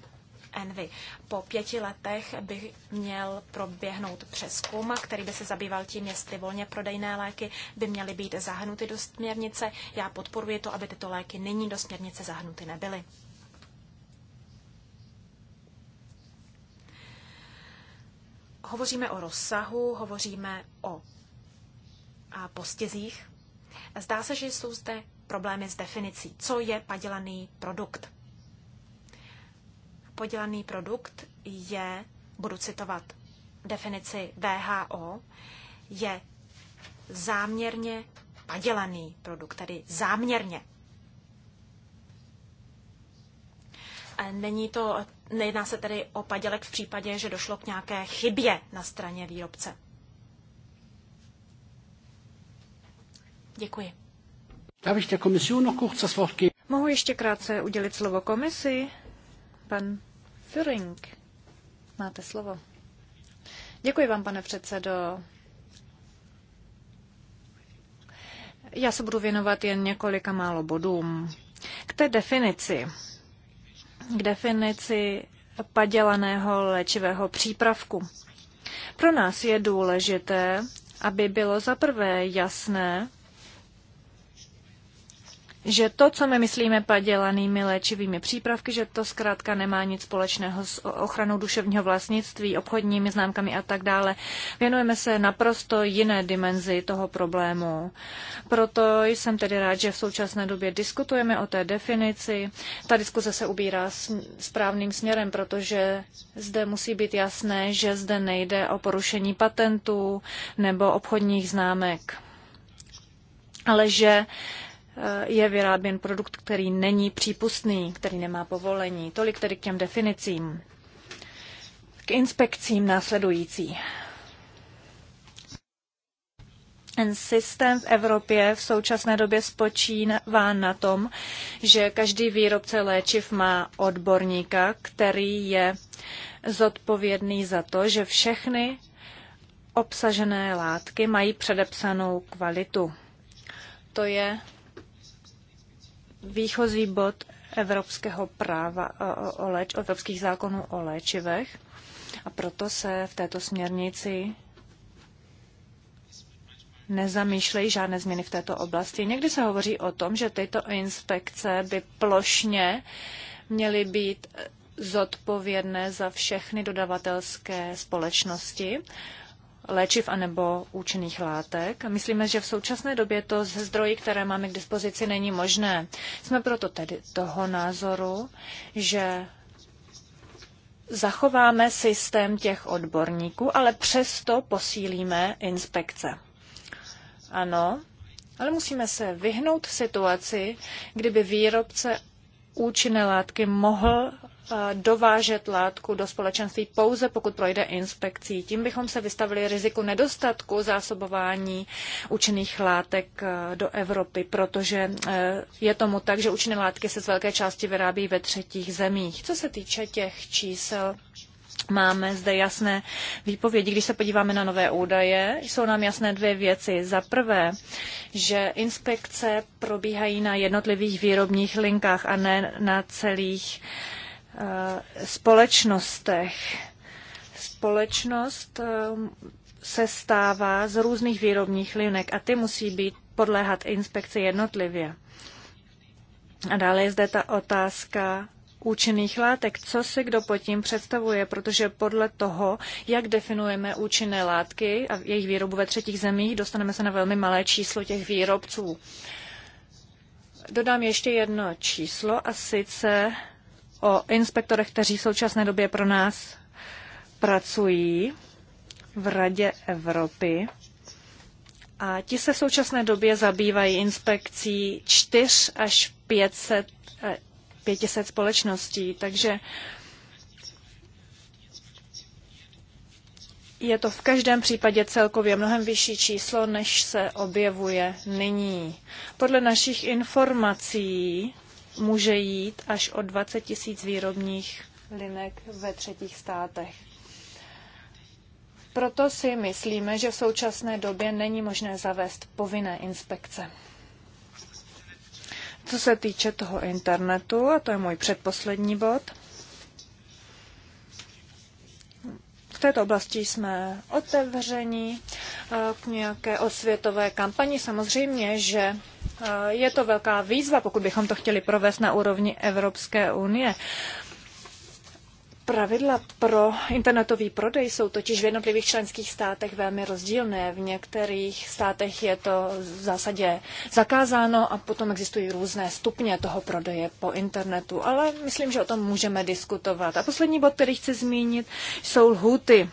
Envy. Po pěti letech by měl proběhnout přeskum, který by se zabýval tím, jestli volně prodejné léky by měly být zahnuty do směrnice. Já podporuji to, aby tyto léky nyní do směrnice zahnuty nebyly. Hovoříme o rozsahu, hovoříme o postězích. Zdá se, že jsou zde problémy s definicí. Co je padělaný produkt? Podělaný produkt je, budu citovat definici VHO, je záměrně padělaný produkt, tedy záměrně. Není to, nejedná se tedy o padělek v případě, že došlo k nějaké chybě na straně výrobce. Děkuji. Darf ich der Kommission noch kurz das Wort geben? Mohu ještě krátce udělit slovo komisi? Pan Führing, máte slovo. Děkuji vám, pane předsedo. Já se budu věnovat jen několika málo bodům. K té definici. K definici padělaného léčivého přípravku. Pro nás je důležité, aby bylo zaprvé jasné, že to, co my myslíme padělanými léčivými přípravky, že to zkrátka nemá nic společného s ochranou duševního vlastnictví, obchodními známkami a tak dále. Věnujeme se naprosto jiné dimenzi toho problému. Proto jsem tedy rád, že v současné době diskutujeme o té definici. Ta diskuze se ubírá správným směrem, protože zde musí být jasné, že zde nejde o porušení patentů nebo obchodních známek ale že je vyráběn produkt, který není přípustný, který nemá povolení. Tolik tedy k těm definicím. K inspekcím následující. Ten systém v Evropě v současné době spočívá na tom, že každý výrobce léčiv má odborníka, který je zodpovědný za to, že všechny obsažené látky mají předepsanou kvalitu. To je výchozí bod evropského práva eh, o, o, léč, o evropských zákonů o léčivech a proto se v této směrnici nezamýšlejí žádné změny v této oblasti. Někdy se hovoří o tom, že tyto inspekce by plošně měly být zodpovědné za všechny dodavatelské společnosti léčiv anebo účinných látek. Myslíme, že v současné době to ze zdroji, které máme k dispozici, není možné. Jsme proto tedy toho názoru, že zachováme systém těch odborníků, ale přesto posílíme inspekce. Ano, ale musíme se vyhnout v situaci, kdyby výrobce účinné látky mohl Eh, dovážet látku do společenství pouze pokud projde inspekcí. Tím bychom se vystavili riziku nedostatku zásobování účinných látek eh, do Evropy, protože eh, je tomu tak, že účinné látky se z velké části vyrábí ve třetích zemích. Co se týče těch čísel, Máme zde jasné výpovědi. Když se podíváme na nové údaje, jsou nám jasné dvě věci. Za prvé, že inspekce probíhají na jednotlivých výrobních linkách a ne na celých uh, Eh, společnostech. Společnost eh, se stává z různých výrobních linek a ty musí být podléhat inspekci jednotlivě. A dále je zde ta otázka účinných látek. Co si kdo pod tím představuje? Protože podle toho, jak definujeme účinné látky a jejich výrobu ve třetích zemích, dostaneme se na velmi malé číslo těch výrobců. Dodám ještě jedno číslo a sice o inspektorech, kteří v současné době pro nás pracují v Radě Evropy. A ti se v současné době zabývají inspekcí 4 až 500, 500 eh, společností. Takže je to v každém případě celkově mnohem vyšší číslo, než se objevuje nyní. Podle našich informací může jít až o 20 tisíc výrobních linek ve třetích státech. Proto si myslíme, že v současné době není možné zavést povinné inspekce. Co se týče toho internetu, a to je můj předposlední bod, v této oblasti jsme otevření eh, k nějaké osvětové kampani. Samozřejmě, že Eh, je to velká výzva, pokud bychom to chtěli provést na úrovni Evropské unie. Pravidla pro internetový prodej jsou totiž v jednotlivých členských státech velmi rozdílné. V některých státech je to v zásadě zakázáno a potom existují různé stupně toho prodeje po internetu, ale myslím, že o tom můžeme diskutovat. A poslední bod, který chci zmínit, jsou lhuty.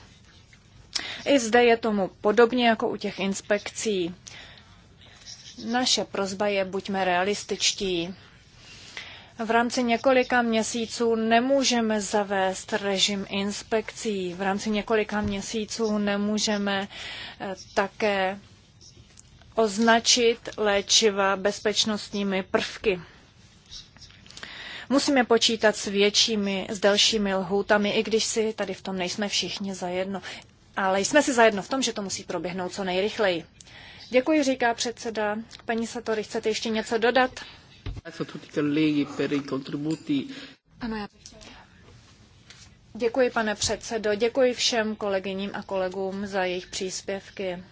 I zde je tomu podobně jako u těch inspekcí. Naše prozba je, buďme realističtí. V rámci několika měsíců nemůžeme zavést režim inspekcí. V rámci několika měsíců nemůžeme eh, také označit léčiva bezpečnostními prvky. Musíme počítat s většími, s delšími lhůtami, i když si tady v tom nejsme všichni zajedno. Ale jsme si zajedno v tom, že to musí proběhnout co nejrychleji. Děkuji, říká předseda. Paní Satory, chcete ještě něco dodat? Ano, já Děkuji, pane předsedo. Děkuji všem kolegyním a kolegům za jejich příspěvky.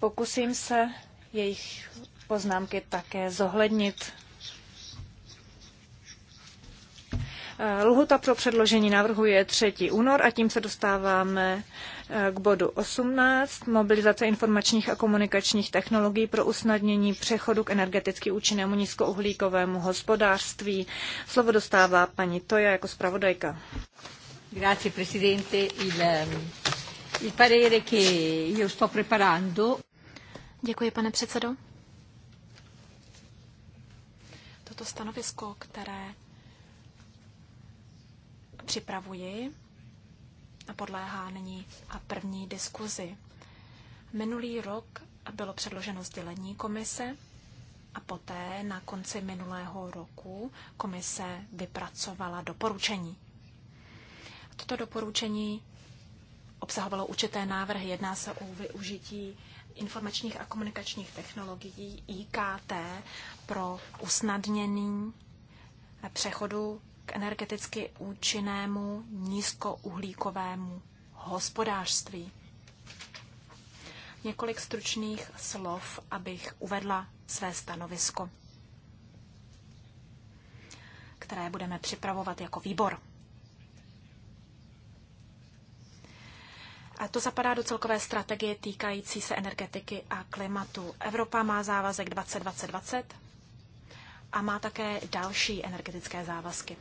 Pokusím se jejich poznámky také zohlednit. Eh, lhuta pro předložení návrhu je 3. únor a tím se dostáváme eh, k bodu 18. Mobilizace informačních a komunikačních technologií pro usnadnění přechodu k energeticky účinnému nízkouhlíkovému hospodářství. Slovo dostává paní Toja jako zpravodajka. Grazie, presidente. Il, ehm, il parere che io sto preparando. Děkuji, pane předsedo. Toto stanovisko, které připravuji a podléhá nyní a první diskuzi. Minulý rok bylo předloženo sdělení komise a poté na konci minulého roku komise vypracovala doporučení. Toto doporučení obsahovalo určité návrhy. Jedná se o využití informačních a komunikačních technologií IKT pro usnadnění přechodu k energeticky účinnému nízkouhlíkovému hospodářství. Několik stručných slov, abych uvedla své stanovisko, které budeme připravovat jako výbor. A to zapadá do celkové strategie týkající se energetiky a klimatu. Evropa má závazek 2020 a má také další energetické závazky.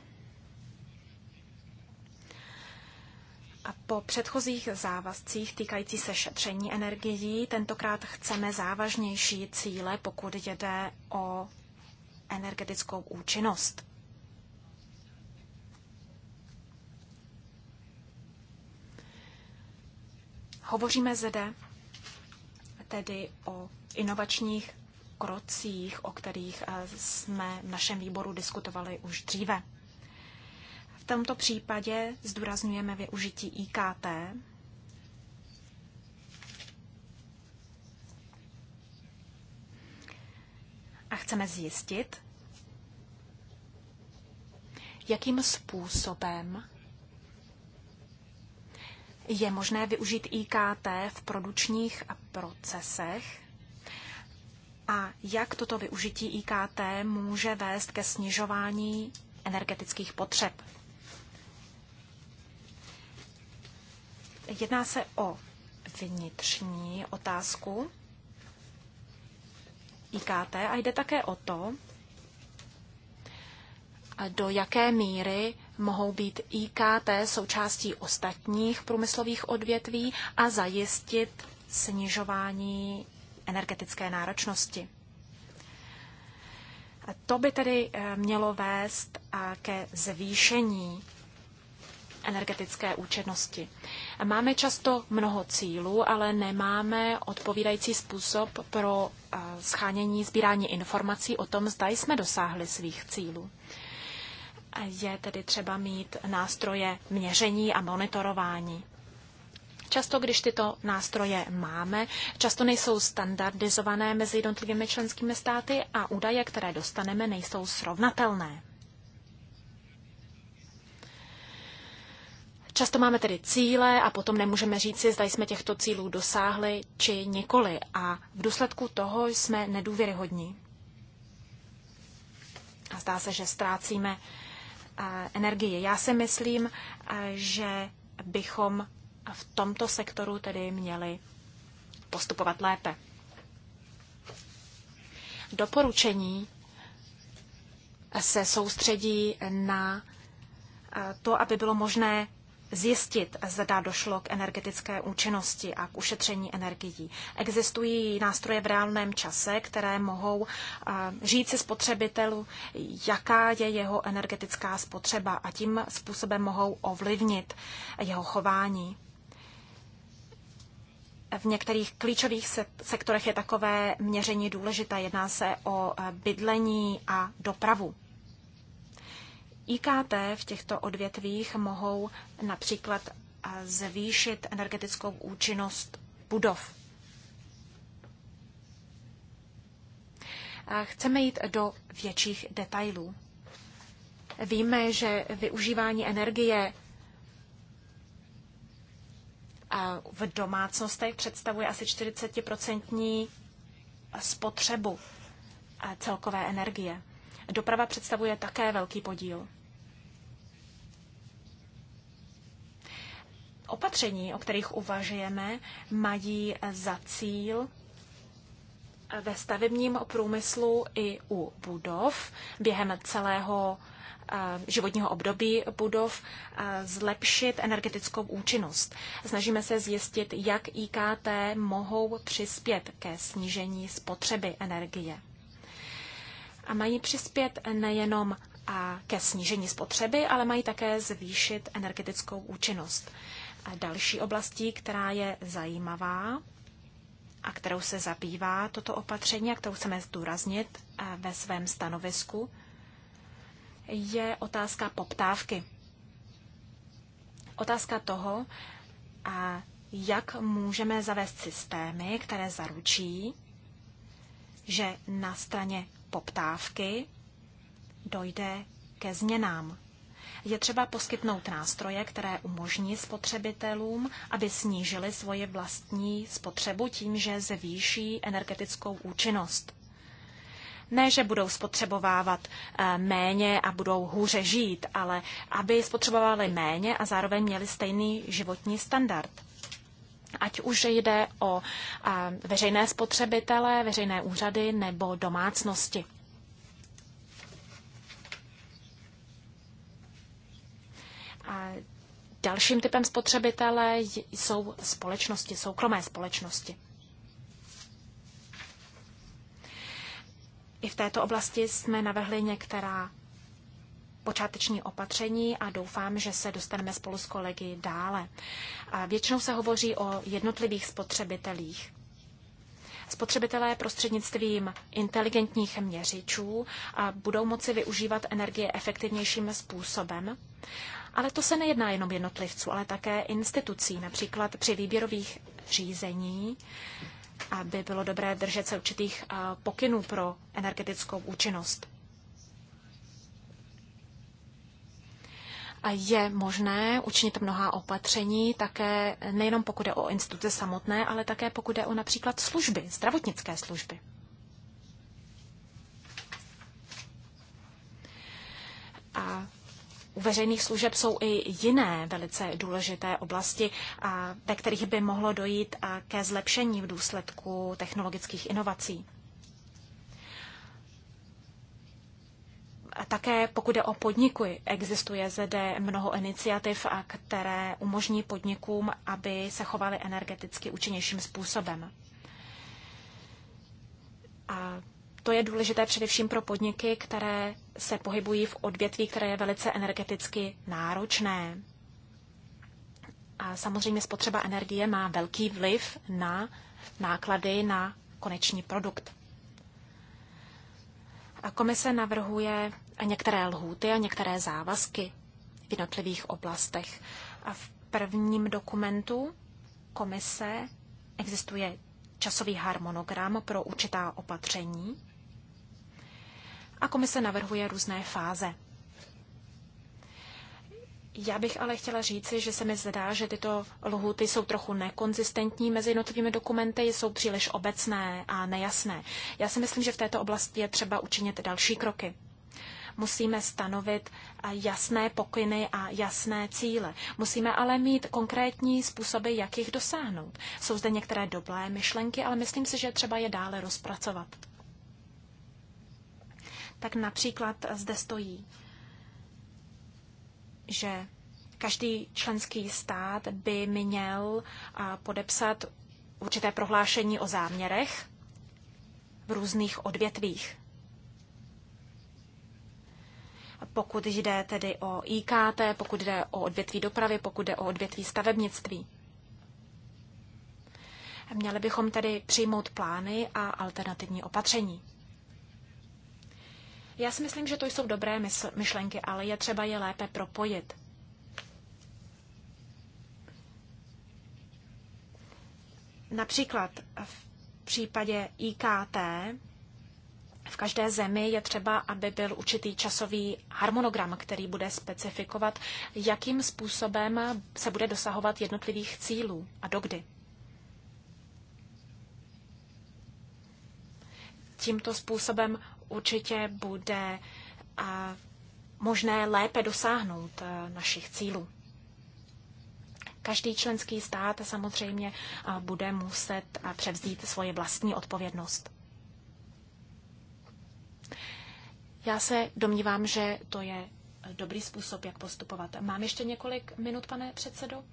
A po předchozích závazcích týkající se šetření energií, tentokrát chceme závažnější cíle, pokud jde o energetickou účinnost. Hovoříme zde tedy o inovačních krocích, o kterých eh, jsme v našem výboru diskutovali už dříve. V tomto případě zdůrazňujeme využití IKT. A chceme zjistit, jakým způsobem je možné využít IKT v produčních procesech a jak toto využití IKT může vést ke snižování energetických potřeb Jedná se o vnitřní otázku IKT a jde také o to, do jaké míry mohou být IKT součástí ostatních průmyslových odvětví a zajistit snižování energetické náročnosti. to by tedy eh, mělo vést eh, ke zvýšení energetické účinnosti. Máme často mnoho cílů, ale nemáme odpovídající způsob pro eh, schánění, sbírání informací o tom, zda jsme dosáhli svých cílů. Je tedy třeba mít nástroje měření a monitorování. Často, když tyto nástroje máme, často nejsou standardizované mezi jednotlivými členskými státy a údaje, které dostaneme, nejsou srovnatelné. Často máme tedy cíle a potom nemůžeme říci, zda jsme těchto cílů dosáhli či nikoli a v důsledku toho jsme nedůvěryhodní. A zdá se, že ztrácíme eh, energii. Já si myslím, eh, že bychom v tomto sektoru tedy měli postupovat lépe. Doporučení se soustředí na eh, to, aby bylo možné zjistit, zda došlo k energetické účinnosti a k ušetření energií. Existují nástroje v reálném čase, které mohou eh, říci spotřebitelu, jaká je jeho energetická spotřeba a tím způsobem mohou ovlivnit jeho chování. V některých klíčových sektorech je takové měření důležité. Jedná se o eh, bydlení a dopravu. IKT v těchto odvětvích mohou například eh, zvýšit energetickou účinnost budov. Eh, chceme jít do větších detailů. Víme, že využívání energie eh, v domácnostech představuje asi 40% spotřebu celkové energie doprava představuje také velký podíl. Opatření, o kterých uvažujeme, mají za cíl ve stavebním průmyslu i u budov během celého eh, životního období budov eh, zlepšit energetickou účinnost. Snažíme se zjistit, jak IKT mohou přispět ke snížení spotřeby energie a mají přispět nejenom a ke snížení spotřeby, ale mají také zvýšit energetickou účinnost. A další oblastí, která je zajímavá a kterou se zabývá toto opatření a kterou chceme zdůraznit eh, ve svém stanovisku, je otázka poptávky. Otázka toho, a jak můžeme zavést systémy, které zaručí, že na straně poptávky dojde ke změnám. Je třeba poskytnout nástroje, které umožní spotřebitelům, aby snížili svoje vlastní spotřebu tím, že zvýší energetickou účinnost. Ne, že budou spotřebovávat eh, méně a budou hůře žít, ale aby spotřebovali méně a zároveň měli stejný životní standard ať už jde o veřejné spotřebitele, veřejné úřady nebo domácnosti. A dalším typem spotřebitele jsou společnosti, soukromé společnosti. I v této oblasti jsme navrhli některá počáteční opatření a doufám, že se dostaneme spolu s kolegy dále. A většinou se hovoří o jednotlivých spotřebitelích. Spotřebitelé prostřednictvím inteligentních měřičů a budou moci využívat energie efektivnějším způsobem. Ale to se nejedná jenom jednotlivců, ale také institucí, například při výběrových řízení aby bylo dobré držet se určitých pokynů pro energetickou účinnost. je možné učinit mnohá opatření, také nejenom pokud je o instituce samotné, ale také pokud je o například služby, zdravotnické služby. A u veřejných služeb jsou i jiné velice důležité oblasti, ve kterých by mohlo dojít ke zlepšení v důsledku technologických inovací. také pokud jde o podniky, existuje zde mnoho iniciativ, které umožní podnikům, aby se chovali energeticky účinnějším způsobem. A to je důležité především pro podniky, které se pohybují v odvětví, které je velice energeticky náročné. A samozřejmě spotřeba energie má velký vliv na náklady na konečný produkt. A komise navrhuje a některé lhůty a některé závazky v jednotlivých oblastech. A v prvním dokumentu komise existuje časový harmonogram pro určitá opatření a komise navrhuje různé fáze. Já bych ale chtěla říci, že se mi zdá, že tyto lhuty jsou trochu nekonzistentní mezi jednotlivými dokumenty, jsou příliš obecné a nejasné. Já si myslím, že v této oblasti je třeba učinit další kroky musíme stanovit jasné pokyny a jasné cíle. Musíme ale mít konkrétní způsoby, jak jich dosáhnout. Jsou zde některé dobré myšlenky, ale myslím si, že třeba je dále rozpracovat. Tak například zde stojí, že každý členský stát by měl podepsat určité prohlášení o záměrech v různých odvětvích pokud jde tedy o IKT, pokud jde o odvětví dopravy, pokud jde o odvětví stavebnictví. Měli bychom tedy přijmout plány a alternativní opatření. Já si myslím, že to jsou dobré myšlenky, ale je třeba je lépe propojit. Například v případě IKT v každé zemi je třeba, aby byl určitý časový harmonogram, který bude specifikovat, jakým způsobem se bude dosahovat jednotlivých cílů a dokdy. Tímto způsobem určitě bude možné lépe dosáhnout našich cílů. Každý členský stát samozřejmě bude muset převzít svoji vlastní odpovědnost. Já se domnívám, že to je dobrý způsob, jak postupovat. Mám ještě několik minut, pane předsedo?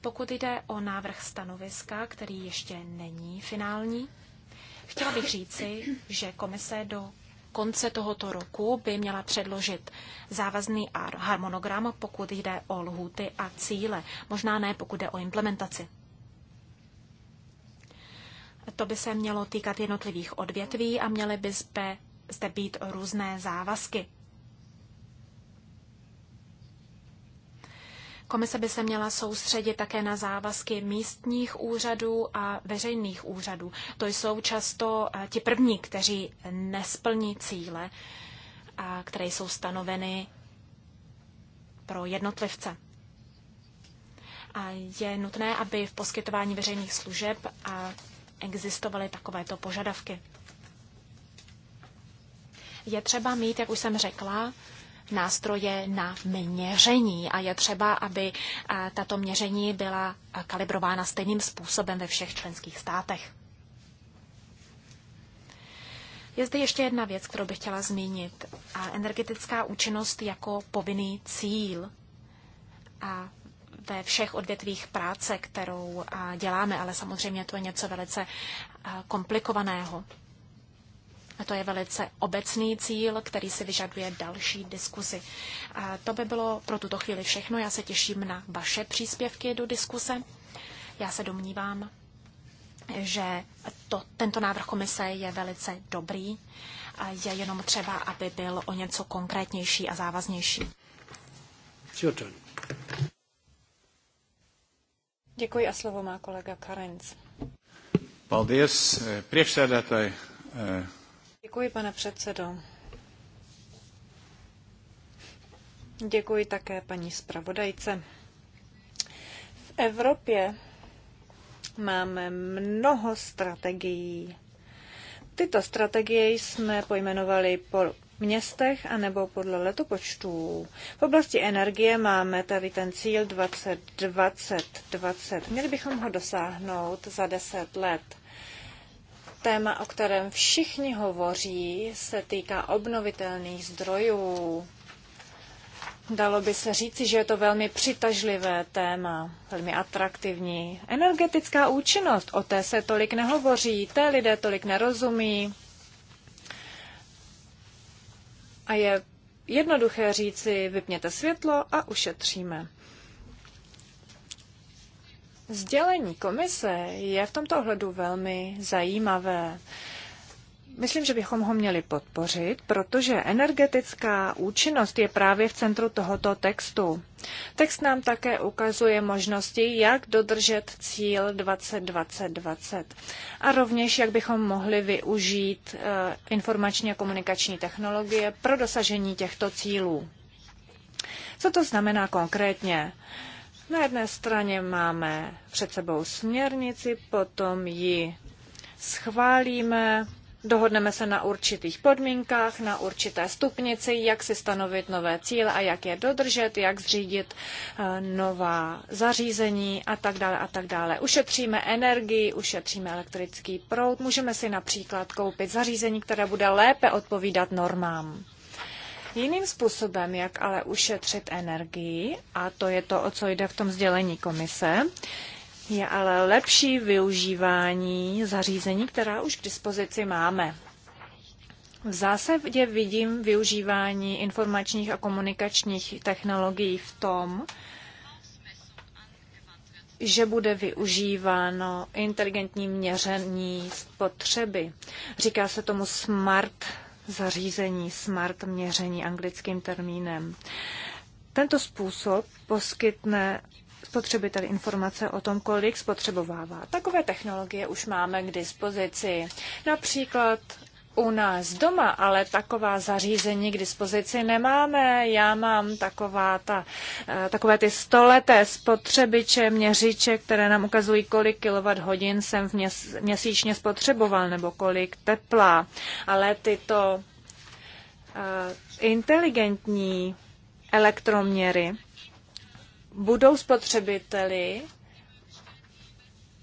Pokud jde o návrh stanoviska, který ještě není finální, chtěla bych říci, že komise do konce tohoto roku by měla předložit závazný harmonogram, pokud jde o lhuty a cíle, možná ne pokud jde o implementaci. To by se mělo týkat jednotlivých odvětví a měly by zde zde být různé závazky. Komise by se měla soustředit také na závazky místních úřadů a veřejných úřadů. To jsou často eh, ti první, kteří nesplní cíle, a které jsou stanoveny pro jednotlivce. A je nutné, aby v poskytování veřejných služeb existovaly takovéto požadavky. Je třeba mít, jak už jsem řekla, nástroje na měření a je třeba, aby tato měření byla kalibrována stejným způsobem ve všech členských státech. Je zde ještě jedna věc, kterou bych chtěla zmínit. A energetická účinnost jako povinný cíl a ve všech odvětvích práce, kterou děláme, ale samozřejmě to je něco velice komplikovaného. A to je velice obecný cíl, který si vyžaduje další diskuzi. A to by bylo pro tuto chvíli všechno. Já se těším na vaše příspěvky do diskuse. Já se domnívám, že to, tento návrh komise je velice dobrý. A je jenom třeba, aby byl o něco konkrétnější a závaznější. Děkuji a slovo má kolega Karenc. Paldies, eh, priekšsēdētāji, eh, Děkuji, pane předsedo. Děkuji také paní zpravodajce. V Evropě máme mnoho strategií. Tyto strategie jsme pojmenovali po městech anebo podle letopočtů. V oblasti energie máme tady ten cíl 2020-20. Měli bychom ho dosáhnout za 10 let. Téma, o kterém všichni hovoří, se týká obnovitelných zdrojů. Dalo by se říci, že je to velmi přitažlivé téma, velmi atraktivní. Energetická účinnost, o té se tolik nehovoří, té lidé tolik nerozumí. A je jednoduché říci, vypněte světlo a ušetříme. Sdělení komise je v tomto ohledu velmi zajímavé. Myslím, že bychom ho měli podpořit, protože energetická účinnost je právě v centru tohoto textu. Text nám také ukazuje možnosti, jak dodržet cíl 2020 a rovněž, jak bychom mohli využít eh, informační a komunikační technologie pro dosažení těchto cílů. Co to znamená konkrétně? Na jedné straně máme před sebou směrnici, potom ji schválíme, dohodneme se na určitých podmínkách, na určité stupnici, jak si stanovit nové cíle a jak je dodržet, jak zřídit eh, nová zařízení a tak dále a tak dále. Ušetříme energii, ušetříme elektrický proud, můžeme si například koupit zařízení, které bude lépe odpovídat normám. Jiným způsobem, jak ale ušetřit energii, a to je to, o co jde v tom sdělení komise, je ale lepší využívání zařízení, která už k dispozici máme. V zásadě vidím využívání informačních a komunikačních technologií v tom, že bude využíváno inteligentní měření spotřeby. Říká se tomu smart zařízení smart měření anglickým termínem. Tento způsob poskytne spotřebitel informace o tom, kolik spotřebovává. Takové technologie už máme k dispozici. Například u nás doma, ale taková zařízení k dispozici nemáme. Já mám taková ta, eh, takové ty stoleté spotřebiče, měřiče, které nám ukazují, kolik kilowatt hodin jsem v měs, měsíčně spotřeboval nebo kolik tepla. Ale tyto uh, inteligentní elektroměry budou spotřebiteli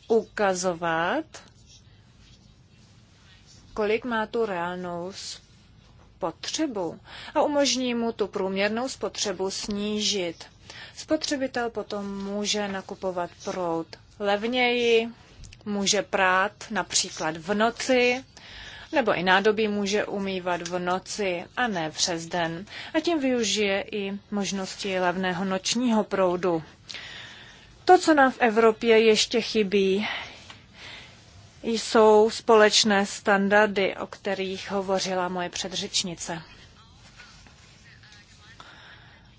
ukazovat, kolik má tu reálnou spotřebu a umožní mu tu průměrnou spotřebu snížit. Spotřebitel potom může nakupovat prout levněji, může prát například v noci, nebo i nádobí může umývat v noci a ne přes den. A tím využije i možnosti levného nočního proudu. To, co nám v Evropě ještě chybí, jsou společné standardy, o kterých hovořila moje předřečnice.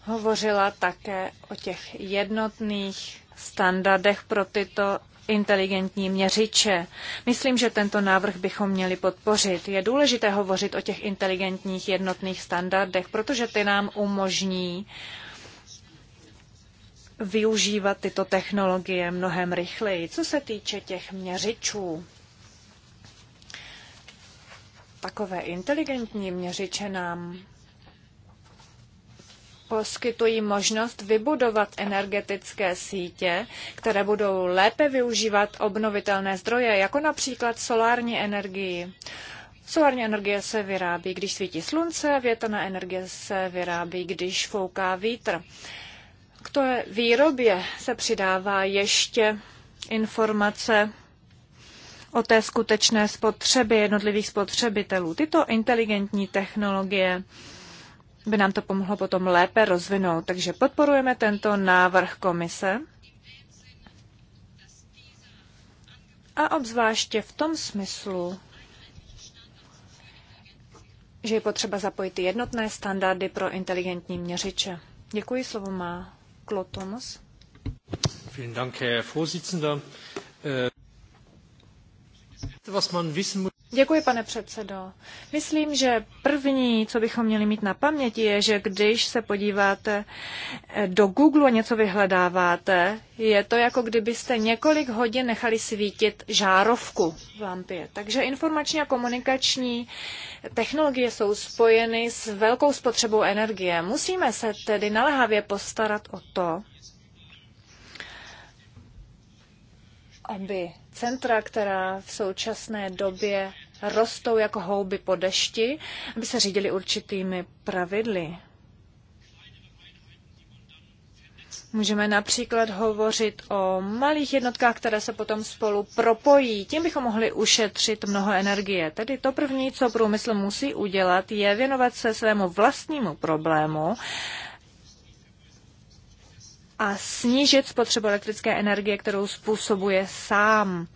Hovořila také o těch jednotných standardech pro tyto inteligentní měřiče. Myslím, že tento návrh bychom měli podpořit. Je důležité hovořit o těch inteligentních jednotných standardech, protože ty nám umožní uh, využívat tyto technologie mnohem rychleji. Co se týče těch měřičů, takové inteligentní měřiče nám poskytují možnost vybudovat energetické sítě, které budou lépe využívat obnovitelné zdroje, jako například solární energii. Solární energie se vyrábí, když svítí slunce, větrná energie se vyrábí, když fouká vítr. K té výrobě se přidává ještě informace o té skutečné spotřeby jednotlivých spotřebitelů. Tyto inteligentní technologie by nám to pomohlo potom lépe rozvinout. Takže podporujeme tento návrh komise. A obzvláště v tom smyslu, že je potřeba zapojit jednotné standardy pro inteligentní měřiče. Děkuji, slovo má Klotomas. Vielen Dank, Herr Vorsitzender. Äh, was man wissen muss... Děkuji, pane předsedo. Myslím, že první, co bychom měli mít na paměti, je, že když se podíváte eh, do Google a něco vyhledáváte, je to jako kdybyste několik hodin nechali svítit žárovku v lampě. Takže informační a komunikační technologie jsou spojeny s velkou spotřebou energie. Musíme se tedy naléhavě postarat o to, aby centra, která v současné době rostou jako houby po dešti, aby se řídili určitými pravidly. Můžeme například hovořit o malých jednotkách, které se potom spolu propojí. Tím bychom mohli ušetřit mnoho energie. Tedy to první, co průmysl musí udělat, je věnovat se svému vlastnímu problému a snížit spotřebu elektrické energie, kterou způsobuje sám.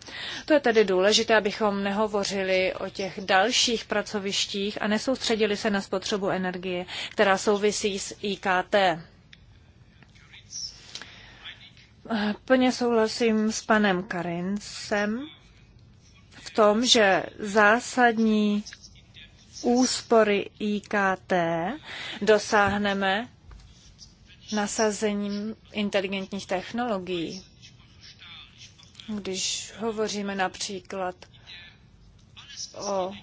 To je tedy důležité, abychom nehovořili o těch dalších pracovištích a nesoustředili se na spotřebu energie, která souvisí s IKT. Plně souhlasím s panem Karincem v tom, že zásadní úspory IKT dosáhneme nasazením inteligentních technologií. Když hovoříme například o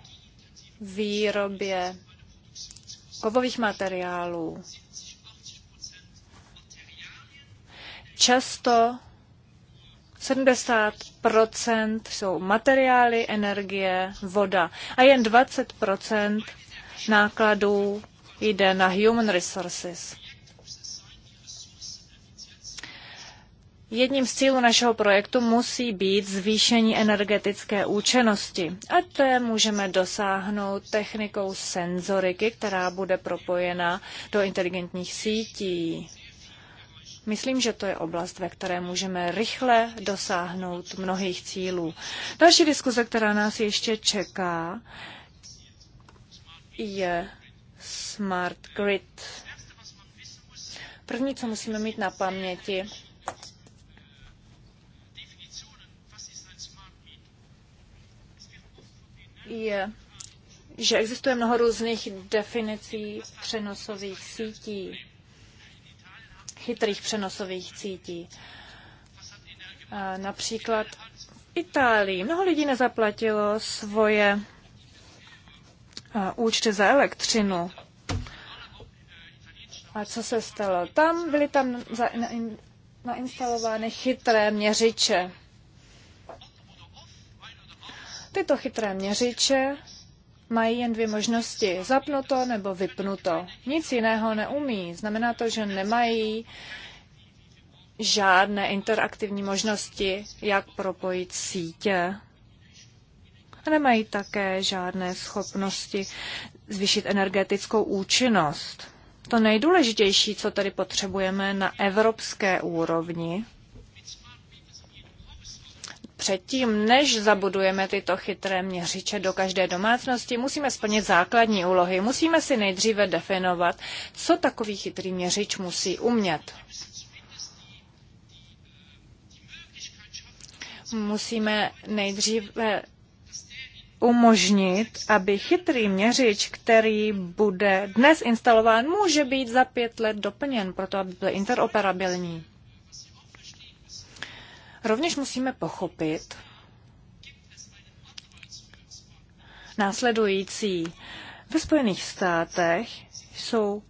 výrobě kovových materiálů, často 70 jsou materiály, energie, voda a jen 20 nákladů jde na human resources. Jedním z cílů našeho projektu musí být zvýšení energetické účinnosti a to můžeme dosáhnout technikou senzoriky, která bude propojena do inteligentních sítí. Myslím, že to je oblast, ve které můžeme rychle dosáhnout mnohých cílů. Další diskuze, která nás ještě čeká, je Smart Grid. První, co musíme mít na paměti, je, že existuje mnoho různých definicí přenosových sítí, chytrých přenosových sítí. Například v Itálii mnoho lidí nezaplatilo svoje účty za elektřinu. A co se stalo? Tam byly tam na, nainstalovány chytré měřiče. Tyto chytré měřiče mají jen dvě možnosti, zapnuto nebo vypnuto. Nic jiného neumí. Znamená to, že nemají žádné interaktivní možnosti, jak propojit sítě. A nemají také žádné schopnosti zvýšit energetickou účinnost. To nejdůležitější, co tady potřebujeme na evropské úrovni, předtím, než zabudujeme tyto chytré měřiče do každé domácnosti, musíme splnit základní úlohy. Musíme si nejdříve definovat, co takový chytrý měřič musí umět. Musíme nejdříve umožnit, aby chytrý měřič, který bude dnes instalován, může být za pět let doplněn, proto aby byl interoperabilní. Rovněž musíme pochopit následující. Ve Spojených státech jsou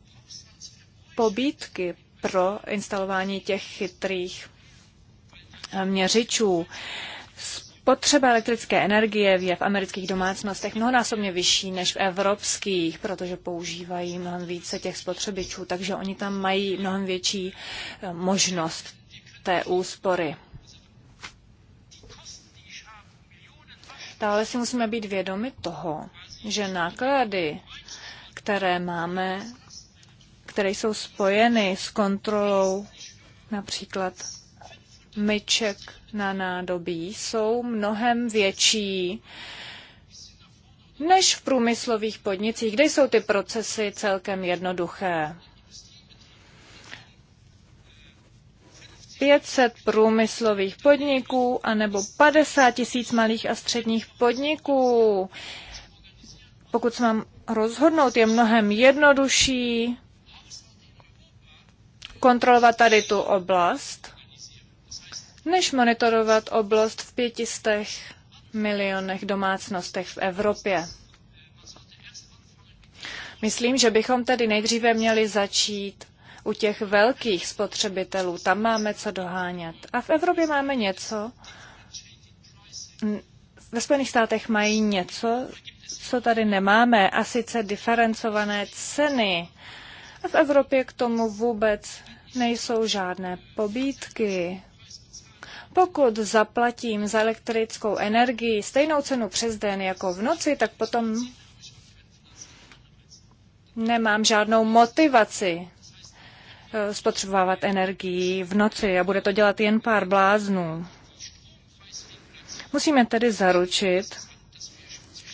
pobídky pro instalování těch chytrých eh, měřičů. Potřeba elektrické energie je v amerických domácnostech mnohonásobně vyšší než v evropských, protože používají mnohem více těch spotřebičů, takže oni tam mají mnohem větší eh, možnost té úspory. Dále si musíme být vědomi toho, že náklady, které máme, které jsou spojeny s kontrolou například myček na nádobí, jsou mnohem větší než v průmyslových podnicích, kde jsou ty procesy celkem jednoduché. 500 průmyslových podniků anebo 50 tisíc malých a středních podniků. Pokud se mám rozhodnout, je mnohem jednodušší kontrolovat tady tu oblast, než monitorovat oblast v pětistech milionech domácnostech v Evropě. Myslím, že bychom tedy nejdříve měli začít u těch velkých spotřebitelů. Tam máme co dohánět. A v Evropě máme něco. Ve Spojených státech mají něco, co tady nemáme, a sice diferencované ceny. A v Evropě k tomu vůbec nejsou žádné pobídky. Pokud zaplatím za elektrickou energii stejnou cenu přes den jako v noci, tak potom nemám žádnou motivaci Eh, spotřebovávat energii v noci a bude to dělat jen pár bláznů. Musíme tedy zaručit,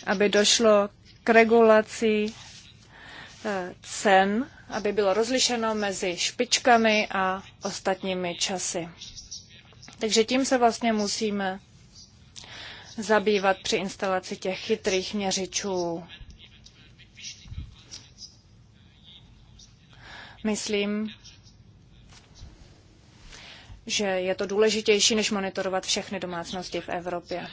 aby došlo k regulaci eh, cen, aby bylo rozlišeno mezi špičkami a ostatními časy. Takže tím se vlastně musíme zabývat při instalaci těch chytrých měřičů. Myslím, že je to důležitější, než monitorovat všechny domácnosti v Evropě.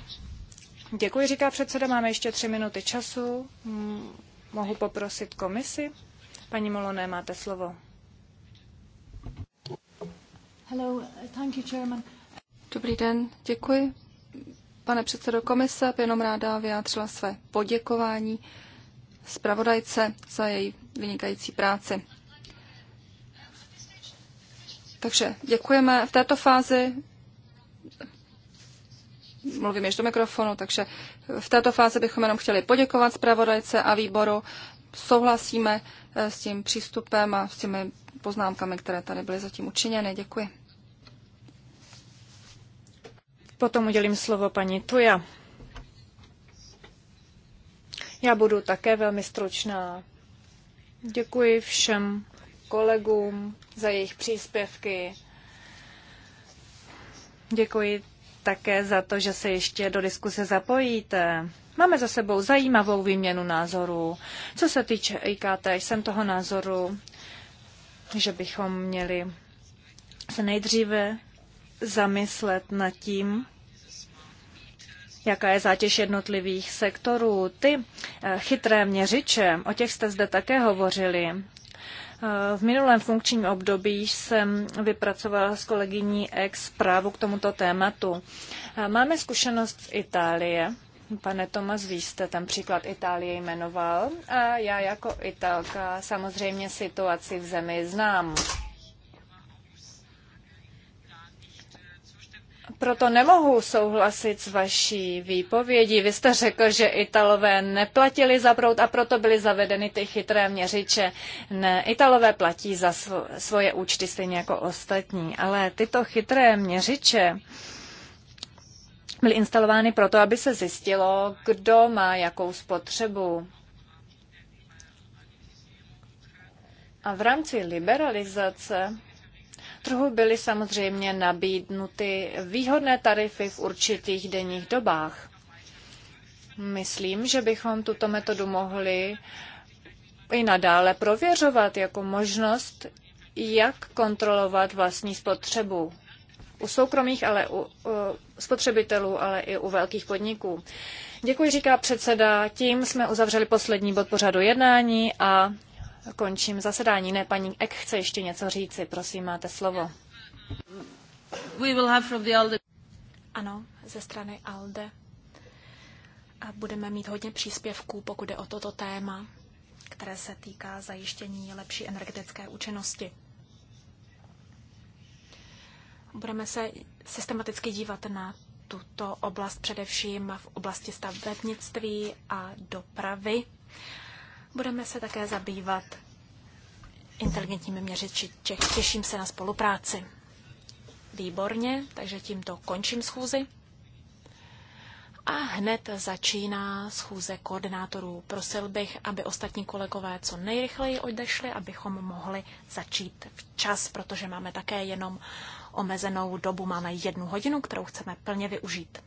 Děkuji, říká předseda. Máme ještě tři minuty času. Mohu poprosit komisi? Paní Moloné, máte slovo. Hello, thank you, chairman. Dobrý den, děkuji. Pane předsedo komise, jenom ráda vyjádřila své poděkování zpravodajce za její vynikající práci. Takže děkujeme v této fázi. Mluvím ještě do mikrofonu, takže v této fázi bychom jenom chtěli poděkovat zpravodajce a výboru. Souhlasíme eh, s tím přístupem a s těmi poznámkami, které tady byly zatím učiněny. Děkuji. Potom udělím slovo paní Tuja. Já budu také velmi stručná. Děkuji všem kolegům za jejich příspěvky. Děkuji také za to, že se ještě do diskuse zapojíte. Máme za sebou zajímavou výměnu názorů. Co se týče IKT, jsem toho názoru, že bychom měli se nejdříve zamyslet nad tím, jaká je zátěž jednotlivých sektorů. Ty eh, chytré měřiče, o těch jste zde také hovořili, v minulém funkčním období jsem vypracovala s kolegyní ex zprávu k tomuto tématu. Máme zkušenost z Itálie. Pane Tomas, vy jste tam příklad Itálie jmenoval a já jako Italka samozřejmě situaci v zemi znám. proto nemohu souhlasit s vaší výpovědí. Vy jste řekl, že Italové neplatili za prout a proto byly zavedeny ty chytré měřiče. Ne, Italové platí za svoje účty stejně jako ostatní, ale tyto chytré měřiče byly instalovány proto, aby se zjistilo, kdo má jakou spotřebu. A v rámci liberalizace trhu byly samozřejmě nabídnuty výhodné tarify v určitých denních dobách. Myslím, že bychom tuto metodu mohli i nadále prověřovat jako možnost, jak kontrolovat vlastní spotřebu. U soukromých ale u, u spotřebitelů, ale i u velkých podniků. Děkuji, říká předseda. Tím jsme uzavřeli poslední bod pořadu jednání a končím zasedání. Ne, paní Ek chce ještě něco říci. Prosím, máte slovo. We will have from the ALDE. Ano, ze strany ALDE. A budeme mít hodně příspěvků, pokud je o toto téma, které se týká zajištění lepší energetické účinnosti. Budeme se systematicky dívat na tuto oblast především v oblasti stavebnictví a dopravy Budeme se také zabývat inteligentními měřiči. Těším se na spolupráci. Výborně, takže tímto končím schůzi. A hned začíná schůze koordinátorů. Prosil bych, aby ostatní kolegové co nejrychleji odešli, abychom mohli začít včas, protože máme také jenom omezenou dobu, máme jednu hodinu, kterou chceme plně využít.